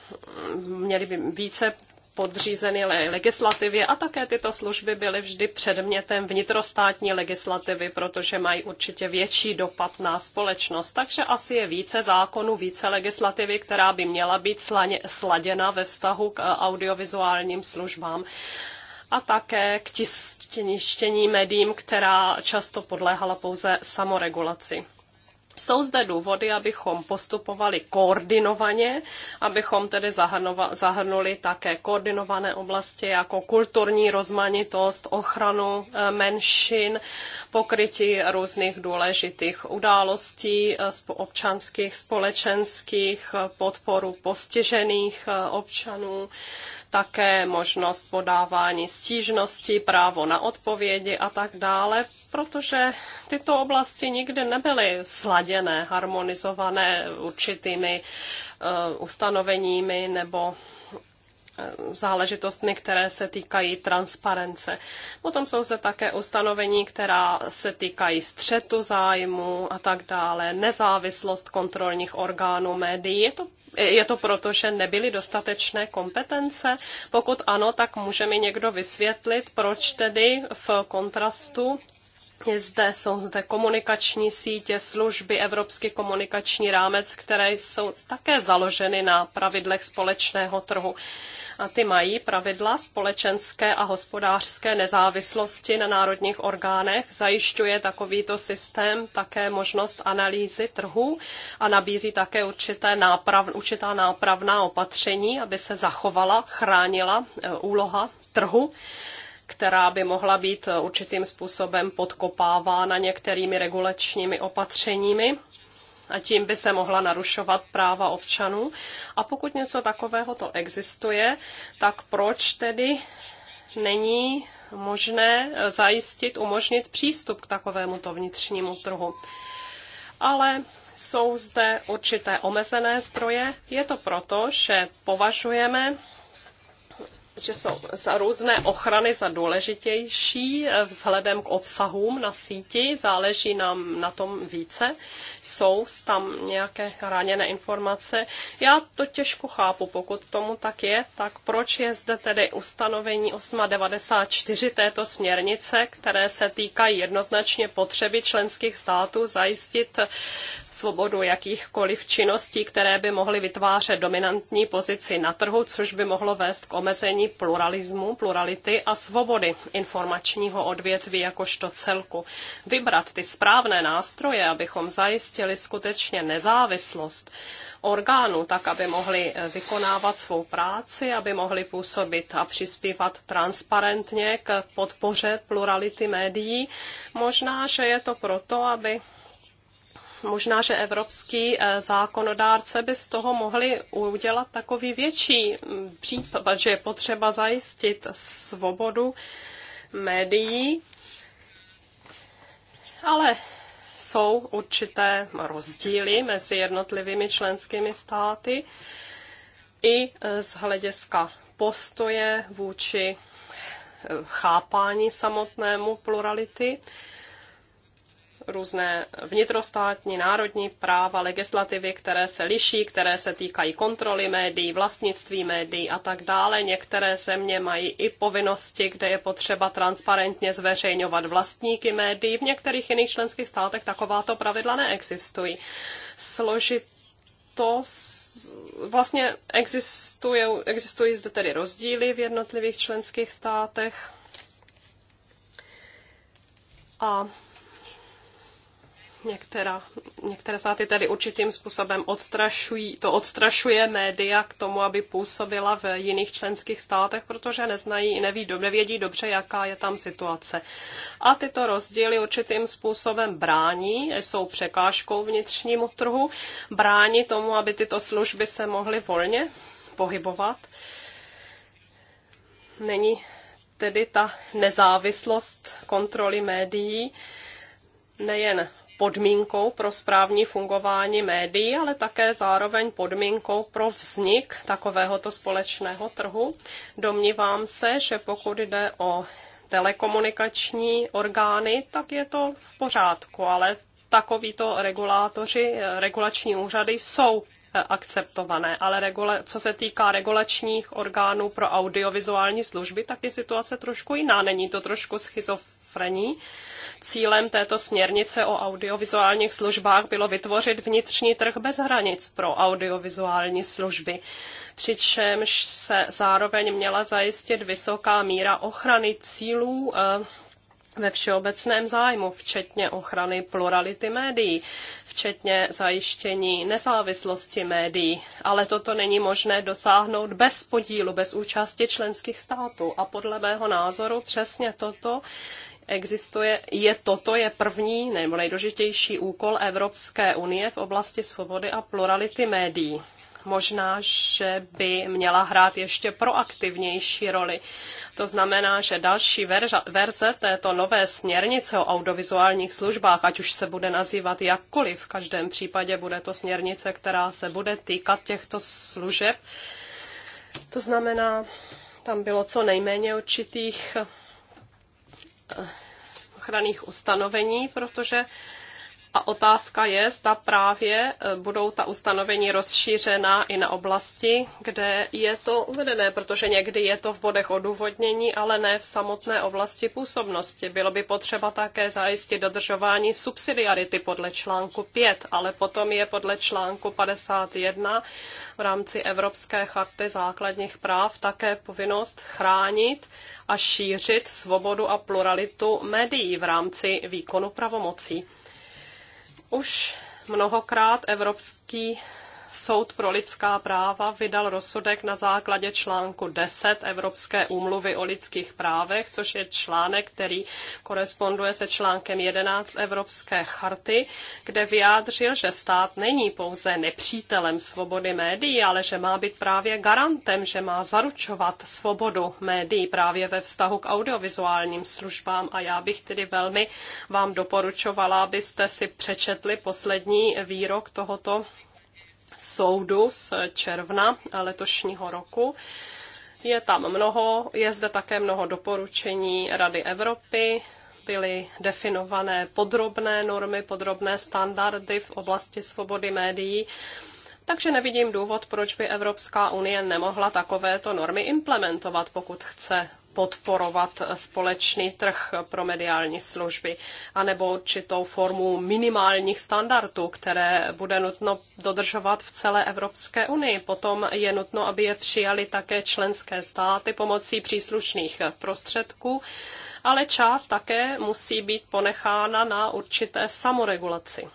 měly by více podřízeny legislativě a také tyto služby byly vždy předmětem vnitrostátní legislativy, protože mají určitě větší dopad na společnost. Takže asi je více zákonů, více legislativy, která by měla být sladěna ve vztahu k audiovizuálním službám a také k tištění médiím, která často podléhala pouze samoregulaci. Jsou zde důvody, abychom postupovali koordinovaně, abychom tedy zahrnuli také koordinované oblasti jako kulturní rozmanitost, ochranu e, menšin, pokrytí různých důležitých událostí e, občanských, společenských, e, podporu postižených občanů také možnost podávání stížností, právo na odpovědi a tak dále, protože tyto oblasti nikdy nebyly sladěné, harmonizované určitými uh, ustanoveními nebo záležitostmi, které se týkají transparence. Potom jsou zde také ustanovení, která se týkají střetu zájmu a tak dále, nezávislost kontrolních orgánů médií. Je to je to proto, že nebyly dostatečné kompetence? Pokud ano, tak může mi někdo vysvětlit, proč tedy v kontrastu Vlastně zde, jsou zde komunikační sítě, služby, evropský komunikační rámec, které jsou také založeny na pravidlech společného trhu. A ty mají pravidla společenské a hospodářské nezávislosti na národních orgánech. Zajišťuje takovýto systém také možnost analýzy trhu a nabízí také určité náprav, určitá nápravná opatření, aby se zachovala, chránila e, úloha trhu která by mohla být určitým způsobem podkopávána některými regulačními opatřeními a tím by se mohla narušovat práva občanů. A pokud něco takového to existuje, tak proč tedy není možné zajistit, umožnit přístup k to vnitřnímu trhu? Ale jsou zde určité omezené zdroje. Je to proto, že považujeme že jsou za různé ochrany za důležitější vzhledem k obsahům na síti, záleží nám na tom více. Jsou tam nějaké chráněné informace. Já to těžko chápu, pokud tomu tak je, tak proč je zde tedy ustanovení 894 této směrnice, které se týkají jednoznačně potřeby členských států zajistit svobodu jakýchkoliv činností, které by mohly vytvářet dominantní pozici na trhu, což by mohlo vést k omezení pluralismu, plurality a svobody informačního odvětví jakožto celku. Vybrat ty správné nástroje, abychom zajistili skutečně nezávislost orgánů, tak aby mohli eh, vykonávat svou práci, aby mohli působit a přispívat transparentně k podpoře plurality médií. Možná, že je to proto, aby Možná, že evropský eh, zákonodárce by z toho mohli udělat takový větší mm, případ, že je potřeba zajistit svobodu médií, ale jsou určité rozdíly mezi jednotlivými členskými státy i eh, z hlediska postoje vůči eh, chápání samotnému plurality různé vnitrostátní, národní práva, legislativy, které se liší, které se týkají kontroly médií, vlastnictví médií a tak dále. Některé země mají i povinnosti, kde je potřeba transparentně zveřejňovat vlastníky médií. V některých jiných členských státech takováto pravidla neexistují. Složitost vlastně existuje, existují zde tedy rozdíly v jednotlivých členských státech. A Některá, některé státy tedy určitým způsobem odstrašují, to odstrašuje média k tomu, aby působila v jiných členských státech, protože neznají, neví, nevědí dobře, jaká je tam situace. A tyto rozdíly určitým způsobem brání, jsou překážkou vnitřnímu trhu, brání tomu, aby tyto služby se mohly volně pohybovat. Není tedy ta nezávislost kontroly médií nejen podmínkou pro správní fungování médií, ale také zároveň podmínkou pro vznik takovéhoto společného trhu. Domnívám se, že pokud jde o telekomunikační orgány, tak je to v pořádku, ale takovýto regulátoři, regulační úřady jsou eh, akceptované, ale regula- co se týká regulačních orgánů pro audiovizuální služby, tak je situace trošku jiná. Není to trošku schizof- schizofrení. Cílem této směrnice o audiovizuálních službách bylo vytvořit vnitřní trh bez hranic pro audiovizuální služby, přičemž se zároveň měla zajistit vysoká míra ochrany cílů eh, ve všeobecném zájmu, včetně ochrany plurality médií, včetně zajištění nezávislosti médií. Ale toto není možné dosáhnout bez podílu, bez účasti členských států. A podle mého názoru přesně toto existuje, je toto je první nebo nejdůležitější úkol Evropské unie v oblasti svobody a plurality médií možná, že by měla hrát ještě proaktivnější roli. To znamená, že další verze této nové směrnice o audiovizuálních službách, ať už se bude nazývat jakkoliv, v každém případě bude to směrnice, která se bude týkat těchto služeb. To znamená, tam bylo co nejméně určitých ochranných ustanovení, protože a otázka je, zda právě eh, budou ta ustanovení rozšířena i na oblasti, kde je to uvedené, protože někdy je to v bodech odůvodnění, ale ne v samotné oblasti působnosti. Bylo by potřeba také zajistit dodržování subsidiarity podle článku 5, ale potom je podle článku 51 v rámci Evropské charty základních práv také povinnost chránit a šířit svobodu a pluralitu médií v rámci výkonu pravomocí. Už mnohokrát Evropský Soud pro lidská práva vydal rozsudek na základě článku 10 Evropské úmluvy o lidských právech, což je článek, který koresponduje se článkem 11 Evropské charty, kde vyjádřil, že stát není pouze nepřítelem svobody médií, ale že má být právě garantem, že má zaručovat svobodu médií právě ve vztahu k audiovizuálním službám. A já bych tedy velmi vám doporučovala, abyste si přečetli poslední výrok tohoto soudu z června letošního roku. Je tam mnoho, je zde také mnoho doporučení Rady Evropy, byly definované podrobné normy, podrobné standardy v oblasti svobody médií, takže nevidím důvod, proč by Evropská unie nemohla takovéto normy implementovat, pokud chce podporovat společný trh pro mediální služby, anebo určitou formu minimálních standardů, které bude nutno dodržovat v celé Evropské unii. Potom je nutno, aby je přijali také členské státy pomocí příslušných prostředků, ale část také musí být ponechána na určité samoregulaci.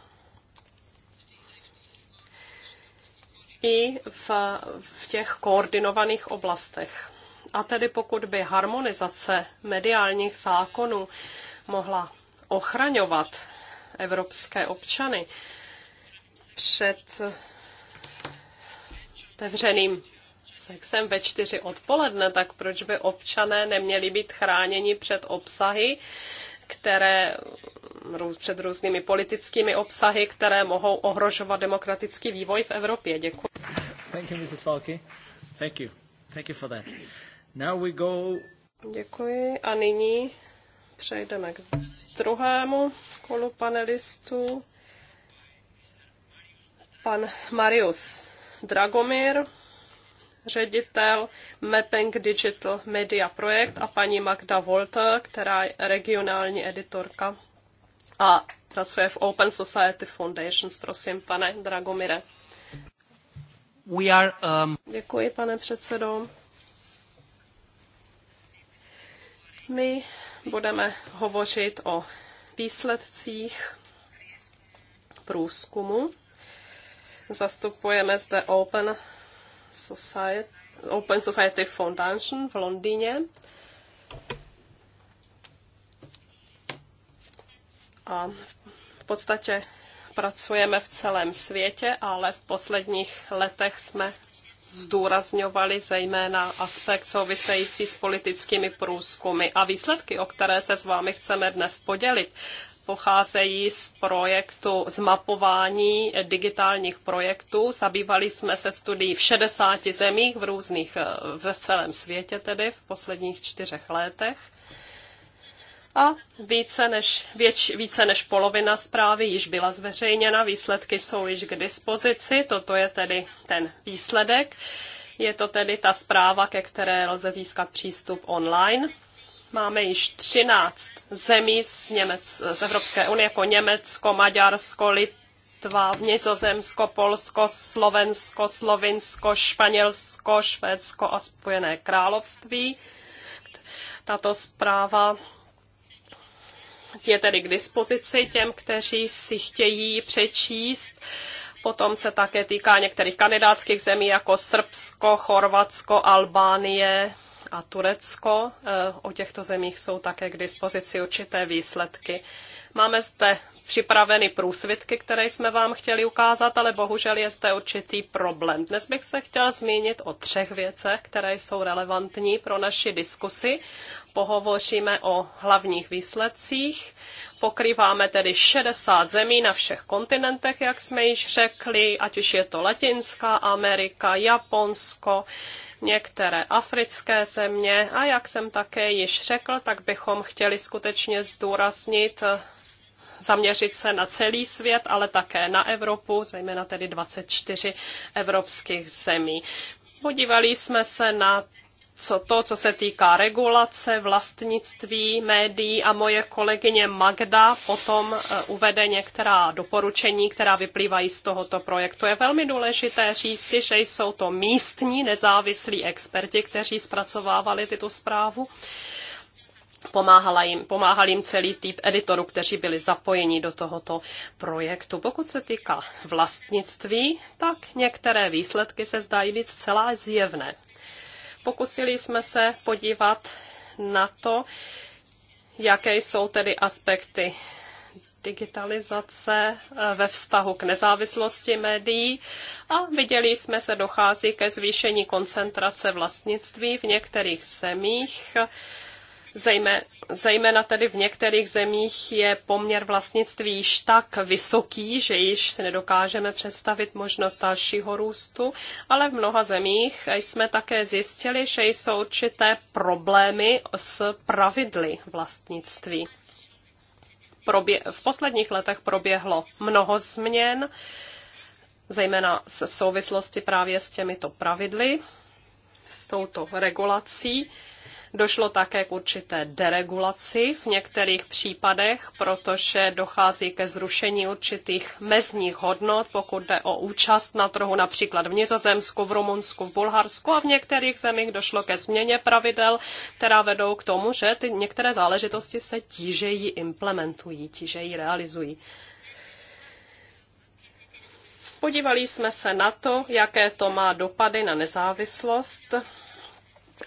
I v, v těch koordinovaných oblastech a tedy pokud by harmonizace mediálních zákonů mohla ochraňovat evropské občany před otevřeným sexem ve čtyři odpoledne, tak proč by občané neměli být chráněni před obsahy, které před různými politickými obsahy, které mohou ohrožovat demokratický vývoj v Evropě. Děkuji. Thank you, Mrs. Falky. Thank you. Thank you for that. Now we go... Děkuji a nyní přejdeme k druhému kolu panelistů. Pan Marius Dragomir, ředitel Mapping Digital Media Projekt a paní Magda Volter, která je regionální editorka a pracuje v Open Society Foundations. Prosím, pane Dragomire. We are, um... Děkuji, pane předsedo. My budeme hovořit o výsledcích průzkumu. Zastupujeme zde Open Society, Open Society Foundation v Londýně. A v podstatě pracujeme v celém světě, ale v posledních letech jsme zdůrazňovali zejména aspekt související s politickými průzkumy. A výsledky, o které se s vámi chceme dnes podělit, pocházejí z projektu zmapování digitálních projektů. Zabývali jsme se studií v 60 zemích v různých eh, v celém světě tedy v posledních čtyřech letech a více než, věč, více než polovina zprávy již byla zveřejněna, výsledky jsou již k dispozici, toto je tedy ten výsledek. Je to tedy ta zpráva, ke které lze získat přístup online. Máme již 13 zemí z, Němec, z Evropské unie, jako Německo, Maďarsko, Litva, Nizozemsko, Polsko, Slovensko, Slovinsko, Španělsko, Švédsko a Spojené království. Tato zpráva je tedy k dispozici těm, kteří si chtějí přečíst. Potom se také týká některých kandidátských zemí jako Srbsko, Chorvatsko, Albánie a Turecko. Eh, o těchto zemích jsou také k dispozici určité výsledky. Máme zde připraveny průsvitky, které jsme vám chtěli ukázat, ale bohužel je zde určitý problém. Dnes bych se chtěla zmínit o třech věcech, které jsou relevantní pro naši diskusi pohovoříme o hlavních výsledcích. Pokrýváme tedy 60 zemí na všech kontinentech, jak jsme již řekli, ať už je to Latinská Amerika, Japonsko, některé africké země. A jak jsem také již řekl, tak bychom chtěli skutečně zdůraznit zaměřit se na celý svět, ale také na Evropu, zejména tedy 24 evropských zemí. Podívali jsme se na co to, co se týká regulace, vlastnictví médií a moje kolegyně Magda potom eh, uvede některá doporučení, která vyplývají z tohoto projektu. Je velmi důležité říci, že jsou to místní nezávislí experti, kteří zpracovávali tyto zprávu. Pomáhala jim, pomáhal jim celý typ editorů, kteří byli zapojeni do tohoto projektu. Pokud se týká vlastnictví, tak některé výsledky se zdají být zcela zjevné. Pokusili jsme se podívat na to, jaké jsou tedy aspekty digitalizace eh, ve vztahu k nezávislosti médií a viděli jsme se dochází ke zvýšení koncentrace vlastnictví v některých zemích Zejména tedy v některých zemích je poměr vlastnictví již tak vysoký, že již si nedokážeme představit možnost dalšího růstu, ale v mnoha zemích jsme také zjistili, že jsou určité problémy s pravidly vlastnictví. v posledních letech proběhlo mnoho změn, zejména v souvislosti právě s těmito pravidly, s touto regulací. Došlo také k určité deregulaci v některých případech, protože dochází ke zrušení určitých mezních hodnot, pokud jde o účast na trhu například v Nizozemsku, v Rumunsku, v Bulharsku a v některých zemích došlo ke změně pravidel, která vedou k tomu, že ty některé záležitosti se tížeji implementují, tížeji realizují. Podívali jsme se na to, jaké to má dopady na nezávislost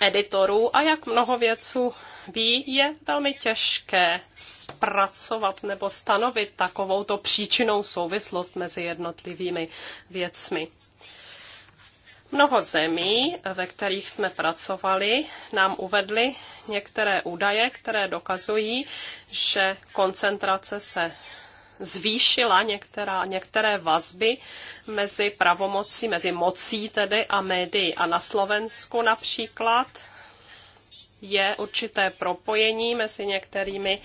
editorů a jak mnoho věců ví, je velmi těžké zpracovat nebo stanovit takovouto příčinou souvislost mezi jednotlivými věcmi. Mnoho zemí, ve kterých jsme pracovali, nám uvedly některé údaje, které dokazují, že koncentrace se zvýšila některá, některé vazby mezi pravomocí, mezi mocí tedy a médií. A na Slovensku například je určité propojení mezi některými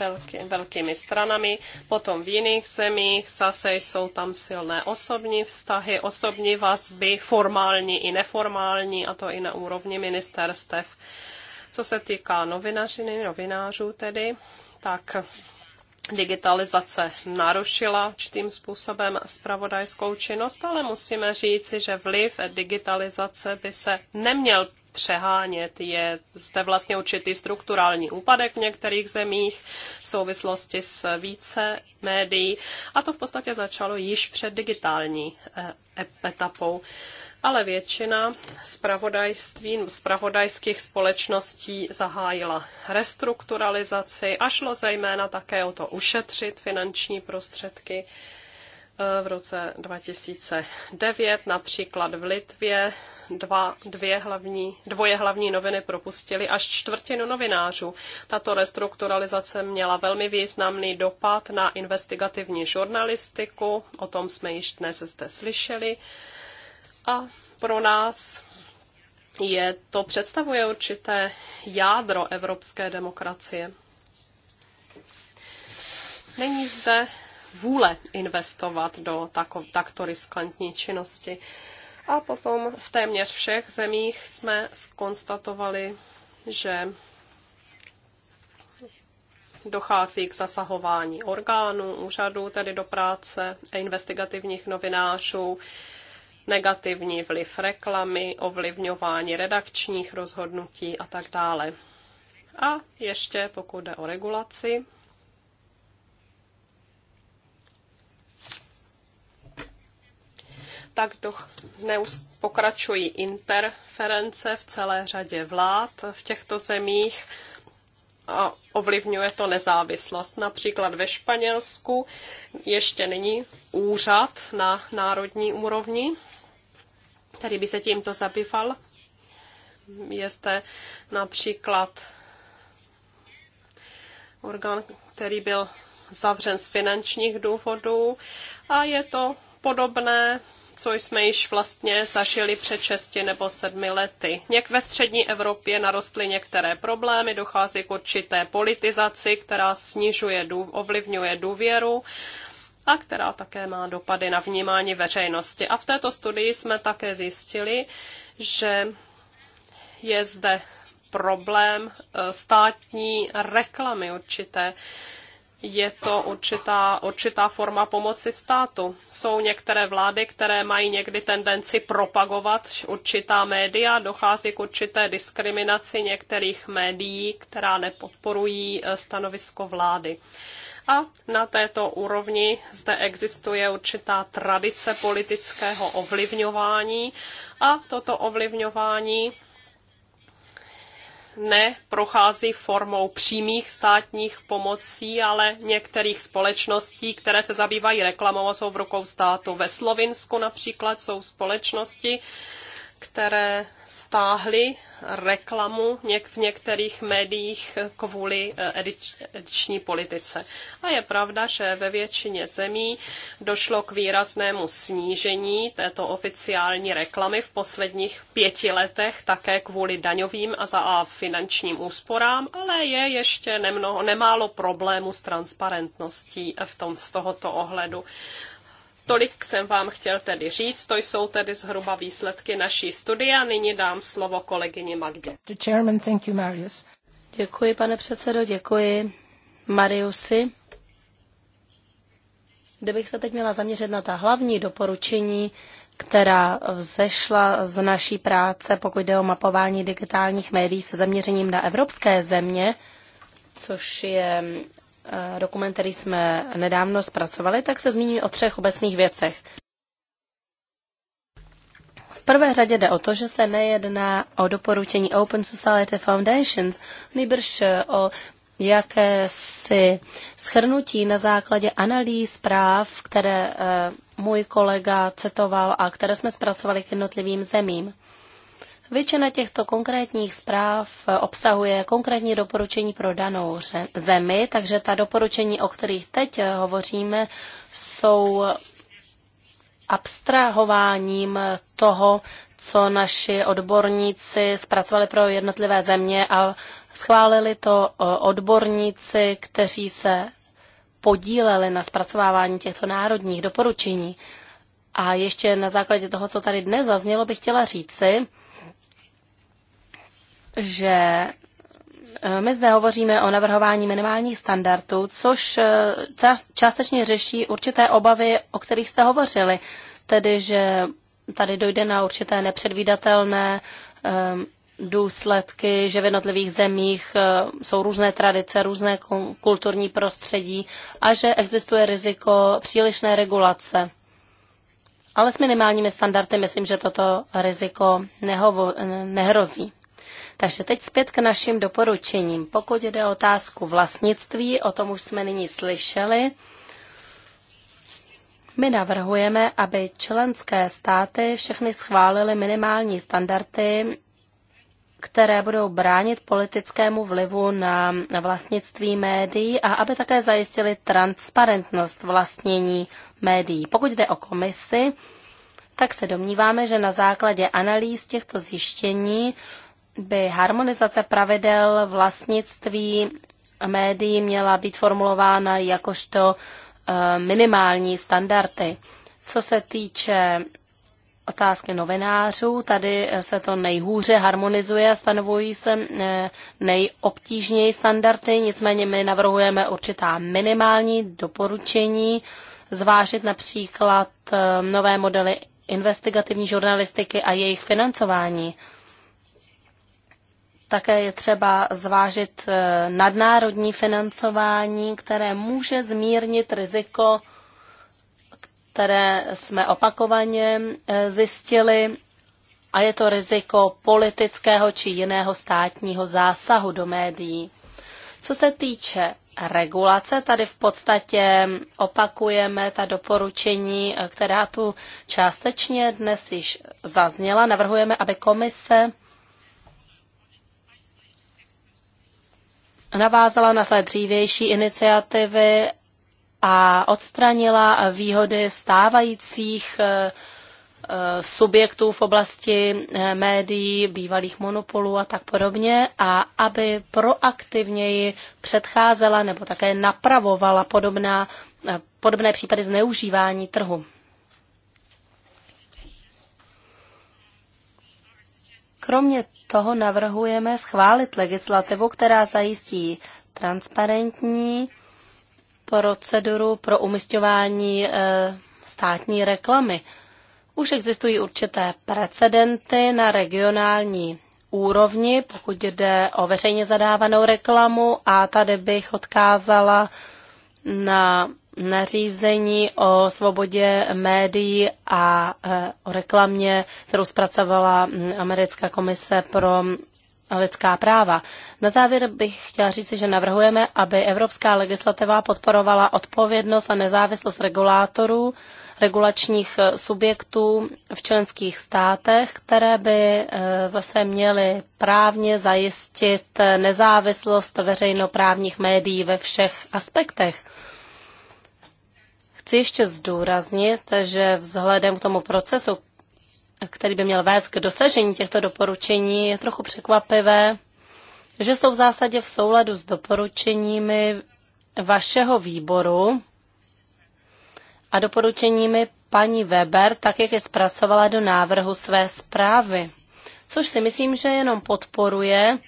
velký, velkými stranami. Potom v jiných zemích zase jsou tam silné osobní vztahy, osobní vazby, formální i neformální, a to i na úrovni ministerstev. Co se týká novinařiny, novinářů tedy, tak digitalizace narušila čtým způsobem spravodajskou činnost, ale musíme říci, že vliv digitalizace by se neměl přehánět. Je zde vlastně určitý strukturální úpadek v některých zemích v souvislosti s více médií a to v podstatě začalo již před digitální eh, e- etapou ale většina spravodajských společností zahájila restrukturalizaci a šlo zejména také o to ušetřit finanční prostředky. Eh, v roce 2009 například v Litvě dva, dvě hlavní, dvoje hlavní noviny propustili až čtvrtinu novinářů. Tato restrukturalizace měla velmi významný dopad na investigativní žurnalistiku, o tom jsme již dnes zde slyšeli a pro nás je to představuje určité jádro evropské demokracie. Není zde vůle investovat do tako, takto riskantní činnosti. A potom v téměř všech zemích jsme skonstatovali, že dochází k zasahování orgánů, úřadů, tedy do práce investigativních novinářů, negativní vliv reklamy, ovlivňování redakčních rozhodnutí a tak dále. A ještě pokud jde o regulaci, tak do, neust, pokračují interference v celé řadě vlád v těchto zemích a ovlivňuje to nezávislost. Například ve Španělsku ještě není úřad na národní úrovni, který by se tímto zabýval. zde například orgán, který byl zavřen z finančních důvodů a je to podobné, co jsme již vlastně zažili před 6 nebo 7 lety. Něk ve střední Evropě narostly některé problémy, dochází k určité politizaci, která snižuje, ovlivňuje důvěru a která také má dopady na vnímání veřejnosti. A v této studii jsme také zjistili, že je zde problém e, státní reklamy určité. Je to určitá, určitá forma pomoci státu. Jsou některé vlády, které mají někdy tendenci propagovat určitá média, dochází k určité diskriminaci některých médií, která nepodporují e, stanovisko vlády. A na této úrovni zde existuje určitá tradice politického ovlivňování a toto ovlivňování neprochází formou přímých státních pomocí, ale některých společností, které se zabývají reklamou a jsou v rukou státu. Ve Slovinsku například jsou společnosti, které stáhly reklamu něk- v některých médiích kvůli eh, edič- ediční politice. A je pravda, že ve většině zemí došlo k výraznému snížení této oficiální reklamy v posledních pěti letech, také kvůli daňovým a, za- a finančním úsporám, ale je ještě nemnoho, nemálo problémů s transparentností v tom, z tohoto ohledu. Tolik jsem vám chtěl tedy říct, to jsou tedy zhruba výsledky naší studie a nyní dám slovo kolegyni Magdě. Chairman, thank you, Marius. Děkuji, pane předsedo, děkuji Mariusi. Kdybych se teď měla zaměřit na ta hlavní doporučení, která vzešla z naší práce, pokud jde o mapování digitálních médií se zaměřením na evropské země, což je Eh, dokument, který jsme nedávno zpracovali, tak se zmíním o třech obecných věcech. V prvé řadě jde o to, že se nejedná o doporučení Open Society Foundations, nejbrž eh, o jakési schrnutí na základě analýz práv, které eh, můj kolega citoval a které jsme zpracovali k jednotlivým zemím. Většina těchto konkrétních zpráv obsahuje konkrétní doporučení pro danou zemi, takže ta doporučení, o kterých teď hovoříme, jsou abstrahováním toho, co naši odborníci zpracovali pro jednotlivé země a schválili to e, odborníci, kteří se podíleli na zpracovávání těchto národních doporučení. A ještě na základě toho, co tady dnes zaznělo, bych chtěla říci, že e, my zde hovoříme o navrhování minimálních standardů, což e, částečně řeší určité obavy, o kterých jste hovořili, tedy že tady dojde na určité nepředvídatelné e, důsledky, že v jednotlivých zemích jsou různé tradice, různé kulturní prostředí a že existuje riziko přílišné regulace. Ale s minimálními standardy myslím, že toto riziko nehovo- nehrozí. Takže teď zpět k našim doporučením. Pokud jde o otázku vlastnictví, o tom už jsme nyní slyšeli, my navrhujeme, aby členské státy všechny schválily minimální standardy, které budou bránit politickému vlivu na vlastnictví médií a aby také zajistili transparentnost vlastnění médií. Pokud jde o komisi, tak se domníváme, že na základě analýz těchto zjištění by harmonizace pravidel vlastnictví médií měla být formulována jakožto eh, minimální standardy. Co se týče otázky novinářů, tady se to nejhůře harmonizuje a stanovují se eh, nejobtížněji standardy, nicméně my navrhujeme určitá minimální doporučení, zvážit například eh, nové modely investigativní žurnalistiky a jejich financování. Také je třeba zvážit e, nadnárodní financování, které může zmírnit riziko, které jsme opakovaně e, zjistili, a je to riziko politického či jiného státního zásahu do médií. Co se týče regulace, tady v podstatě opakujeme ta doporučení, e, která tu částečně dnes již zazněla. Navrhujeme, aby komise navázala na své dřívější iniciativy a odstranila výhody stávajících eh, eh, subjektů v oblasti eh, médií, bývalých monopolů a tak podobně a aby proaktivněji předcházela nebo také napravovala podobná, podobné případy zneužívání trhu. Kromě toho navrhujeme schválit legislativu, která zajistí transparentní proceduru pro umistování eh, státní reklamy. Už existují určité precedenty na regionální úrovni, pokud jde o veřejně zadávanou reklamu a tady bych odkázala na nařízení o svobodě médií a e, o reklamě, kterou zpracovala americká komise pro lidská práva. Na závěr bych chtěla říct, že navrhujeme, aby evropská legislativa podporovala odpovědnost a nezávislost regulátorů, regulačních e, subjektů v členských státech, které by e, zase měly právně zajistit nezávislost veřejnoprávních médií ve všech aspektech. Chci ještě zdůraznit, že vzhledem k tomu procesu, který by měl vést k dosažení těchto doporučení, je trochu překvapivé, že jsou v zásadě v souladu s doporučeními vašeho výboru a doporučeními paní Weber, tak jak je zpracovala do návrhu své zprávy. Což si myslím, že jenom podporuje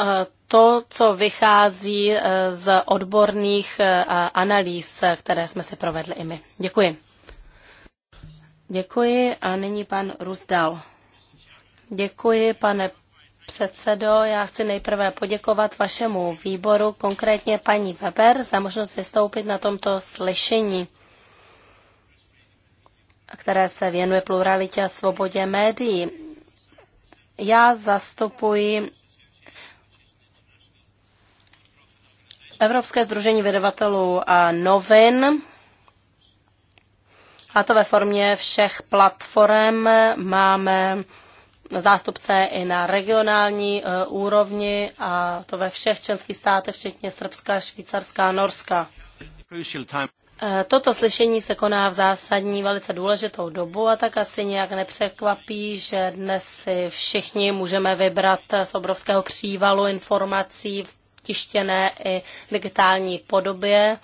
eh, to, co vychází eh, z odborných eh, analýz, eh, které jsme si provedli i my. Děkuji. Děkuji a nyní pan Rusdal. Děkuji, pane předsedo. Já chci nejprve poděkovat vašemu výboru, konkrétně paní Weber, za možnost vystoupit na tomto slyšení, které se věnuje pluralitě a svobodě médií. Já zastupuji Evropské združení vydavatelů a novin, a to ve formě všech platform, máme zástupce i na regionální e, úrovni a to ve všech členských státech, včetně Srbska, Švýcarska a Norska. E, toto slyšení se koná v zásadní velice důležitou dobu a tak asi nějak nepřekvapí, že dnes si všichni můžeme vybrat z obrovského přívalu informací v tištěné i digitální podobě.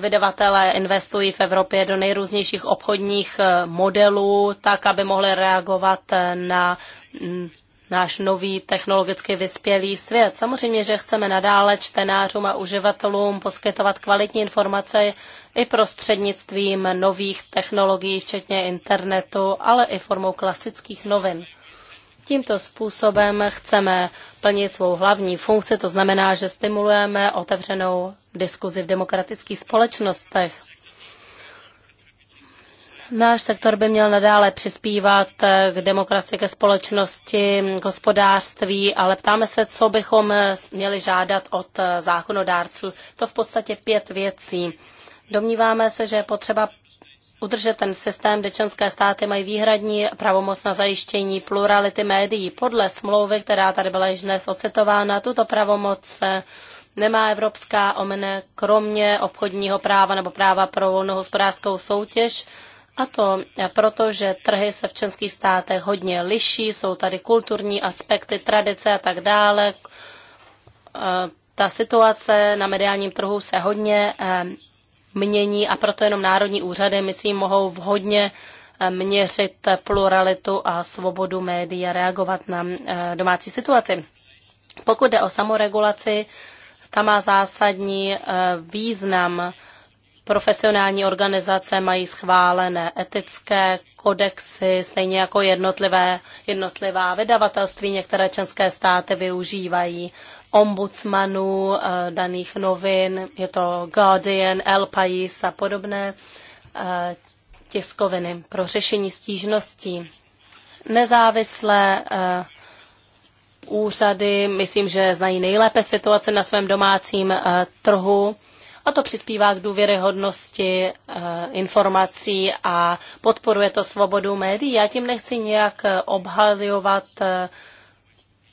Vydavatelé investují v Evropě do nejrůznějších obchodních eh, modelů, tak aby mohli reagovat eh, na mm, náš nový technologicky vyspělý svět. Samozřejmě, že chceme nadále čtenářům a uživatelům poskytovat kvalitní informace i prostřednictvím nových technologií, včetně internetu, ale i formou klasických novin. Tímto způsobem chceme plnit svou hlavní funkci, to znamená, že stimulujeme otevřenou diskuzi v demokratických společnostech. Náš sektor by měl nadále přispívat k demokracii, ke společnosti, k hospodářství, ale ptáme se, co bychom měli žádat od zákonodárců. To v podstatě pět věcí. Domníváme se, že je potřeba udržet ten systém, kde členské státy mají výhradní pravomoc na zajištění plurality médií. Podle smlouvy, která tady byla již dnes ocitována, tuto pravomoc nemá Evropská omene kromě obchodního práva nebo práva pro volnou hospodářskou soutěž. A to proto, že trhy se v členských státech hodně liší, jsou tady kulturní aspekty, tradice a tak dále. E, ta situace na mediálním trhu se hodně e, mění a proto jenom národní úřady, myslím, mohou vhodně eh, měřit pluralitu a svobodu médií a reagovat na eh, domácí situaci. Pokud jde o samoregulaci, ta má zásadní eh, význam. Profesionální organizace mají schválené etické kodexy, stejně jako jednotlivé, jednotlivá vydavatelství. Některé členské státy využívají ombudsmanů eh, daných novin, je to Guardian, El País a podobné eh, tiskoviny pro řešení stížností. Nezávislé eh, úřady, myslím, že znají nejlépe situaci na svém domácím trhu a to přispívá k důvěryhodnosti informací a podporuje to svobodu médií. Já tím nechci nějak obhajovat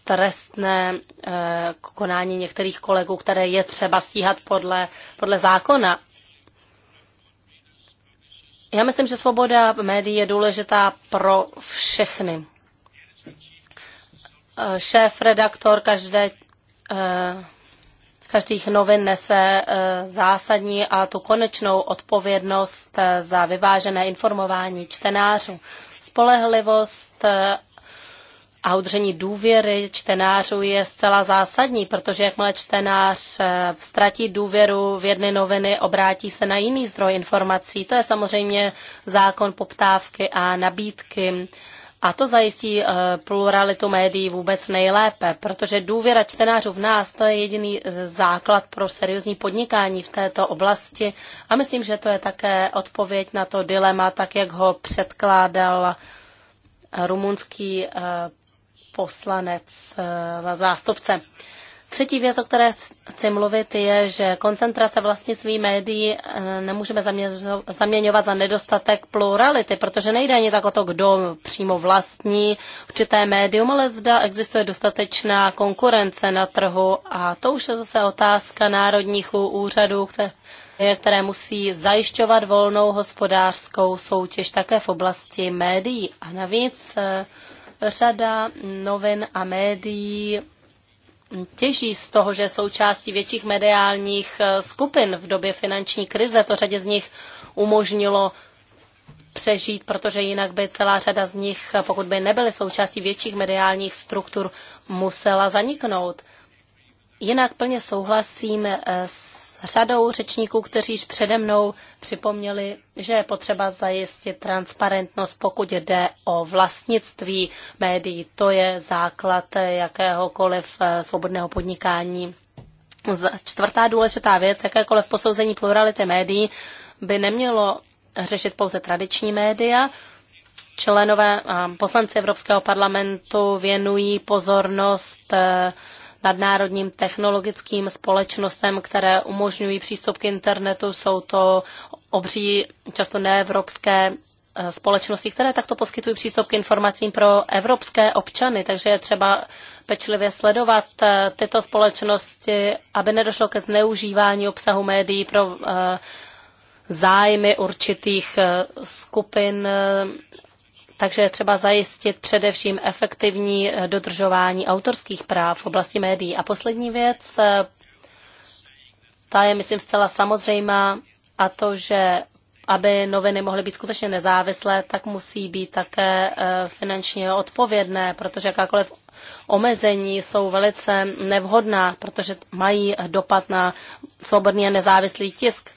trestné eh, konání některých kolegů, které je třeba stíhat podle, podle zákona. Já myslím, že svoboda médií je důležitá pro všechny. Eh, šéf, redaktor každé, eh, každých novin nese zásadní a tu konečnou odpovědnost za vyvážené informování čtenářů. Spolehlivost a udržení důvěry čtenářů je zcela zásadní, protože jakmile čtenář eh, ztratí důvěru v jedny noviny, obrátí se na jiný zdroj informací. To je samozřejmě zákon poptávky a nabídky. A to zajistí eh, pluralitu médií vůbec nejlépe, protože důvěra čtenářů v nás to je jediný základ pro seriózní podnikání v této oblasti. A myslím, že to je také odpověď na to dilema, tak jak ho předkládal rumunský eh, poslanec, eh, zástupce. Třetí věc, o které chci mluvit, je, že koncentrace vlastnictví médií eh, nemůžeme zaměňovat za nedostatek plurality, protože nejde ani tak o to, kdo přímo vlastní určité médium, ale zda existuje dostatečná konkurence na trhu a to už je zase otázka národních úřadů, které které musí zajišťovat volnou hospodářskou soutěž také v oblasti médií. A navíc eh, Řada novin a médií těží z toho, že součástí větších mediálních eh, skupin v době finanční krize. To řadě z nich umožnilo přežít, protože jinak by celá řada z nich, eh, pokud by nebyly součástí větších mediálních struktur, musela zaniknout. Jinak plně souhlasím eh, s řadou řečníků, kteří již přede mnou připomněli, že je potřeba zajistit transparentnost, pokud jde o vlastnictví médií. To je základ jakéhokoliv eh, svobodného podnikání. Čtvrtá důležitá věc, jakékoliv posouzení plurality médií by nemělo řešit pouze tradiční média, členové a poslanci Evropského parlamentu věnují pozornost eh, nadnárodním technologickým společnostem, které umožňují přístup k internetu. Jsou to obří, často neevropské eh, společnosti, které takto poskytují přístup k informacím pro evropské občany, takže je třeba pečlivě sledovat eh, tyto společnosti, aby nedošlo ke zneužívání obsahu médií pro eh, zájmy určitých skupin takže je třeba zajistit především efektivní eh, dodržování autorských práv v oblasti médií. A poslední věc, eh, ta je, myslím, zcela samozřejmá, a to, že aby noviny mohly být skutečně nezávislé, tak musí být také eh, finančně odpovědné, protože jakákoliv omezení jsou velice nevhodná, protože mají dopad na svobodný a nezávislý tisk.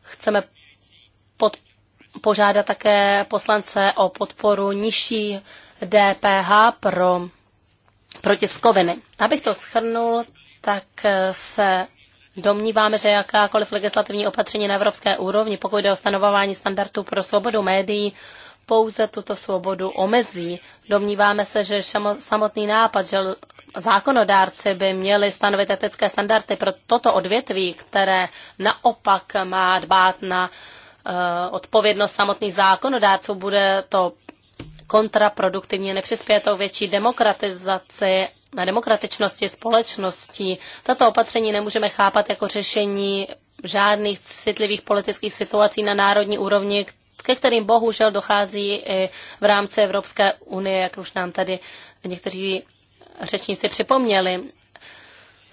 Chceme pod požádat také poslance o podporu nižší DPH pro, pro tiskoviny. Abych to schrnul, tak se Domníváme, že jakákoliv legislativní opatření na evropské úrovni, pokud jde o stanovování standardů pro svobodu médií, pouze tuto svobodu omezí. Domníváme se, že samotný nápad, že zákonodárci by měli stanovit etické standardy pro toto odvětví, které naopak má dbát na uh, Eh, odpovědnost samotných zákonodárců, bude to kontraproduktivně, nepřispěje to větší demokratizaci na demokratičnosti společnosti. Tato opatření nemůžeme chápat jako řešení žádných citlivých politických situací na národní úrovni, ke kterým bohužel dochází i v rámci Evropské unie, jak už nám tady někteří řečníci připomněli.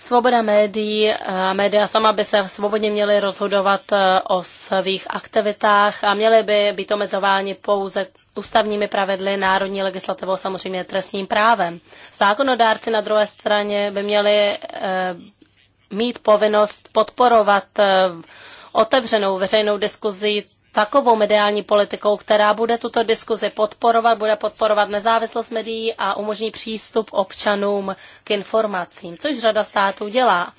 Svoboda médií, a eh, média sama by se svobodně měly rozhodovat eh, o svých aktivitách a měly by být omezováni pouze ústavními pravidly, národní legislativou, samozřejmě trestním právem. Zákonodárci na druhé straně by měli eh, mít povinnost podporovat otevřenou veřejnou diskuzi takovou mediální politikou, která bude tuto diskuzi podporovat, bude podporovat nezávislost médií a umožní přístup občanům k informacím, což řada států dělá.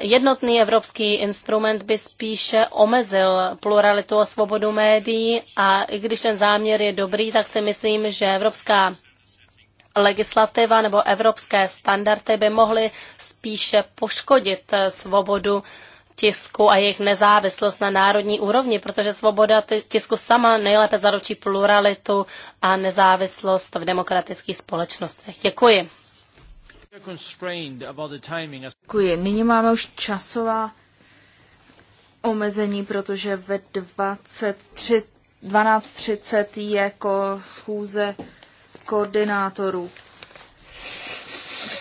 Jednotný evropský instrument by spíše omezil pluralitu a svobodu médií a i když ten záměr je dobrý, tak si myslím, že evropská legislativa nebo evropské standardy by mohly spíše poškodit svobodu tisku a jejich nezávislost na národní úrovni, protože svoboda tisku sama nejlépe zaručí pluralitu a nezávislost v demokratických společnostech. Děkuji. Děkuji. Nyní máme už časová omezení, protože ve 23, 12.30 je jako schůze koordinátorů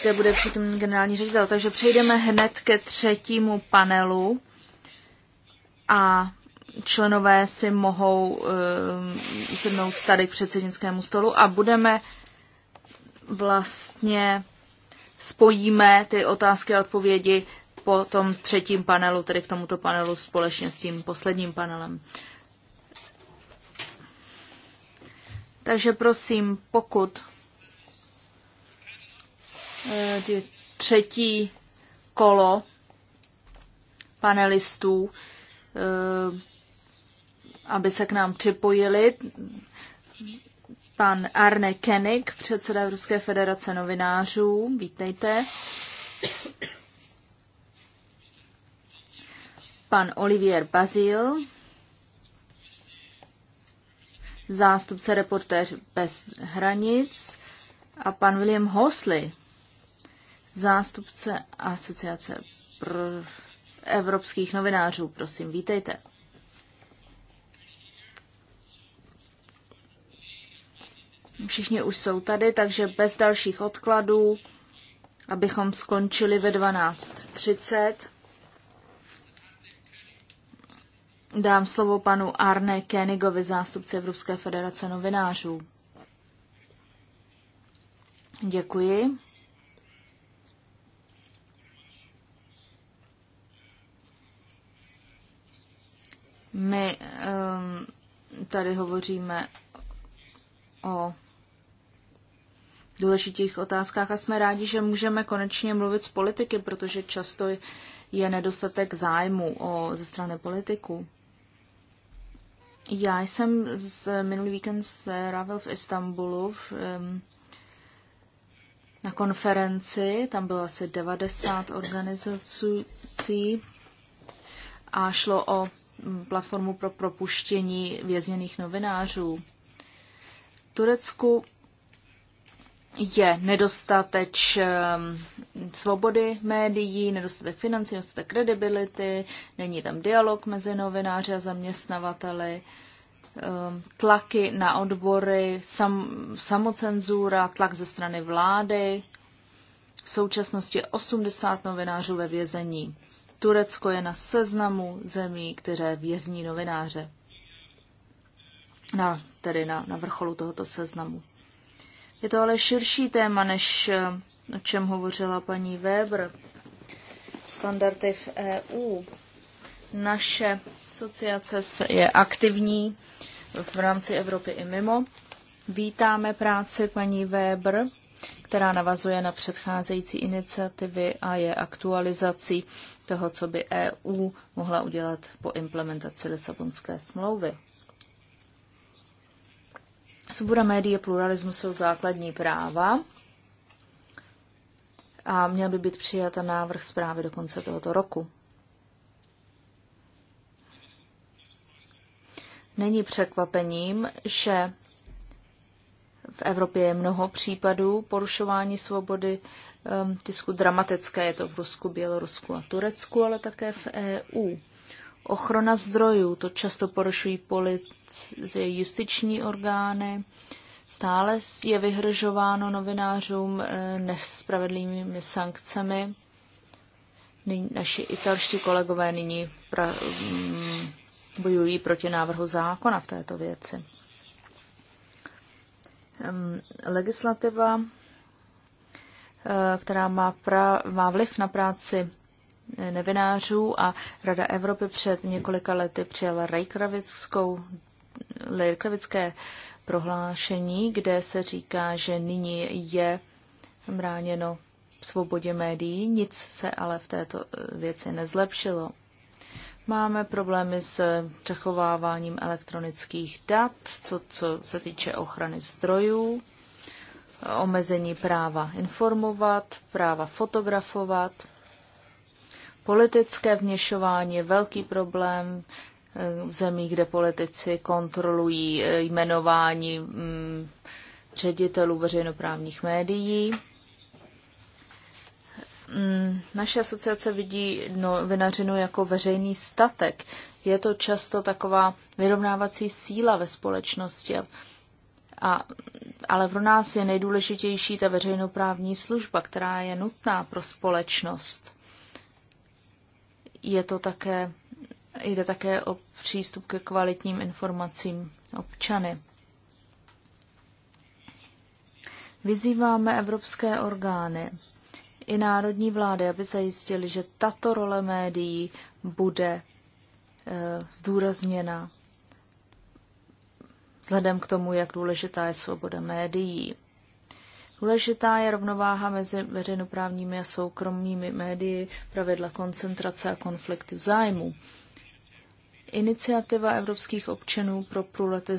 kde bude přítomný generální ředitel. Takže přejdeme hned ke třetímu panelu a členové si mohou uh, sednout tady k předsednickému stolu a budeme vlastně spojíme ty otázky a odpovědi po tom třetím panelu, tedy k tomuto panelu společně s tím posledním panelem. Takže prosím, pokud ty třetí kolo panelistů, eh, aby se k nám připojili. Pan Arne Kenik, předseda Evropské federace novinářů, vítejte. Pan Olivier Bazil, zástupce reportéř bez hranic a pan William Hosley, zástupce Asociace pro evropských novinářů. Prosím, vítejte. Všichni už jsou tady, takže bez dalších odkladů, abychom skončili ve 12.30, dám slovo panu Arne Kenigovi, zástupci Evropské federace novinářů. Děkuji. My um, tady hovoříme o důležitých otázkách a jsme rádi, že můžeme konečně mluvit s politiky, protože často je nedostatek zájmu o, ze strany politiků. Já jsem z minulý víkend strávil v Istanbulu v, um, na konferenci, tam bylo asi 90 organizací a šlo o platformu pro propuštění vězněných novinářů. V Turecku je nedostateč ehm, svobody médií, nedostatek financí, nedostatek kredibility, není tam dialog mezi novináři a zaměstnavateli, ehm, tlaky na odbory, sam, samocenzura, tlak ze strany vlády. V současnosti je 80 novinářů ve vězení. Turecko je na seznamu zemí, které vězní novináře. Na, tedy na, na vrcholu tohoto seznamu. Je to ale širší téma, než eh, o čem hovořila paní Weber. Standardy v EU. Naše asociace je aktivní v rámci Evropy i mimo. Vítáme práci paní Weber která navazuje na předcházející iniciativy a je aktualizací toho, co by EU mohla udělat po implementaci Lisabonské smlouvy. Svoboda médií a pluralismus jsou základní práva a měl by být přijata návrh zprávy do konce tohoto roku. Není překvapením, že v Evropě je mnoho případů porušování svobody ehm, tisku. Dramatické je to v Rusku, Bělorusku a Turecku, ale také v EU. Ochrona zdrojů, to často porušují policie, justiční orgány. Stále je vyhrožováno novinářům eh, nespravedlivými sankcemi. Naši italští kolegové nyní pra, mm, bojují proti návrhu zákona v této věci. Legislativa, eh, která má, pra, má vliv na práci eh, novinářů a Rada Evropy před několika lety přijala rejkravické prohlášení, kde se říká, že nyní je bráněno svobodě médií, nic se ale v této eh, věci nezlepšilo. Máme problémy s přechováváním elektronických dat, co, co se týče ochrany zdrojů, omezení práva informovat, práva fotografovat. Politické vněšování je velký problém eh, v zemích, kde politici kontrolují eh, jmenování mm, ředitelů veřejnoprávních médií. Mm, naše asociace vidí novinařinu jako veřejný statek. Je to často taková vyrovnávací síla ve společnosti. A, ale pro nás je nejdůležitější ta veřejnoprávní služba, která je nutná pro společnost. Je to také, jde také o přístup ke kvalitním informacím občany. Vyzýváme evropské orgány, i národní vlády, aby zajistili, že tato role médií bude eh, zdůrazněna vzhledem k tomu, jak důležitá je svoboda médií. Důležitá je rovnováha mezi veřejnoprávními a soukromými médii, pravidla koncentrace a konfliktu zájmu. Iniciativa evropských občanů pro pluralitu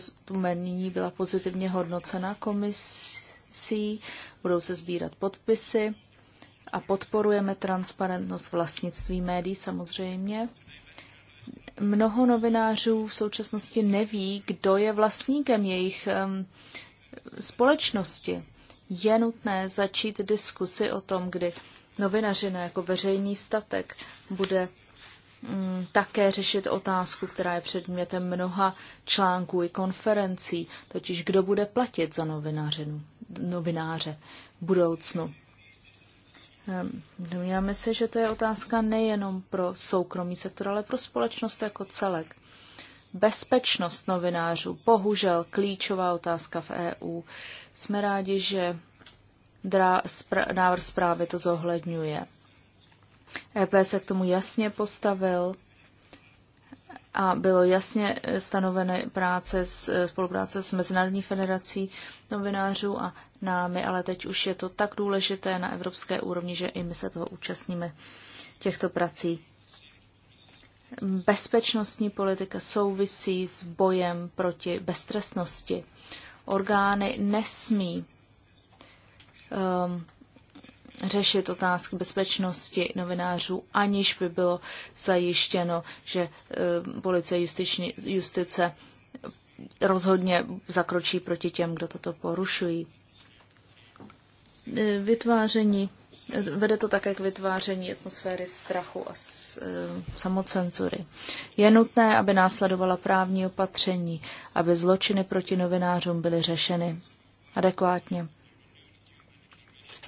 byla pozitivně hodnocena komisí, budou se sbírat podpisy a podporujeme transparentnost vlastnictví médií samozřejmě. Mnoho novinářů v současnosti neví, kdo je vlastníkem jejich um, společnosti. Je nutné začít diskusy o tom, kdy novinařina jako veřejný statek bude mm, také řešit otázku, která je předmětem mnoha článků i konferencí, totiž kdo bude platit za novinářinu, novináře v budoucnu. Ehm, domníváme se, že to je otázka nejenom pro soukromý sektor, ale pro společnost jako celek. Bezpečnost novinářů, bohužel klíčová otázka v EU. Jsme rádi, že drá, spr, návrh zprávy to zohledňuje. EP se k tomu jasně postavil a bylo jasně eh, stanoveno práce s, eh, spolupráce s Mezinárodní federací novinářů a námi, ale teď už je to tak důležité na evropské úrovni, že i my se toho účastníme těchto prací. Bezpečnostní politika souvisí s bojem proti beztrestnosti. Orgány nesmí um, řešit otázky bezpečnosti novinářů, aniž by bylo zajištěno, že eh, policie justiční, justice rozhodně zakročí proti těm, kdo toto porušují. Eh, vytváření, vede to také k vytváření atmosféry strachu a eh, samocenzury. Je nutné, aby následovala právní opatření, aby zločiny proti novinářům byly řešeny adekvátně.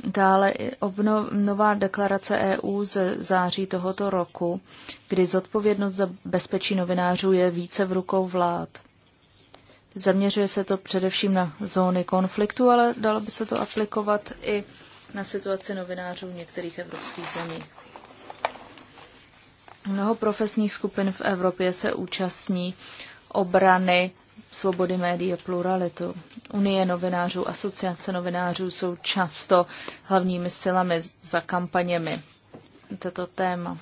Dále obnová deklarace EU ze září tohoto roku, kdy zodpovědnost za bezpečí novinářů je více v rukou vlád. Zaměřuje se to především na zóny konfliktu, ale dalo by se to aplikovat i na situaci novinářů v některých evropských zemích. Mnoho profesních skupin v Evropě se účastní obrany svobody médií a pluralitu. Unie novinářů, asociace novinářů jsou často hlavními silami za kampaněmi toto téma.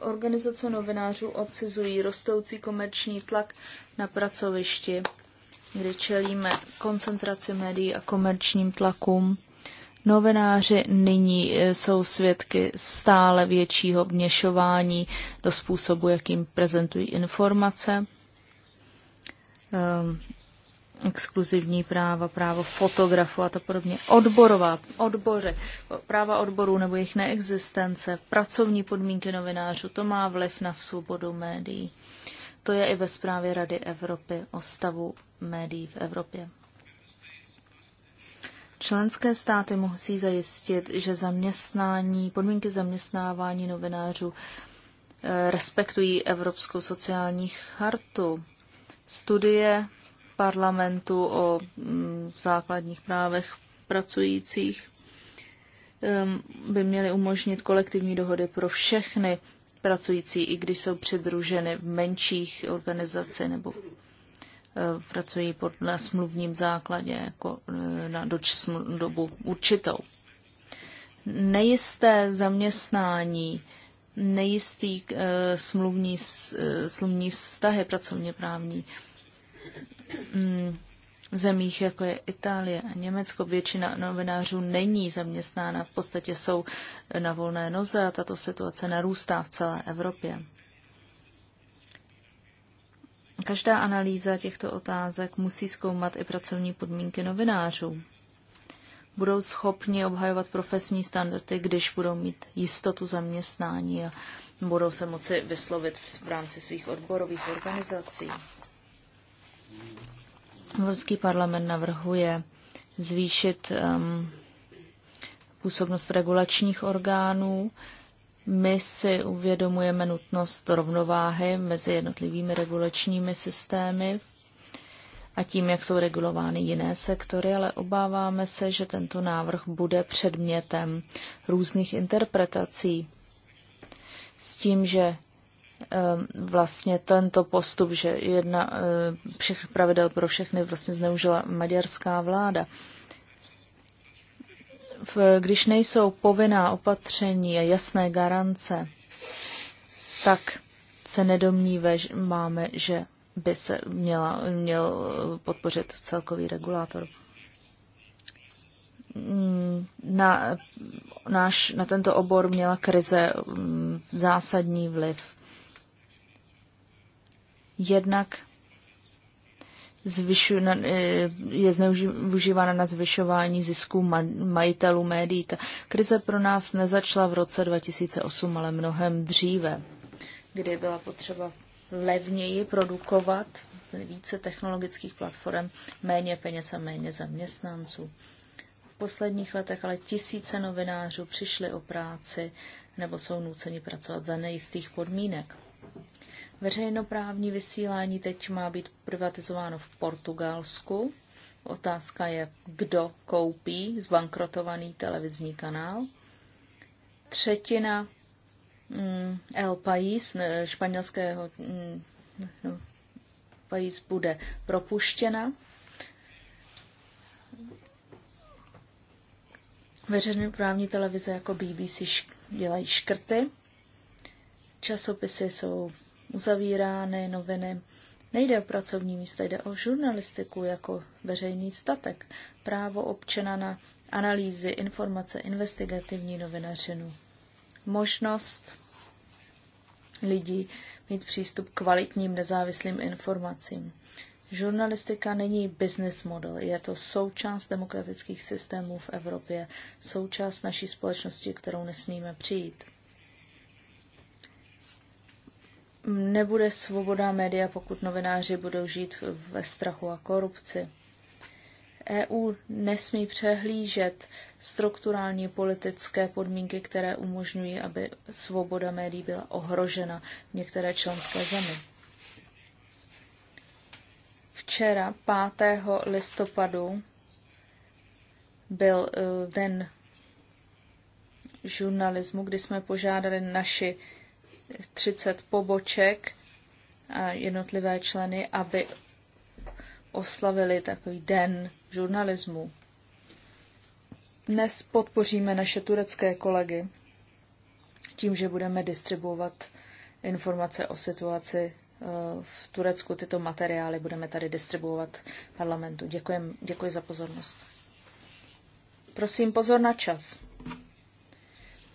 Organizace novinářů odcizují rostoucí komerční tlak na pracovišti, kde čelíme koncentraci médií a komerčním tlakům Novináři nyní e, jsou svědky stále většího vněšování do způsobu, jakým prezentují informace. Um, exkluzivní práva, právo fotografu a podobně, odborová, odbory, práva odborů nebo jejich neexistence, pracovní podmínky novinářů, to má vliv na svobodu médií. To je i ve zprávě Rady Evropy o stavu médií v Evropě. Členské státy musí zajistit, že zaměstnání, podmínky zaměstnávání novinářů eh, respektují Evropskou sociální chartu. Studie parlamentu o mm, základních právech pracujících ehm, by měly umožnit kolektivní dohody pro všechny pracující, i když jsou přidruženy v menších organizaci nebo Eh, pracují na smluvním základě jako eh, na doč, dobu určitou. Nejisté zaměstnání, nejistý eh, smluvní, smluvní vztahy pracovně právní hmm, v zemích, jako je Itálie a Německo, většina novinářů není zaměstnána, v podstatě jsou na volné noze a tato situace narůstá v celé Evropě. Každá analýza těchto otázek musí zkoumat i pracovní podmínky novinářů. Budou schopni obhajovat profesní standardy, když budou mít jistotu zaměstnání a budou se moci vyslovit v rámci svých odborových organizací. Evropský parlament navrhuje zvýšit um, působnost regulačních orgánů, my si uvědomujeme nutnost rovnováhy mezi jednotlivými regulačními systémy a tím, jak jsou regulovány jiné sektory, ale obáváme se, že tento návrh bude předmětem různých interpretací s tím, že ehm, vlastně tento postup, že jedna ehm, všech pravidel pro všechny vlastně zneužila maďarská vláda když nejsou povinná opatření a jasné garance, tak se nedomníváme, že by se měla, měl podpořit celkový regulátor. Mm, na, náš, na tento obor měla krize mm, zásadní vliv. Jednak zvyšu, e, je zneužívána na zvyšování zisků majitelů médií. Ta krize pro nás nezačala v roce 2008, ale mnohem dříve, kdy byla potřeba levněji produkovat více technologických platform, méně peněz a méně zaměstnanců. V posledních letech ale tisíce novinářů přišly o práci nebo jsou nuceni pracovat za nejistých podmínek. Veřejnoprávní vysílání teď má být privatizováno v Portugalsku. Otázka je, kdo koupí zbankrotovaný televizní kanál. Třetina mm, El País, španělského mm, no, País, bude propuštěna. Veřejnoprávní televize jako BBC dělají škrty. Časopisy jsou uzavírány noviny. Nejde o pracovní místa, jde o žurnalistiku jako veřejný statek, právo občana na analýzy, informace, investigativní novinařinu, možnost lidí mít přístup k kvalitním nezávislým informacím. Žurnalistika není business model, je to součást demokratických systémů v Evropě, součást naší společnosti, kterou nesmíme přijít. nebude svoboda média, pokud novináři budou žít ve strachu a korupci. EU nesmí přehlížet strukturální politické podmínky, které umožňují, aby svoboda médií byla ohrožena v některé členské zemi. Včera, 5. listopadu, byl eh, den žurnalismu, kdy jsme požádali naši 30 poboček a jednotlivé členy, aby oslavili takový den žurnalismu. Dnes podpoříme naše turecké kolegy tím, že budeme distribuovat informace o situaci eh, v Turecku. Tyto materiály budeme tady distribuovat parlamentu. Děkujem, děkuji za pozornost. Prosím, pozor na čas.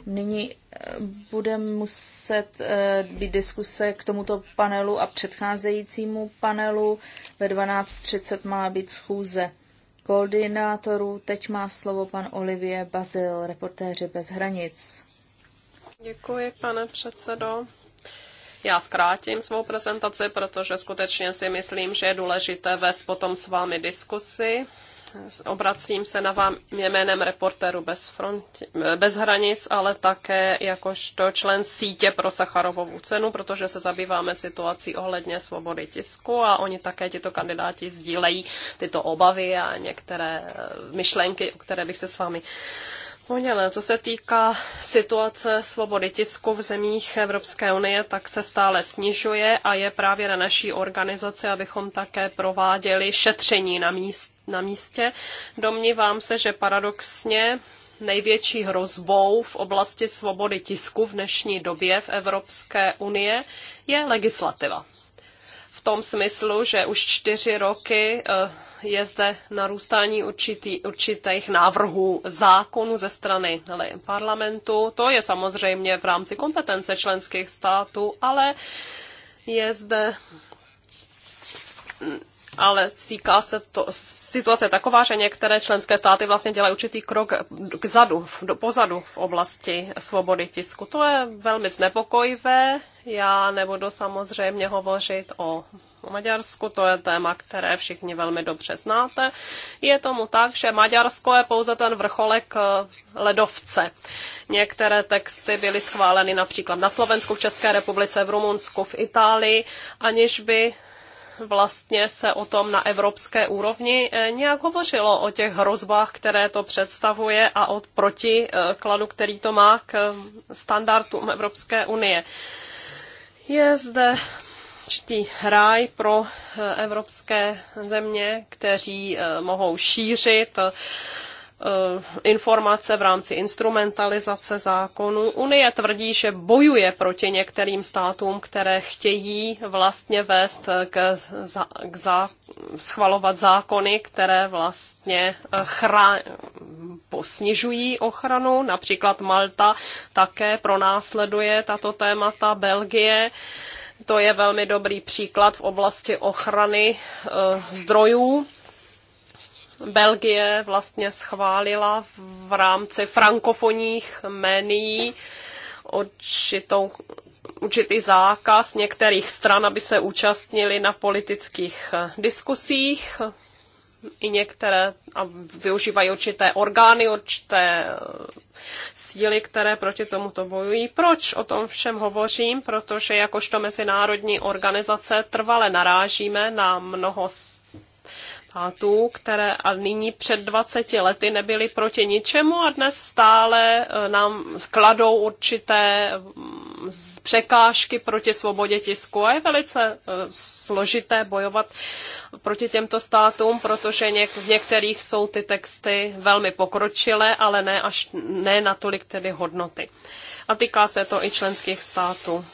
Nyní eh, bude muset eh, být diskuse k tomuto panelu a předcházejícímu panelu. Ve 12.30 má být schůze koordinátorů. Teď má slovo pan Olivie Bazil, reportéři bez hranic. Děkuji, pane předsedo. Já zkrátím svou prezentaci, protože skutečně si myslím, že je důležité vést potom s vámi diskusy. Obracím se na vám jménem reportéru bez, fronti, bez hranic, ale také jakožto člen sítě pro Sacharovovu cenu, protože se zabýváme situací ohledně svobody tisku a oni také tito kandidáti sdílejí tyto obavy a některé eh, myšlenky, o které bych se s vámi Poněle, co se týká situace svobody tisku v zemích Evropské unie, tak se stále snižuje a je právě na naší organizaci, abychom také prováděli šetření na místě na místě. Domnívám se, že paradoxně největší hrozbou v oblasti svobody tisku v dnešní době v Evropské unie je legislativa. V tom smyslu, že už čtyři roky eh, je zde narůstání určitý, určitých návrhů zákonů ze strany parlamentu. To je samozřejmě v rámci kompetence členských států, ale je zde ale stýká se to situace taková, že některé členské státy vlastně dělají určitý krok k zadu, do, pozadu v oblasti svobody tisku. To je velmi znepokojivé. Já nebudu samozřejmě hovořit o Maďarsku, to je téma, které všichni velmi dobře znáte. Je tomu tak, že Maďarsko je pouze ten vrcholek eh, ledovce. Některé texty byly schváleny například na Slovensku, v České republice, v Rumunsku, v Itálii, aniž by vlastně se o tom na evropské úrovni eh, nějak hovořilo, o těch hrozbách, které to představuje a o protikladu, eh, který to má k eh, standardům Evropské unie. Je zde určitý hráj pro evropské země, kteří mohou šířit Eh, informace v rámci instrumentalizace zákonů. Unie tvrdí, že bojuje proti některým státům, které chtějí vlastně vést k, za, k za, schvalovat zákony, které vlastně eh, chrá, posnižují ochranu. Například Malta také pronásleduje tato témata, Belgie. To je velmi dobrý příklad v oblasti ochrany e, zdrojů Belgie vlastně schválila v rámci frankofonních médií určitou, určitý zákaz některých stran, aby se účastnili na politických eh, diskusích. I některé a využívají určité orgány, určité eh, síly, které proti tomuto bojují. Proč o tom všem hovořím? Protože jakožto mezinárodní organizace trvale narážíme na mnoho států, které a nyní před 20 lety nebyly proti ničemu a dnes stále e, nám kladou určité mm, překážky proti svobodě tisku a je velice e, složité bojovat proti těmto státům, protože něk- v některých jsou ty texty velmi pokročilé, ale ne až ne natolik tedy hodnoty. A týká se to i členských států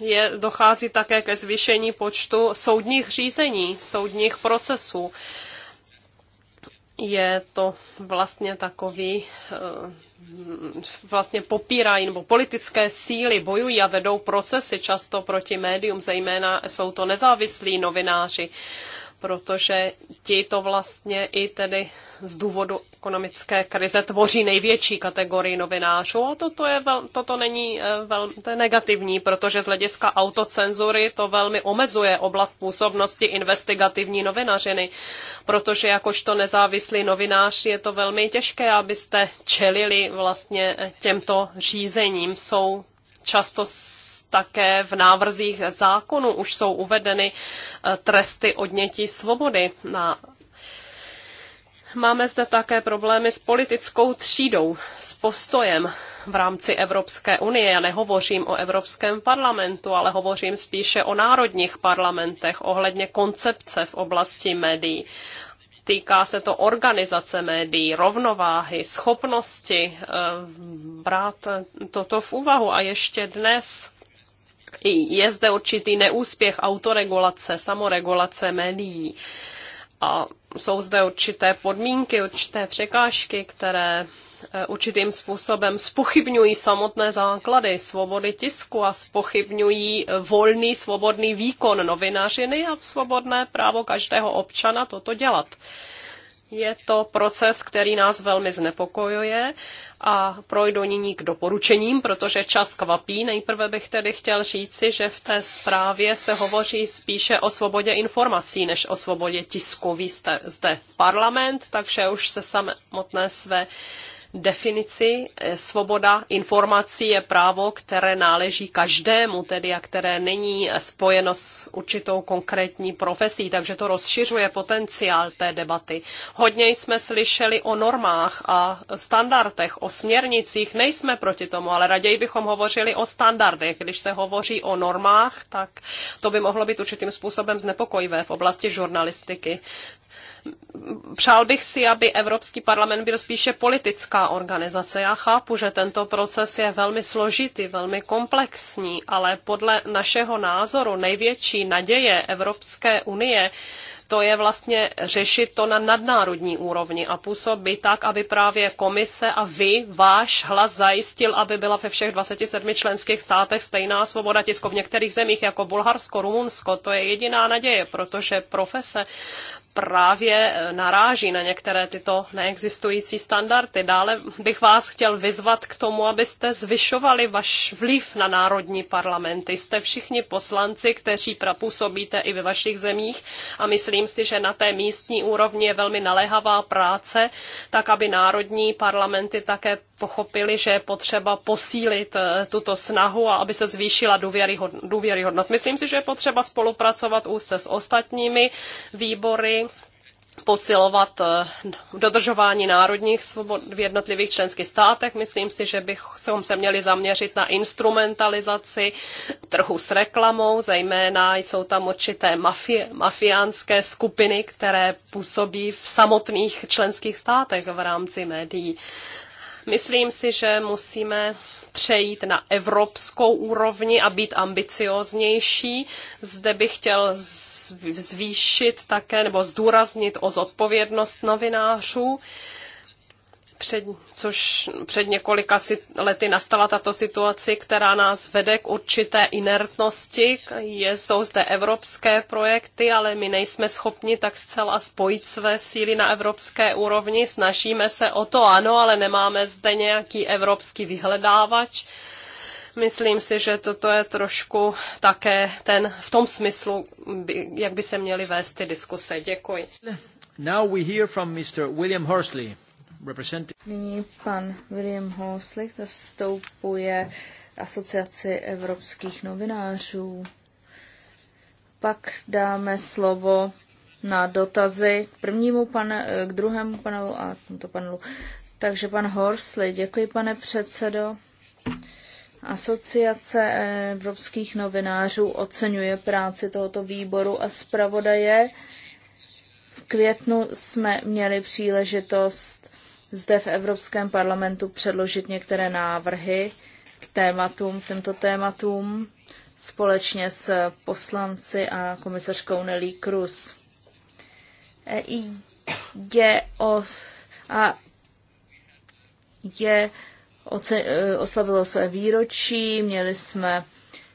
je, dochází také ke zvýšení počtu soudních řízení, soudních procesů. Je to vlastně takový eh, vlastně popírají nebo politické síly bojují a vedou procesy často proti médium, zejména jsou to nezávislí novináři protože ti to vlastně i tedy z důvodu ekonomické krize tvoří největší kategorii novinářů. A toto, je vel, toto není eh, vel, to je negativní, protože z hlediska autocenzury to velmi omezuje oblast působnosti investigativní novinařiny, protože jakožto nezávislý novinář je to velmi těžké, abyste čelili vlastně těmto řízením. Jsou často také v návrzích zákonů už jsou uvedeny eh, tresty odnětí svobody na Máme zde také problémy s politickou třídou, s postojem v rámci Evropské unie. Já nehovořím o Evropském parlamentu, ale hovořím spíše o národních parlamentech ohledně koncepce v oblasti médií. Týká se to organizace médií, rovnováhy, schopnosti eh, brát toto v úvahu. A ještě dnes je zde určitý neúspěch autoregulace, samoregulace médií. A jsou zde určité podmínky, určité překážky, které eh, určitým způsobem spochybňují samotné základy svobody tisku a spochybňují eh, volný svobodný výkon novinařiny a svobodné právo každého občana toto dělat. Je to proces, který nás velmi znepokojuje a projdu nyní k doporučením, protože čas kvapí. Nejprve bych tedy chtěl říci, že v té zprávě se hovoří spíše o svobodě informací, než o svobodě tisku. Vy jste zde parlament, takže už se samotné své definici eh, svoboda informací je právo, které náleží každému, tedy a které není spojeno s určitou konkrétní profesí, takže to rozšiřuje potenciál té debaty. Hodně jsme slyšeli o normách a standardech, o směrnicích, nejsme proti tomu, ale raději bychom hovořili o standardech. Když se hovoří o normách, tak to by mohlo být určitým způsobem znepokojivé v oblasti žurnalistiky. Přál bych si, aby Evropský parlament byl spíše politická organizace. Já chápu, že tento proces je velmi složitý, velmi komplexní, ale podle našeho názoru největší naděje Evropské unie to je vlastně řešit to na nadnárodní úrovni a působit tak, aby právě komise a vy, váš hlas zajistil, aby byla ve všech 27 členských státech stejná svoboda tisku. V některých zemích jako Bulharsko, Rumunsko, to je jediná naděje, protože profese právě eh, naráží na některé tyto neexistující standardy. Dále bych vás chtěl vyzvat k tomu, abyste zvyšovali vaš vliv na národní parlamenty. Jste všichni poslanci, kteří prapůsobíte i ve vašich zemích a myslím si, že na té místní úrovni je velmi naléhavá práce, tak aby národní parlamenty také pochopili, že je potřeba posílit eh, tuto snahu a aby se zvýšila důvěryhodnost. Myslím si, že je potřeba spolupracovat úzce s ostatními výbory, posilovat eh, dodržování národních svobod v jednotlivých členských státech. Myslím si, že bychom se měli zaměřit na instrumentalizaci trhu s reklamou, zejména jsou tam určité mafie, mafiánské skupiny, které působí v samotných členských státech v rámci médií. Myslím si, že musíme přejít na evropskou úrovni a být ambicioznější. Zde bych chtěl zvýšit také nebo zdůraznit o zodpovědnost novinářů před, což před několika lety nastala tato situace, která nás vede k určité inertnosti. Je, jsou zde evropské projekty, ale my nejsme schopni tak zcela spojit své síly na evropské úrovni. Snažíme se o to, ano, ale nemáme zde nějaký evropský vyhledávač. Myslím si, že toto je trošku také ten, v tom smyslu, jak by se měly vést ty diskuse. Děkuji. Now we hear from Mr. William Horsley. Nyní pan William Hoslich zastoupuje Asociaci evropských novinářů. Pak dáme slovo na dotazy k prvnímu pane, k druhému panelu a k tomto panelu. Takže pan Horsley, děkuji pane předsedo. Asociace evropských novinářů oceňuje práci tohoto výboru a zpravodaje. V květnu jsme měli příležitost zde v Evropském parlamentu předložit některé návrhy k tématům, k těmto tématům společně s poslanci a komisařkou Nelly Cruz. E, je o, a je oce, e, oslavilo své výročí, měli jsme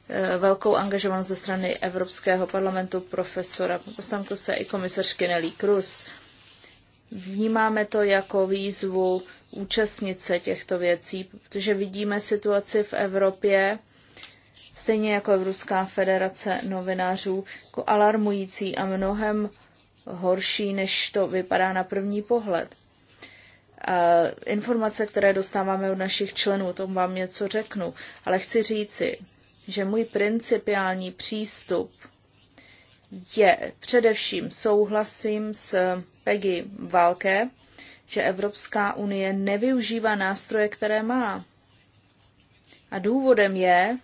e, velkou angažovanost ze strany Evropského parlamentu profesora Postankuse i komisařky Nelly Cruz. Vnímáme to jako výzvu účastnit se těchto věcí, protože vidíme situaci v Evropě, stejně jako Evropská federace novinářů, jako alarmující a mnohem horší, než to vypadá na první pohled. Informace, které dostáváme od našich členů, o tom vám něco řeknu, ale chci říci, že můj principiální přístup je především souhlasím s Peggy Valke, že Evropská unie nevyužívá nástroje, které má. A důvodem je,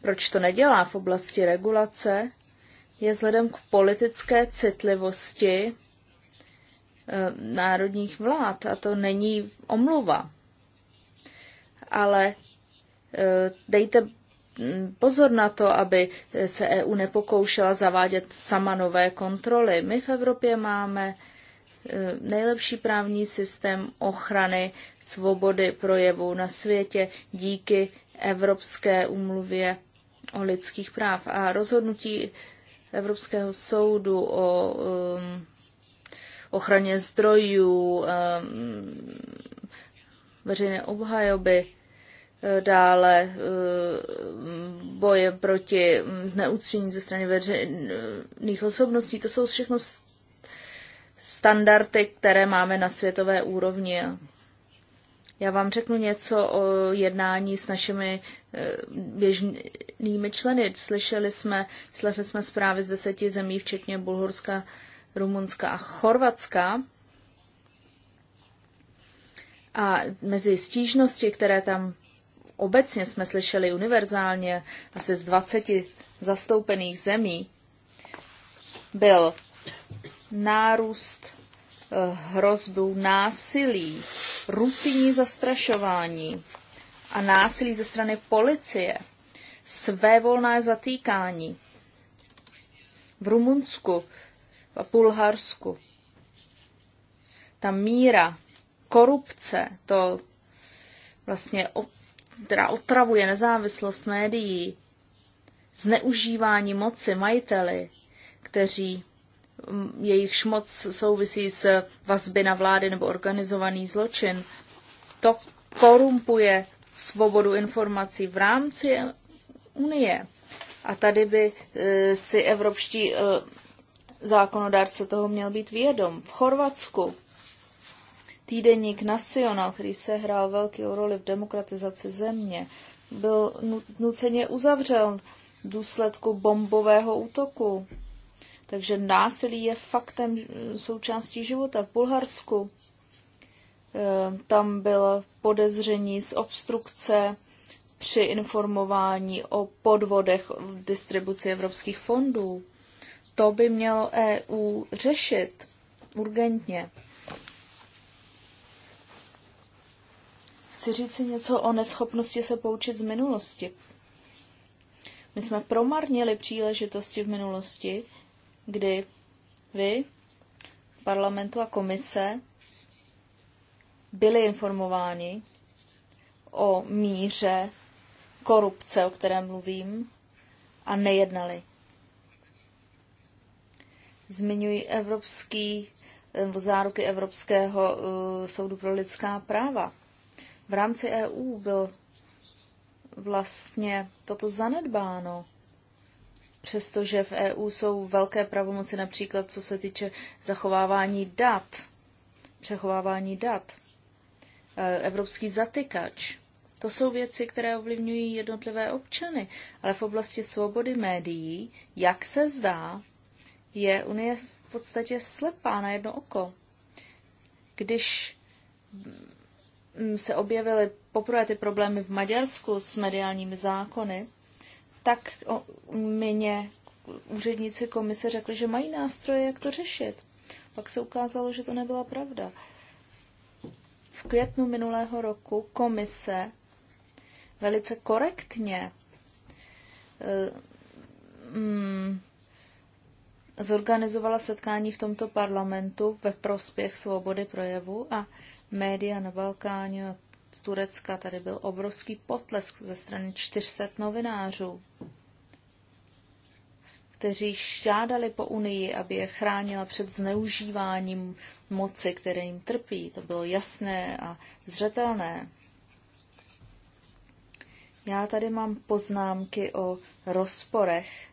proč to nedělá v oblasti regulace, je vzhledem k politické citlivosti eh, národních vlád. A to není omluva. Ale eh, dejte pozor na to, aby se EU nepokoušela zavádět sama nové kontroly. My v Evropě máme e, nejlepší právní systém ochrany svobody projevu na světě díky Evropské umluvě o lidských práv a rozhodnutí Evropského soudu o um, ochraně zdrojů, um, veřejné obhajoby dále eh, boje proti zneučení ze strany veřejných osobností. To jsou všechno standardy, které máme na světové úrovni. Já vám řeknu něco o jednání s našimi eh, běžnými členy. Slyšeli jsme, slyšeli jsme zprávy z deseti zemí, včetně Bulhorska, Rumunska a Chorvatska. A mezi stížnosti, které tam obecně jsme slyšeli univerzálně asi z 20 zastoupených zemí, byl nárůst eh, hrozbu násilí, rutinní zastrašování a násilí ze strany policie, svévolné zatýkání v Rumunsku a Bulharsku. Ta míra korupce, to vlastně která otravuje nezávislost médií, zneužívání moci majiteli, kteří mm, jejichž moc souvisí s vazby na vlády nebo organizovaný zločin, to korumpuje svobodu informací v rámci Unie. A tady by eh, si evropští eh, zákonodárce toho měl být vědom. V Chorvatsku týdeník Nacional, který se hrál velký roli v demokratizaci země, byl nuceně uzavřen v důsledku bombového útoku. Takže násilí je faktem e, součástí života v Bulharsku. E, tam bylo podezření z obstrukce při informování o podvodech v distribuci evropských fondů. To by mělo EU řešit urgentně. chci říct si něco o neschopnosti se poučit z minulosti. My jsme promarnili příležitosti v minulosti, kdy vy, parlamentu a komise byli informováni o míře korupce, o které mluvím, a nejednali. Zmiňuji evropský, záruky Evropského uh, soudu pro lidská práva v rámci EU byl vlastně toto zanedbáno. Přestože v EU jsou velké pravomoci například co se týče zachovávání dat, přechovávání dat, e, evropský zatykač. To jsou věci, které ovlivňují jednotlivé občany, ale v oblasti svobody médií, jak se zdá, je Unie v podstatě slepá na jedno oko. Když Mm, se objevily poprvé ty problémy v Maďarsku s mediálními zákony, tak mě úředníci komise řekli, že mají nástroje, jak to řešit. Pak se ukázalo, že to nebyla pravda. V květnu minulého roku komise velice korektně eh, mm, zorganizovala setkání v tomto parlamentu ve prospěch svobody projevu a média na Balkáně a z Turecka. Tady byl obrovský potlesk ze strany 400 novinářů, kteří žádali po Unii, aby je chránila před zneužíváním moci, které jim trpí. To bylo jasné a zřetelné. Já tady mám poznámky o rozporech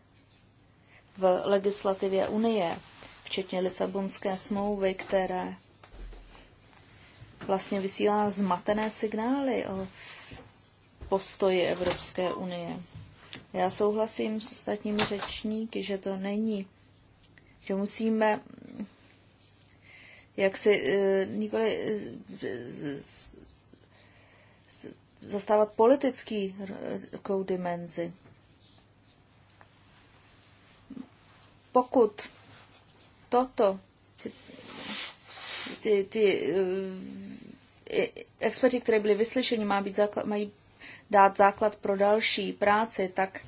v legislativě Unie, včetně Lisabonské smlouvy, které vlastně vysílá zmatené signály o postoji Evropské unie. Já souhlasím s ostatními řečníky, že to není, že musíme jak si e, nikoli eh, z, z, z, zastávat takovou dimenzi. Pokud toto, ty, ty, ty eh, experti, které byli vyslyšeni, má být základ, mají dát základ pro další práci, tak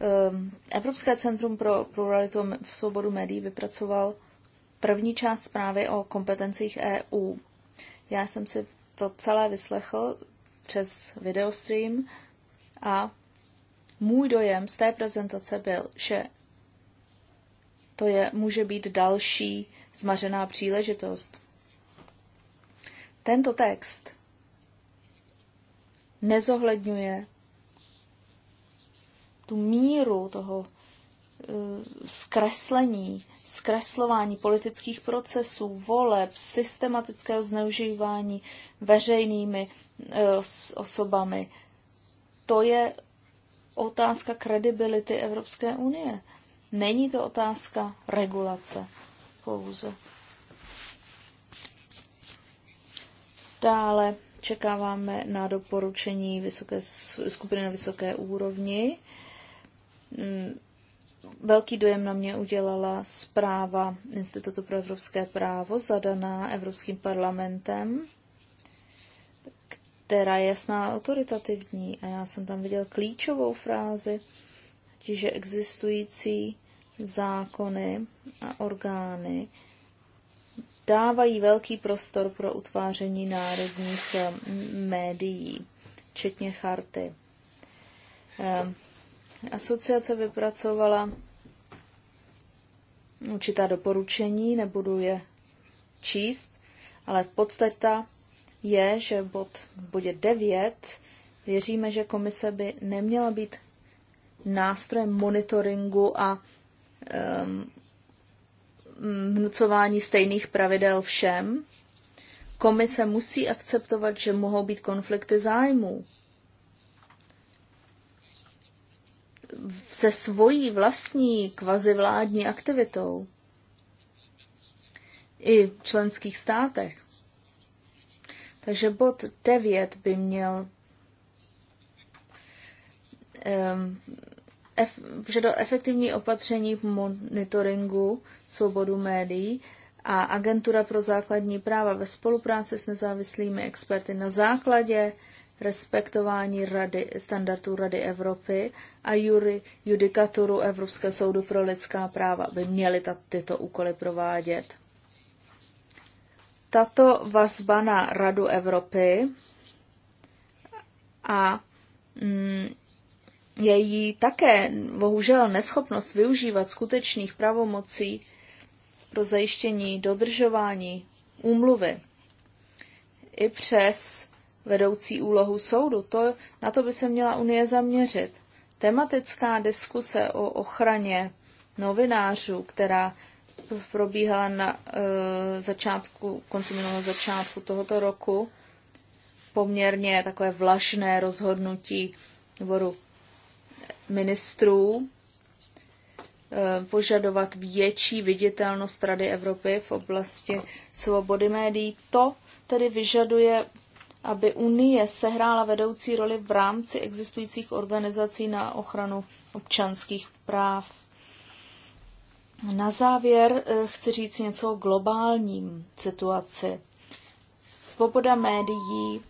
ehm, Evropské centrum pro pluralitu a svobodu médií vypracoval první část zprávy o kompetencích EU. Já jsem si to celé vyslechl přes videostream a můj dojem z té prezentace byl, že to je, může být další zmařená příležitost. Tento text nezohledňuje tu míru toho e, zkreslení, zkreslování politických procesů, voleb, systematického zneužívání veřejnými e, osobami. To je otázka kredibility Evropské unie. Není to otázka regulace pouze. Dále čekáváme na doporučení vysoké, skupiny na vysoké úrovni. Mm, velký dojem na mě udělala zpráva Institutu pro evropské právo, zadaná Evropským parlamentem, která je jasná a autoritativní. A já jsem tam viděl klíčovou frázi, že existující zákony a orgány dávají velký prostor pro utváření národních eh, médií, včetně charty. Eh, asociace vypracovala určitá doporučení, nebudu je číst, ale v podstatě je, že bod, v bodě 9 věříme, že komise by neměla být nástrojem monitoringu a um, Mm, vnucování stejných pravidel všem. Komise musí akceptovat, že mohou být konflikty zájmů. Se svojí vlastní kvazivládní aktivitou i v členských státech. Takže bod 9 by měl um, že do efektivní opatření v monitoringu svobodu médií a Agentura pro základní práva ve spolupráci s nezávislými experty na základě respektování rady, standardů Rady Evropy a jury, judikaturu Evropského soudu pro lidská práva by měly ta, tyto úkoly provádět. Tato vazba na Radu Evropy a mm, její také bohužel neschopnost využívat skutečných pravomocí pro zajištění dodržování úmluvy i přes vedoucí úlohu soudu. To, na to by se měla Unie zaměřit. Tematická diskuse o ochraně novinářů, která probíhala na e, začátku, konci minulého začátku tohoto roku, poměrně takové vlažné rozhodnutí dvoru ministrů eh, požadovat větší viditelnost Rady Evropy v oblasti svobody médií. To tedy vyžaduje, aby Unie sehrála vedoucí roli v rámci existujících organizací na ochranu občanských práv. Na závěr eh, chci říct něco o globálním situaci. Svoboda médií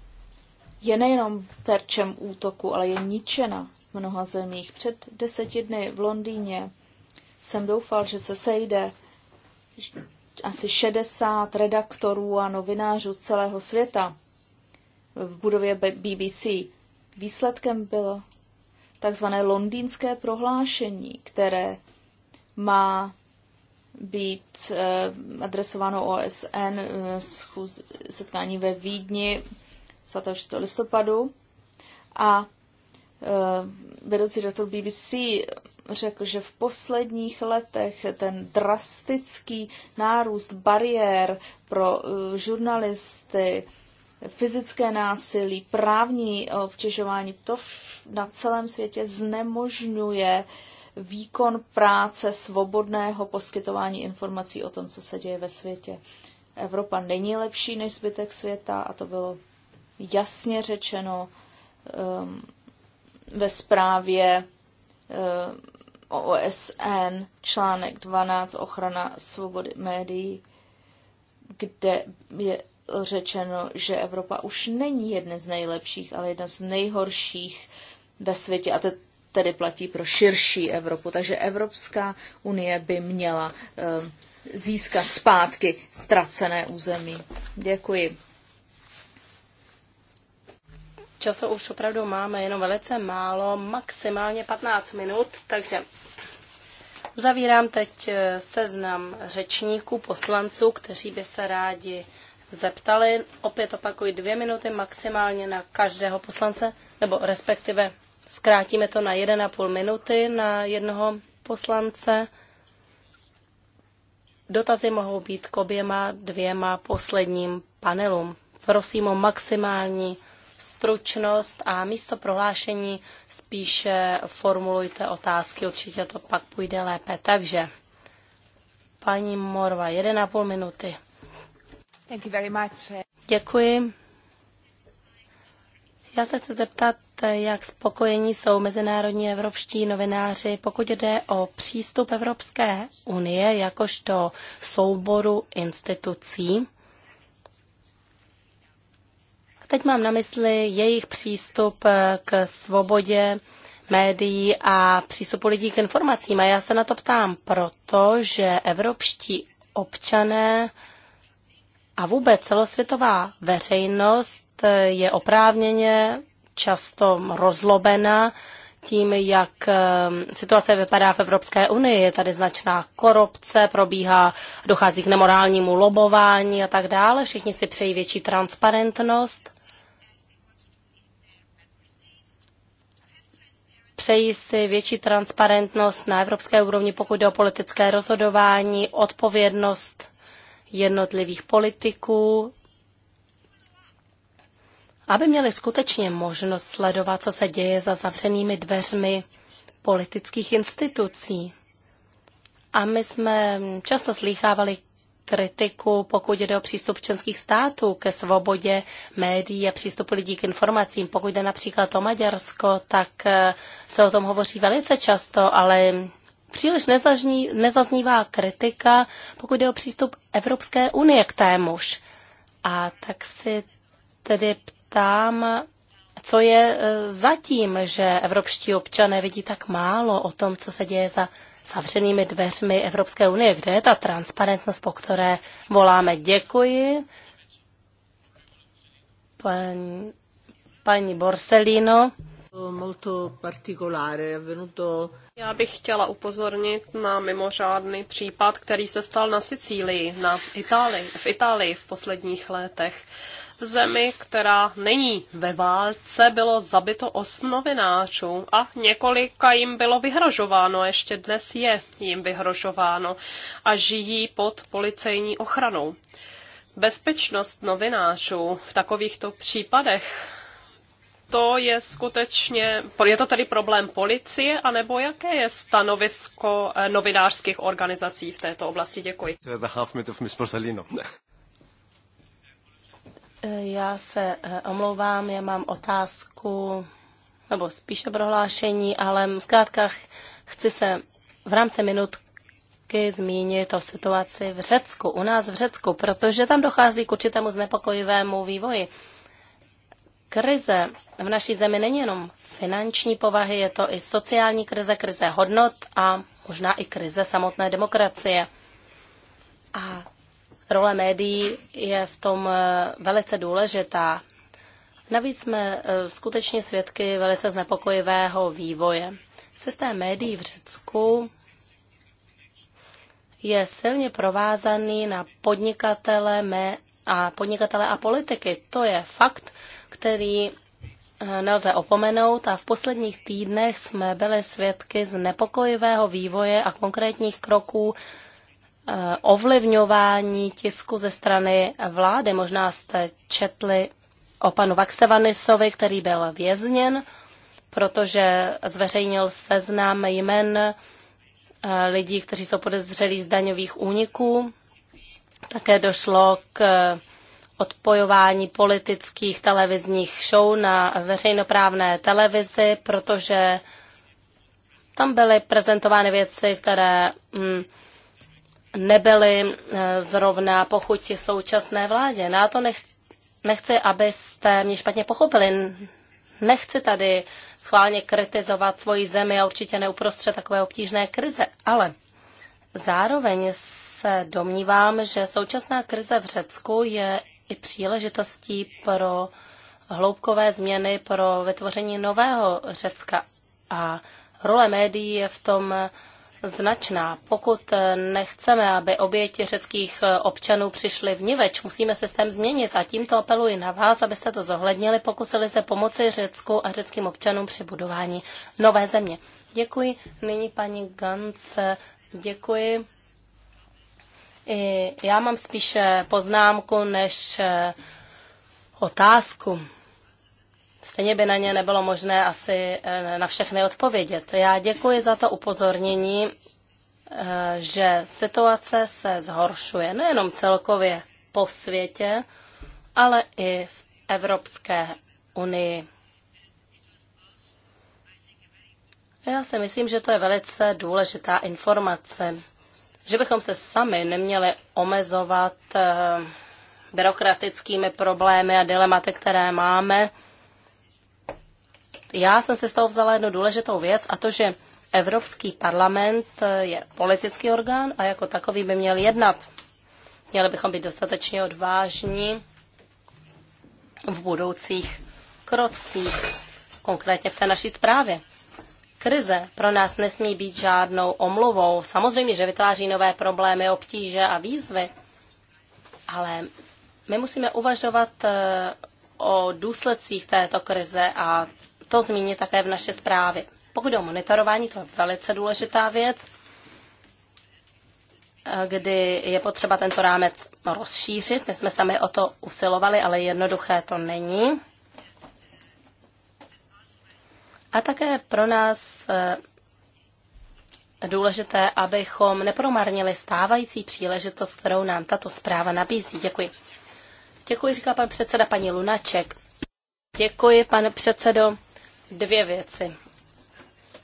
je nejenom terčem útoku, ale je ničena mnoha zemích. Před deseti dny v Londýně jsem doufal, že se sejde asi 60 redaktorů a novinářů z celého světa v budově BBC. Výsledkem bylo takzvané londýnské prohlášení, které má být eh, adresováno OSN eh, setkání ve Vídni 24. listopadu. A Eh, vedoucí doktor BBC řekl, že v posledních letech ten drastický nárůst bariér pro eh, žurnalisty, fyzické násilí, právní obtěžování, to na celém světě znemožňuje výkon práce svobodného poskytování informací o tom, co se děje ve světě. Evropa není lepší než zbytek světa a to bylo jasně řečeno um, ve zprávě eh, o OSN článek 12 ochrana svobody médií, kde je řečeno, že Evropa už není jedna z nejlepších, ale jedna z nejhorších ve světě. A to tedy platí pro širší Evropu. Takže Evropská unie by měla eh, získat zpátky ztracené území. Děkuji. Času už opravdu máme jenom velice málo, maximálně 15 minut, takže uzavírám teď eh, seznam řečníků, poslanců, kteří by se rádi zeptali. Opět opakuji dvě minuty maximálně na každého poslance, nebo respektive zkrátíme to na 1,5 minuty na jednoho poslance. Dotazy mohou být k oběma dvěma posledním panelům. Prosím o maximální stručnost a místo prohlášení spíše formulujte otázky, určitě to pak půjde lépe. Takže paní Morva, půl minuty. Thank you very much. Děkuji. Já se chci zeptat, jak spokojení jsou mezinárodní evropští novináři, pokud jde o přístup Evropské unie jakožto souboru institucí Teď mám na mysli jejich přístup eh, k svobodě médií a přístupu lidí k informacím. A já se na to ptám proto, že evropští občané a vůbec celosvětová veřejnost eh, je oprávněně často rozlobena tím, jak eh, situace vypadá v Evropské unii. Je tady značná korupce, probíhá, dochází k nemorálnímu lobování a tak dále. Všichni si přejí větší transparentnost. Přeji si větší transparentnost na evropské úrovni, pokud jde o politické rozhodování, odpovědnost jednotlivých politiků, aby měli skutečně možnost sledovat, co se děje za zavřenými dveřmi politických institucí. A my jsme často slýchávali kritiku, pokud jde o přístup členských států ke svobodě médií a přístupu lidí k informacím. Pokud jde například o Maďarsko, tak eh, se o tom hovoří velice často, ale příliš nezazní, nezaznívá kritika, pokud jde o přístup Evropské unie k témuž. A tak si tedy ptám, co je eh, zatím, že evropští občané vidí tak málo o tom, co se děje za zavřenými dveřmi Evropské unie. Kde je ta transparentnost, po které voláme? Děkuji. Paní, paní Borsellino. Já bych chtěla upozornit na mimořádný případ, který se stal na Sicílii, na Itálii, v Itálii v posledních letech v zemi, která není ve válce, bylo zabito osm novinářů a několika jim bylo vyhrožováno, ještě dnes je jim vyhrožováno a žijí pod policejní ochranou. Bezpečnost novinářů v takovýchto případech to je skutečně, je to tedy problém policie, anebo jaké je stanovisko eh, novinářských organizací v této oblasti? Děkuji. Já se eh, omlouvám, já mám otázku, nebo spíše prohlášení, ale zkrátka chci se v rámci minutky zmínit o situaci v Řecku, u nás v Řecku, protože tam dochází k určitému znepokojivému vývoji. Krize v naší zemi není jenom finanční povahy, je to i sociální krize, krize hodnot a možná i krize samotné demokracie. A Role médií je v tom eh, velice důležitá. Navíc jsme eh, skutečně svědky velice znepokojivého vývoje. Systém médií v Řecku je silně provázaný na podnikatele a podnikatele a politiky. To je fakt, který eh, nelze opomenout a v posledních týdnech jsme byli svědky znepokojivého vývoje a konkrétních kroků Eh, ovlivňování tisku ze strany vlády. Možná jste četli o panu Vaxevanisovi, který byl vězněn, protože zveřejnil seznam jmen eh, lidí, kteří jsou podezřelí z daňových úniků. Také došlo k odpojování politických televizních show na veřejnoprávné televizi, protože tam byly prezentovány věci, které mm, nebyly eh, zrovna pochutí současné vládě. Já no to nechci, nechci abyste mě špatně pochopili. Nechci tady schválně kritizovat svoji zemi a určitě neuprostřed takové obtížné krize, ale zároveň se domnívám, že současná krize v Řecku je i příležitostí pro hloubkové změny pro vytvoření nového Řecka. A role médií je v tom značná. Pokud eh, nechceme, aby oběti řeckých eh, občanů přišly v niveč, musíme systém změnit a tímto apeluji na vás, abyste to zohlednili, pokusili se pomoci Řecku a řeckým občanům při budování nové země. Děkuji. Nyní paní Gans, děkuji. I já mám spíše poznámku než eh, otázku. Stejně by na ně nebylo možné asi eh, na všechny odpovědět. Já děkuji za to upozornění, eh, že situace se zhoršuje nejenom celkově po světě, ale i v Evropské unii. Já si myslím, že to je velice důležitá informace, že bychom se sami neměli omezovat eh, byrokratickými problémy a dilematy, které máme, já jsem si z toho vzala jednu důležitou věc a to, že Evropský parlament eh, je politický orgán a jako takový by měl jednat. Měli bychom být dostatečně odvážní v budoucích krocích, konkrétně v té naší zprávě. Krize pro nás nesmí být žádnou omluvou. Samozřejmě, že vytváří nové problémy, obtíže a výzvy, ale my musíme uvažovat eh, o důsledcích této krize a to zmínit také v naší zprávě. Pokud jde o monitorování, to je velice důležitá věc, kdy je potřeba tento rámec rozšířit. My jsme sami o to usilovali, ale jednoduché to není. A také pro nás eh, důležité, abychom nepromarnili stávající příležitost, kterou nám tato zpráva nabízí. Děkuji. Děkuji, říká pan předseda paní Lunaček. Děkuji, pane předsedo dvě věci.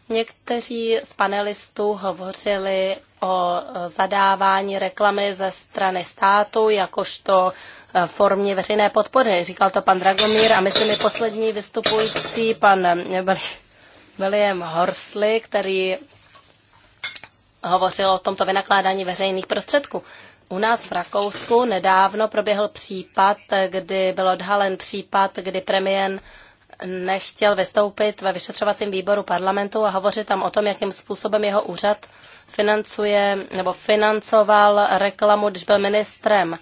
Někteří z panelistů hovořili o zadávání reklamy ze strany státu jakožto eh, formě veřejné podpory. Říkal to pan Dragomír a myslím že poslední vystupující pan eh, William Horsley, který hovořil o tomto vynakládání veřejných prostředků. U nás v Rakousku nedávno proběhl případ, eh, kdy byl odhalen případ, kdy premiér nechtěl vystoupit ve vyšetřovacím výboru parlamentu a hovořit tam o tom, jakým způsobem jeho úřad financuje nebo financoval reklamu, když byl ministrem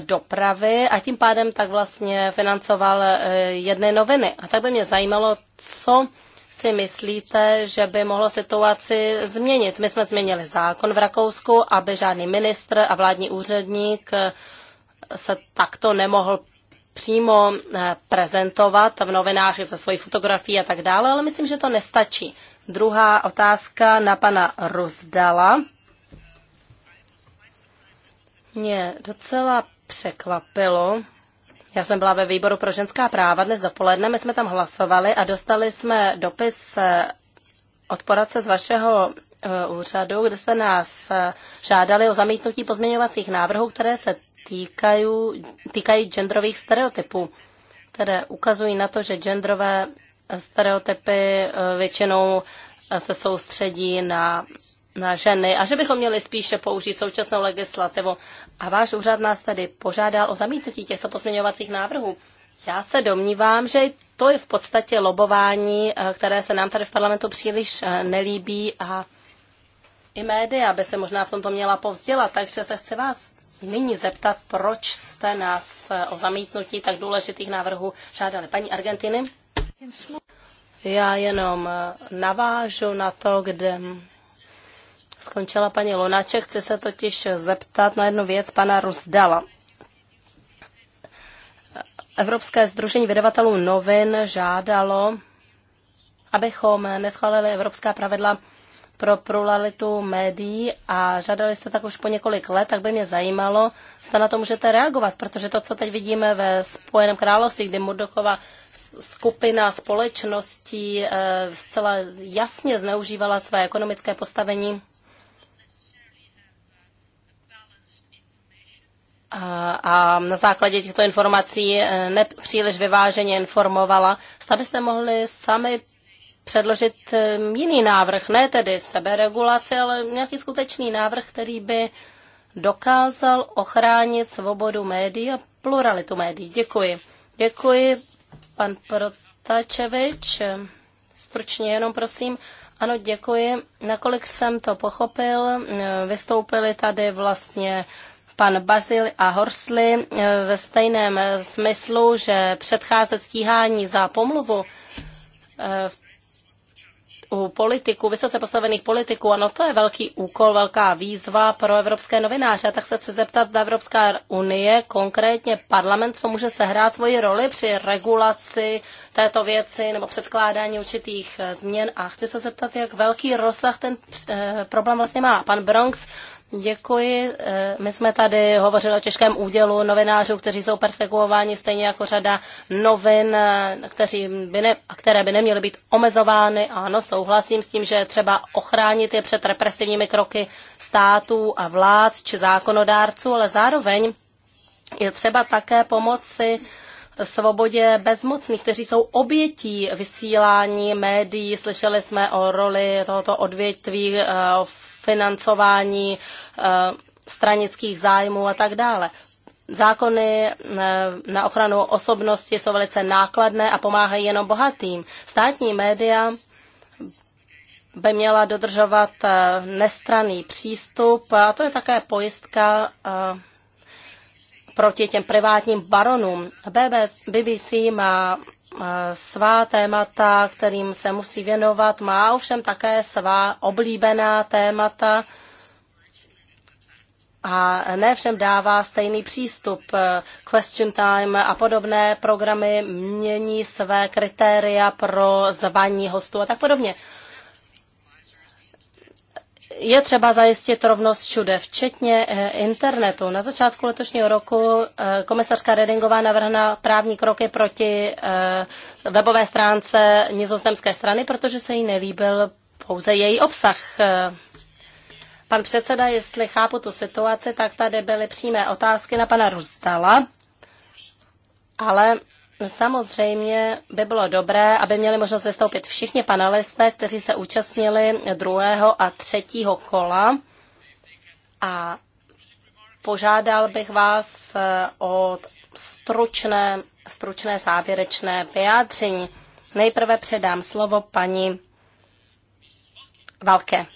dopravy a tím pádem tak vlastně financoval e, jedné noviny. A tak by mě zajímalo, co si myslíte, že by mohlo situaci změnit? My jsme změnili zákon v Rakousku, aby žádný ministr a vládní úředník e, se takto nemohl přímo eh, prezentovat v novinách za svoji fotografii a tak dále, ale myslím, že to nestačí. Druhá otázka na pana Rozdala. Mě docela překvapilo, já jsem byla ve výboru pro ženská práva dnes dopoledne, my jsme tam hlasovali a dostali jsme dopis eh, od poradce z vašeho eh, úřadu, kde jste nás žádali o zamítnutí pozměňovacích návrhů, které se týkají, týkají genderových stereotypů, které ukazují na to, že genderové stereotypy eh, většinou eh, se soustředí na, na ženy a že bychom měli spíše použít současnou legislativu. A váš úřad nás tedy požádal o zamítnutí těchto pozměňovacích návrhů. Já se domnívám, že to je v podstatě lobování, eh, které se nám tady v parlamentu příliš nelíbí a i média by se možná v tomto měla povzdělat, takže se chci vás nyní zeptat, proč jste nás eh, o zamítnutí tak důležitých návrhů žádali. Paní Argentiny? Já jenom eh, navážu na to, kde skončila paní Lonaček. Chci se totiž zeptat na jednu věc pana Rozdala. Evropské združení vydavatelů novin žádalo, abychom neschválili evropská pravidla pro pluralitu médií a žádali jste tak už po několik let, tak by mě zajímalo, zda na to můžete reagovat, protože to, co teď vidíme ve Spojeném království, kdy Murdochova skupina společností eh, zcela jasně zneužívala své ekonomické postavení a na základě těchto informací eh, nepříliš vyváženě informovala. Zda byste mohli sami předložit jiný návrh, ne tedy seberegulaci, ale nějaký skutečný návrh, který by dokázal ochránit svobodu médií a pluralitu médií. Děkuji. Děkuji, pan Protačevič. Stručně jenom prosím. Ano, děkuji. Nakolik jsem to pochopil, vystoupili tady vlastně pan Bazil a Horsley ve stejném smyslu, že předcházet stíhání za pomluvu v u politiků, vysoce postavených politiků, ano, to je velký úkol, velká výzva pro evropské novináře. tak se chci zeptat, zda Evropská unie, konkrétně parlament, co může sehrát svoji roli při regulaci této věci nebo předkládání určitých eh, změn. A chci se zeptat, jak velký rozsah ten eh, problém vlastně má. Pan Bronx Děkuji. Eh, my jsme tady hovořili o těžkém údělu novinářů, kteří jsou persekuováni, stejně jako řada novin, eh, kteří by ne, které by neměly být omezovány. Ano, souhlasím s tím, že třeba ochránit je před represivními kroky států a vlád či zákonodárců, ale zároveň je třeba také pomoci svobodě bezmocných, kteří jsou obětí vysílání médií. Slyšeli jsme o roli tohoto odvětví eh, o financování Eh, stranických zájmů a tak dále. Zákony eh, na ochranu osobnosti jsou velice nákladné a pomáhají jenom bohatým. Státní média by měla dodržovat eh, nestraný přístup a to je také pojistka proti těm privátním baronům. BBC má svá témata, kterým se musí věnovat, má ovšem také svá oblíbená témata, a ne všem dává stejný přístup. Eh, question time a podobné programy mění své kritéria pro zvání hostů a tak podobně. Je třeba zajistit rovnost všude, včetně eh, internetu. Na začátku letošního roku eh, komisařka Redingová navrhla právní kroky proti webové stránce nizozemské strany, protože se jí nelíbil pouze její obsah. Pan předseda, jestli chápu tu situaci, tak tady byly přímé otázky na pana Ruzdala, ale Samozřejmě by bylo dobré, aby měli možnost vystoupit všichni panelisté, kteří se účastnili druhého a třetího kola. A požádal bych vás eh, o stručné, stručné závěrečné vyjádření. Nejprve předám slovo paní Valke.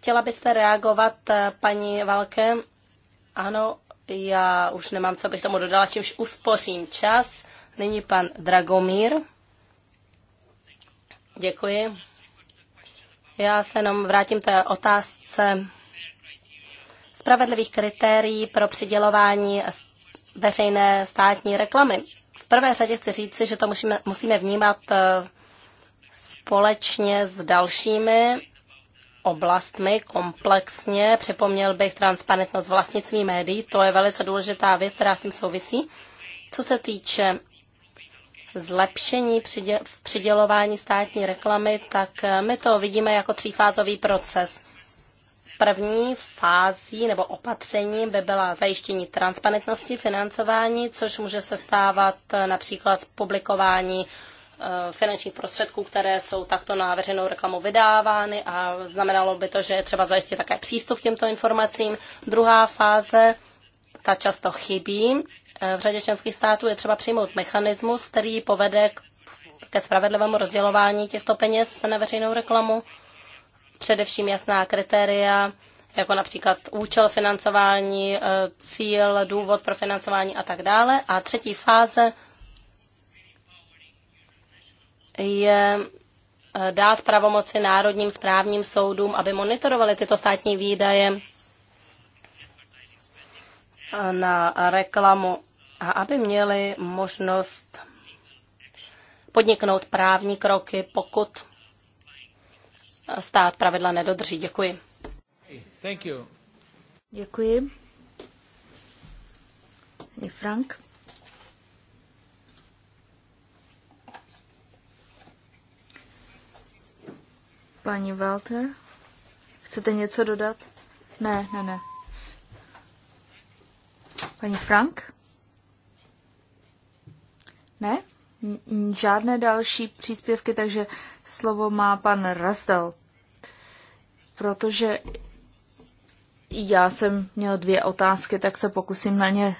Chtěla byste reagovat, eh, paní Valke? Ano, já už nemám, co bych tomu dodala, čímž uspořím čas. Nyní pan Dragomír. Děkuji. Já se jenom vrátím té otázce spravedlivých kritérií pro přidělování veřejné státní reklamy. V prvé řadě chci říci, že to musíme, musíme vnímat eh, společně s dalšími oblastmi komplexně. Připomněl bych transparentnost vlastnictví médií, to je velice důležitá věc, která s tím souvisí. Co se týče zlepšení v přidělování státní reklamy, tak eh, my to vidíme jako třífázový proces. První fází nebo opatření by byla zajištění transparentnosti financování, což může se stávat eh, například z publikování Eh, finančních prostředků, které jsou takto na veřejnou reklamu vydávány a znamenalo by to, že je třeba zajistit také přístup k těmto informacím. Druhá fáze, ta často chybí. Eh, v řadě členských států je třeba přijmout mechanismus, který povede k ke spravedlivému rozdělování těchto peněz na veřejnou reklamu. Především jasná kritéria, jako například účel financování, eh, cíl, důvod pro financování a tak dále. A třetí fáze je eh, dát pravomoci národním správním soudům, aby monitorovali tyto státní výdaje na reklamu a aby měli možnost podniknout právní kroky, pokud stát pravidla nedodrží. Děkuji. Děkuji. you. Děkuji. Frank. Paní Walter, chcete něco dodat? Ne, ne, ne. Paní Frank? Ne? Žádné další příspěvky, takže slovo má pan Razdal. Protože já jsem měl dvě otázky, tak se pokusím na ně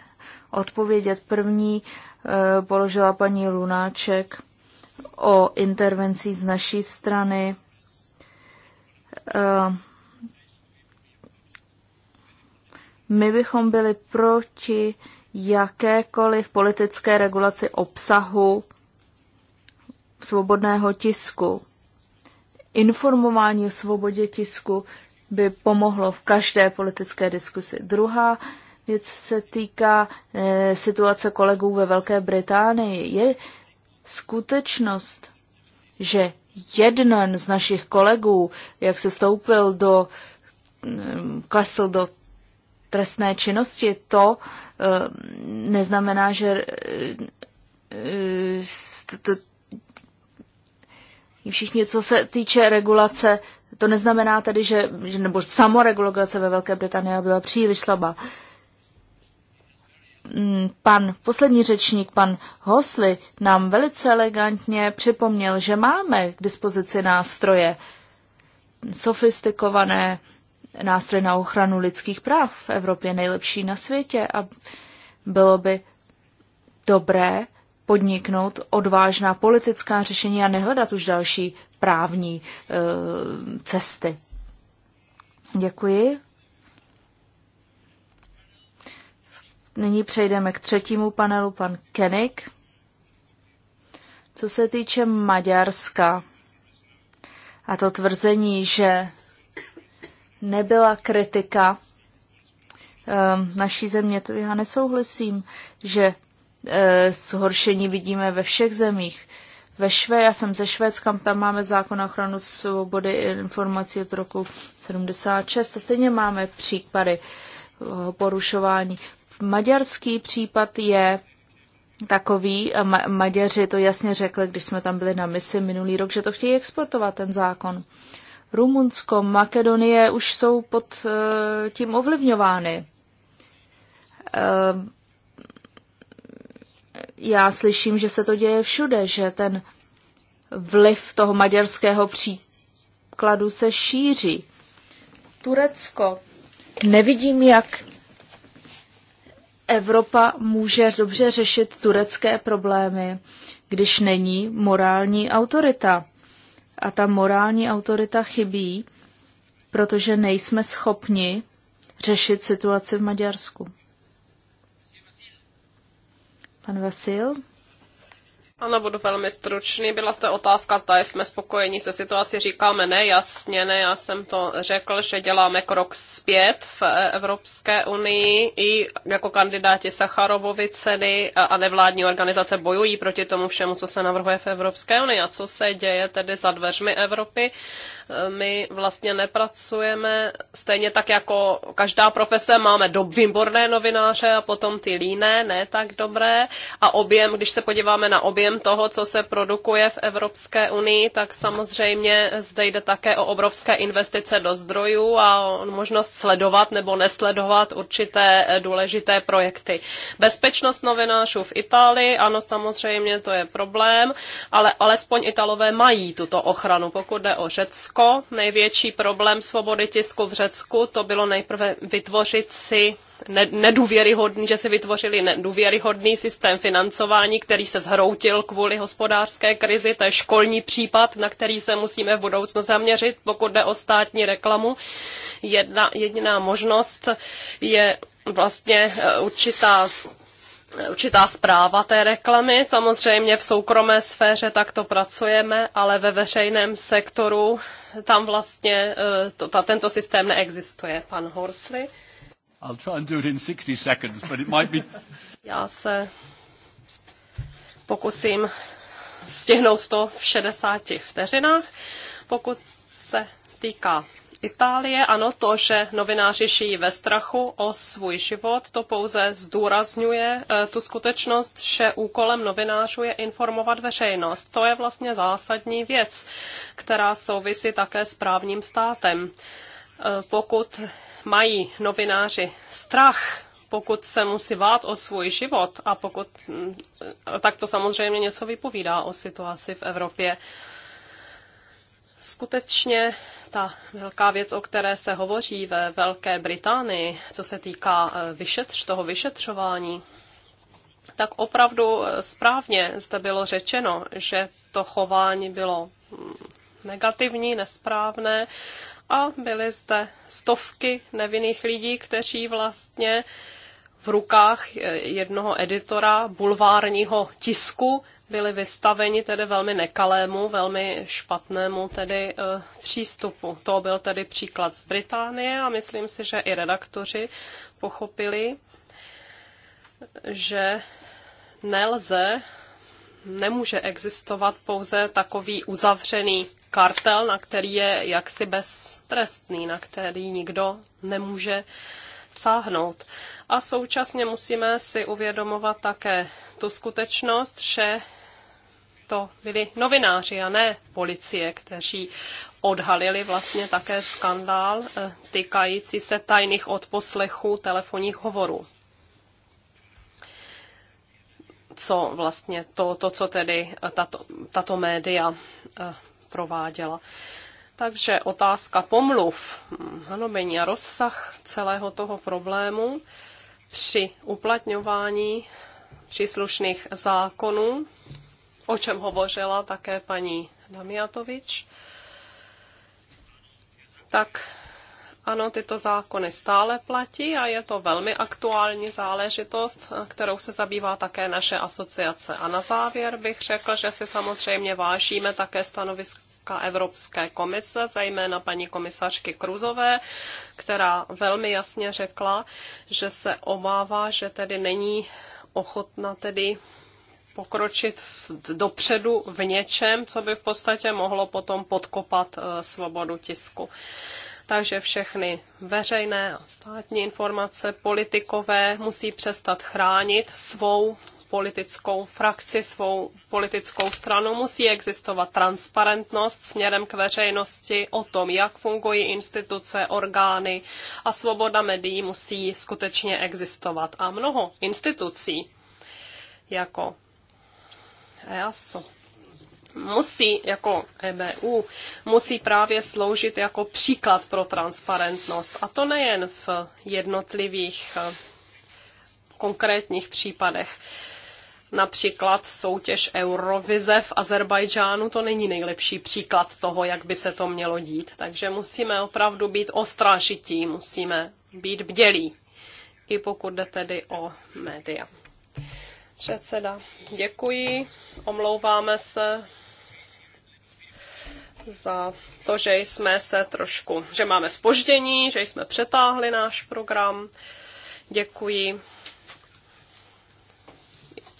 odpovědět. První e, položila paní Lunáček o intervencí z naší strany Eh, my bychom byli proti jakékoliv politické regulaci obsahu svobodného tisku. Informování o svobodě tisku by pomohlo v každé politické diskusi. Druhá věc se týká e, situace kolegů ve Velké Británii. Je skutečnost, že jeden z našich kolegů, jak se stoupil do, klesl do trestné činnosti, to eh, neznamená, že eh, eh, všichni, co se týče regulace, to neznamená tedy, že, nebo samoregulace ve Velké Británii byla příliš slabá. Mm, pan poslední řečník, pan Hosli, nám velice elegantně připomněl, že máme k dispozici nástroje, sofistikované nástroje na ochranu lidských práv v Evropě, nejlepší na světě a bylo by dobré podniknout odvážná politická řešení a nehledat už další právní e, cesty. Děkuji. Nyní přejdeme k třetímu panelu, pan Kenik. Co se týče Maďarska a to tvrzení, že nebyla kritika ehm, naší země, to já nesouhlasím, že eh, zhoršení vidíme ve všech zemích. Ve Šve, já jsem ze Švédska, tam máme zákon na ochranu svobody informací od roku 76 a stejně máme případy eh, porušování. Maďarský případ je takový, ma- Maďaři to jasně řekli, když jsme tam byli na misi minulý rok, že to chtějí exportovat, ten zákon. Rumunsko, Makedonie už jsou pod uh, tím ovlivňovány. Uh, já slyším, že se to děje všude, že ten vliv toho maďarského příkladu se šíří. Turecko. Nevidím, jak Evropa může dobře řešit turecké problémy, když není morální autorita. A ta morální autorita chybí, protože nejsme schopni řešit situaci v Maďarsku. Pan Vasil? Ano, budu velmi stručný. Byla zde otázka, zda jsme spokojeni se situací. Říkáme ne, jasně ne. Já jsem to řekl, že děláme krok zpět v Evropské unii. I jako kandidáti Sacharovovy ceny a nevládní organizace bojují proti tomu všemu, co se navrhuje v Evropské unii a co se děje tedy za dveřmi Evropy. My vlastně nepracujeme stejně tak jako každá profese. Máme do výborné novináře a potom ty líné, ne tak dobré. A objem, když se podíváme na objem objem toho, co se produkuje v Evropské unii, tak samozřejmě zde jde také o obrovské investice do zdrojů a možnost sledovat nebo nesledovat určité eh, důležité projekty. Bezpečnost novinářů v Itálii, ano, samozřejmě to je problém, ale alespoň Italové mají tuto ochranu. Pokud jde o Řecko, největší problém svobody tisku v Řecku, to bylo nejprve vytvořit si nedůvěryhodný, že si vytvořili nedůvěryhodný systém financování, který se zhroutil kvůli hospodářské krizi. To je školní případ, na který se musíme v budoucnu zaměřit, pokud jde o státní reklamu. Jedna, jediná možnost je vlastně eh, určitá eh, určitá zpráva té reklamy. Samozřejmě v soukromé sféře takto pracujeme, ale ve veřejném sektoru tam vlastně eh, to, ta, tento systém neexistuje. Pan Horsley. I'll try and do it in 60 seconds, but it might be... [laughs] Já se pokusím stihnout to v 60 vteřinách. Pokud se týká Itálie, ano, to, že novináři žijí ve strachu o svůj život, to pouze zdůrazňuje eh, tu skutečnost, že úkolem novinářů je informovat veřejnost. To je vlastně zásadní věc, která souvisí také s právním státem. Eh, pokud mají novináři strach, pokud se musí vát o svůj život a pokud, mm, tak to samozřejmě něco vypovídá o situaci v Evropě. Skutečně ta velká věc, o které se hovoří ve Velké Británii, co se týká eh, vyšetř, toho vyšetřování, tak opravdu eh, správně zde bylo řečeno, že to chování bylo mm, negativní, nesprávné a byly zde stovky nevinných lidí, kteří vlastně v rukách jednoho editora bulvárního tisku byli vystaveni tedy velmi nekalému, velmi špatnému tedy e, přístupu. To byl tedy příklad z Británie a myslím si, že i redaktoři pochopili, že nelze, nemůže existovat pouze takový uzavřený kartel, na který je jaksi beztrestný, na který nikdo nemůže sáhnout. A současně musíme si uvědomovat také tu skutečnost, že to byli novináři a ne policie, kteří odhalili vlastně také skandál eh, týkající se tajných odposlechů telefonních hovorů. Co vlastně to, to co tedy tato, tato média eh, prováděla. Takže otázka pomluv, hanobení a rozsah celého toho problému při uplatňování příslušných zákonů, o čem hovořila také paní Damiatovič, tak ano, tyto zákony stále platí a je to velmi aktuální záležitost, kterou se zabývá také naše asociace. A na závěr bych řekl, že si samozřejmě vážíme také stanoviska Evropské komise, zejména paní komisařky Kruzové, která velmi jasně řekla, že se obává, že tedy není ochotna tedy pokročit v, dopředu v něčem, co by v podstatě mohlo potom podkopat eh, svobodu tisku. Takže všechny veřejné a státní informace politikové musí přestat chránit svou politickou frakci, svou politickou stranu. Musí existovat transparentnost směrem k veřejnosti o tom, jak fungují instituce, orgány a svoboda médií musí skutečně existovat. A mnoho institucí, jako EASO, musí jako EBU, musí právě sloužit jako příklad pro transparentnost. A to nejen v jednotlivých eh, konkrétních případech. Například soutěž Eurovize v Azerbajdžánu to není nejlepší příklad toho, jak by se to mělo dít. Takže musíme opravdu být ostrážití, musíme být bdělí, i pokud jde tedy o média. Předseda, děkuji, omlouváme se za to, že jsme se trošku, že máme spoždění, že jsme přetáhli náš program. Děkuji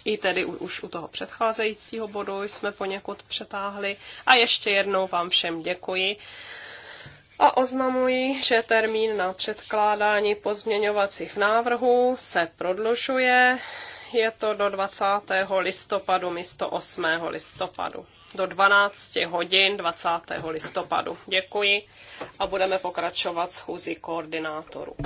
i tedy už u toho předcházejícího bodu jsme poněkud přetáhli. A ještě jednou vám všem děkuji. A oznamuji, že termín na předkládání pozměňovacích návrhů se prodlužuje. Je to do 20. listopadu místo 8. listopadu do 12 hodin 20. listopadu. Děkuji a budeme pokračovat schůzi koordinátorů.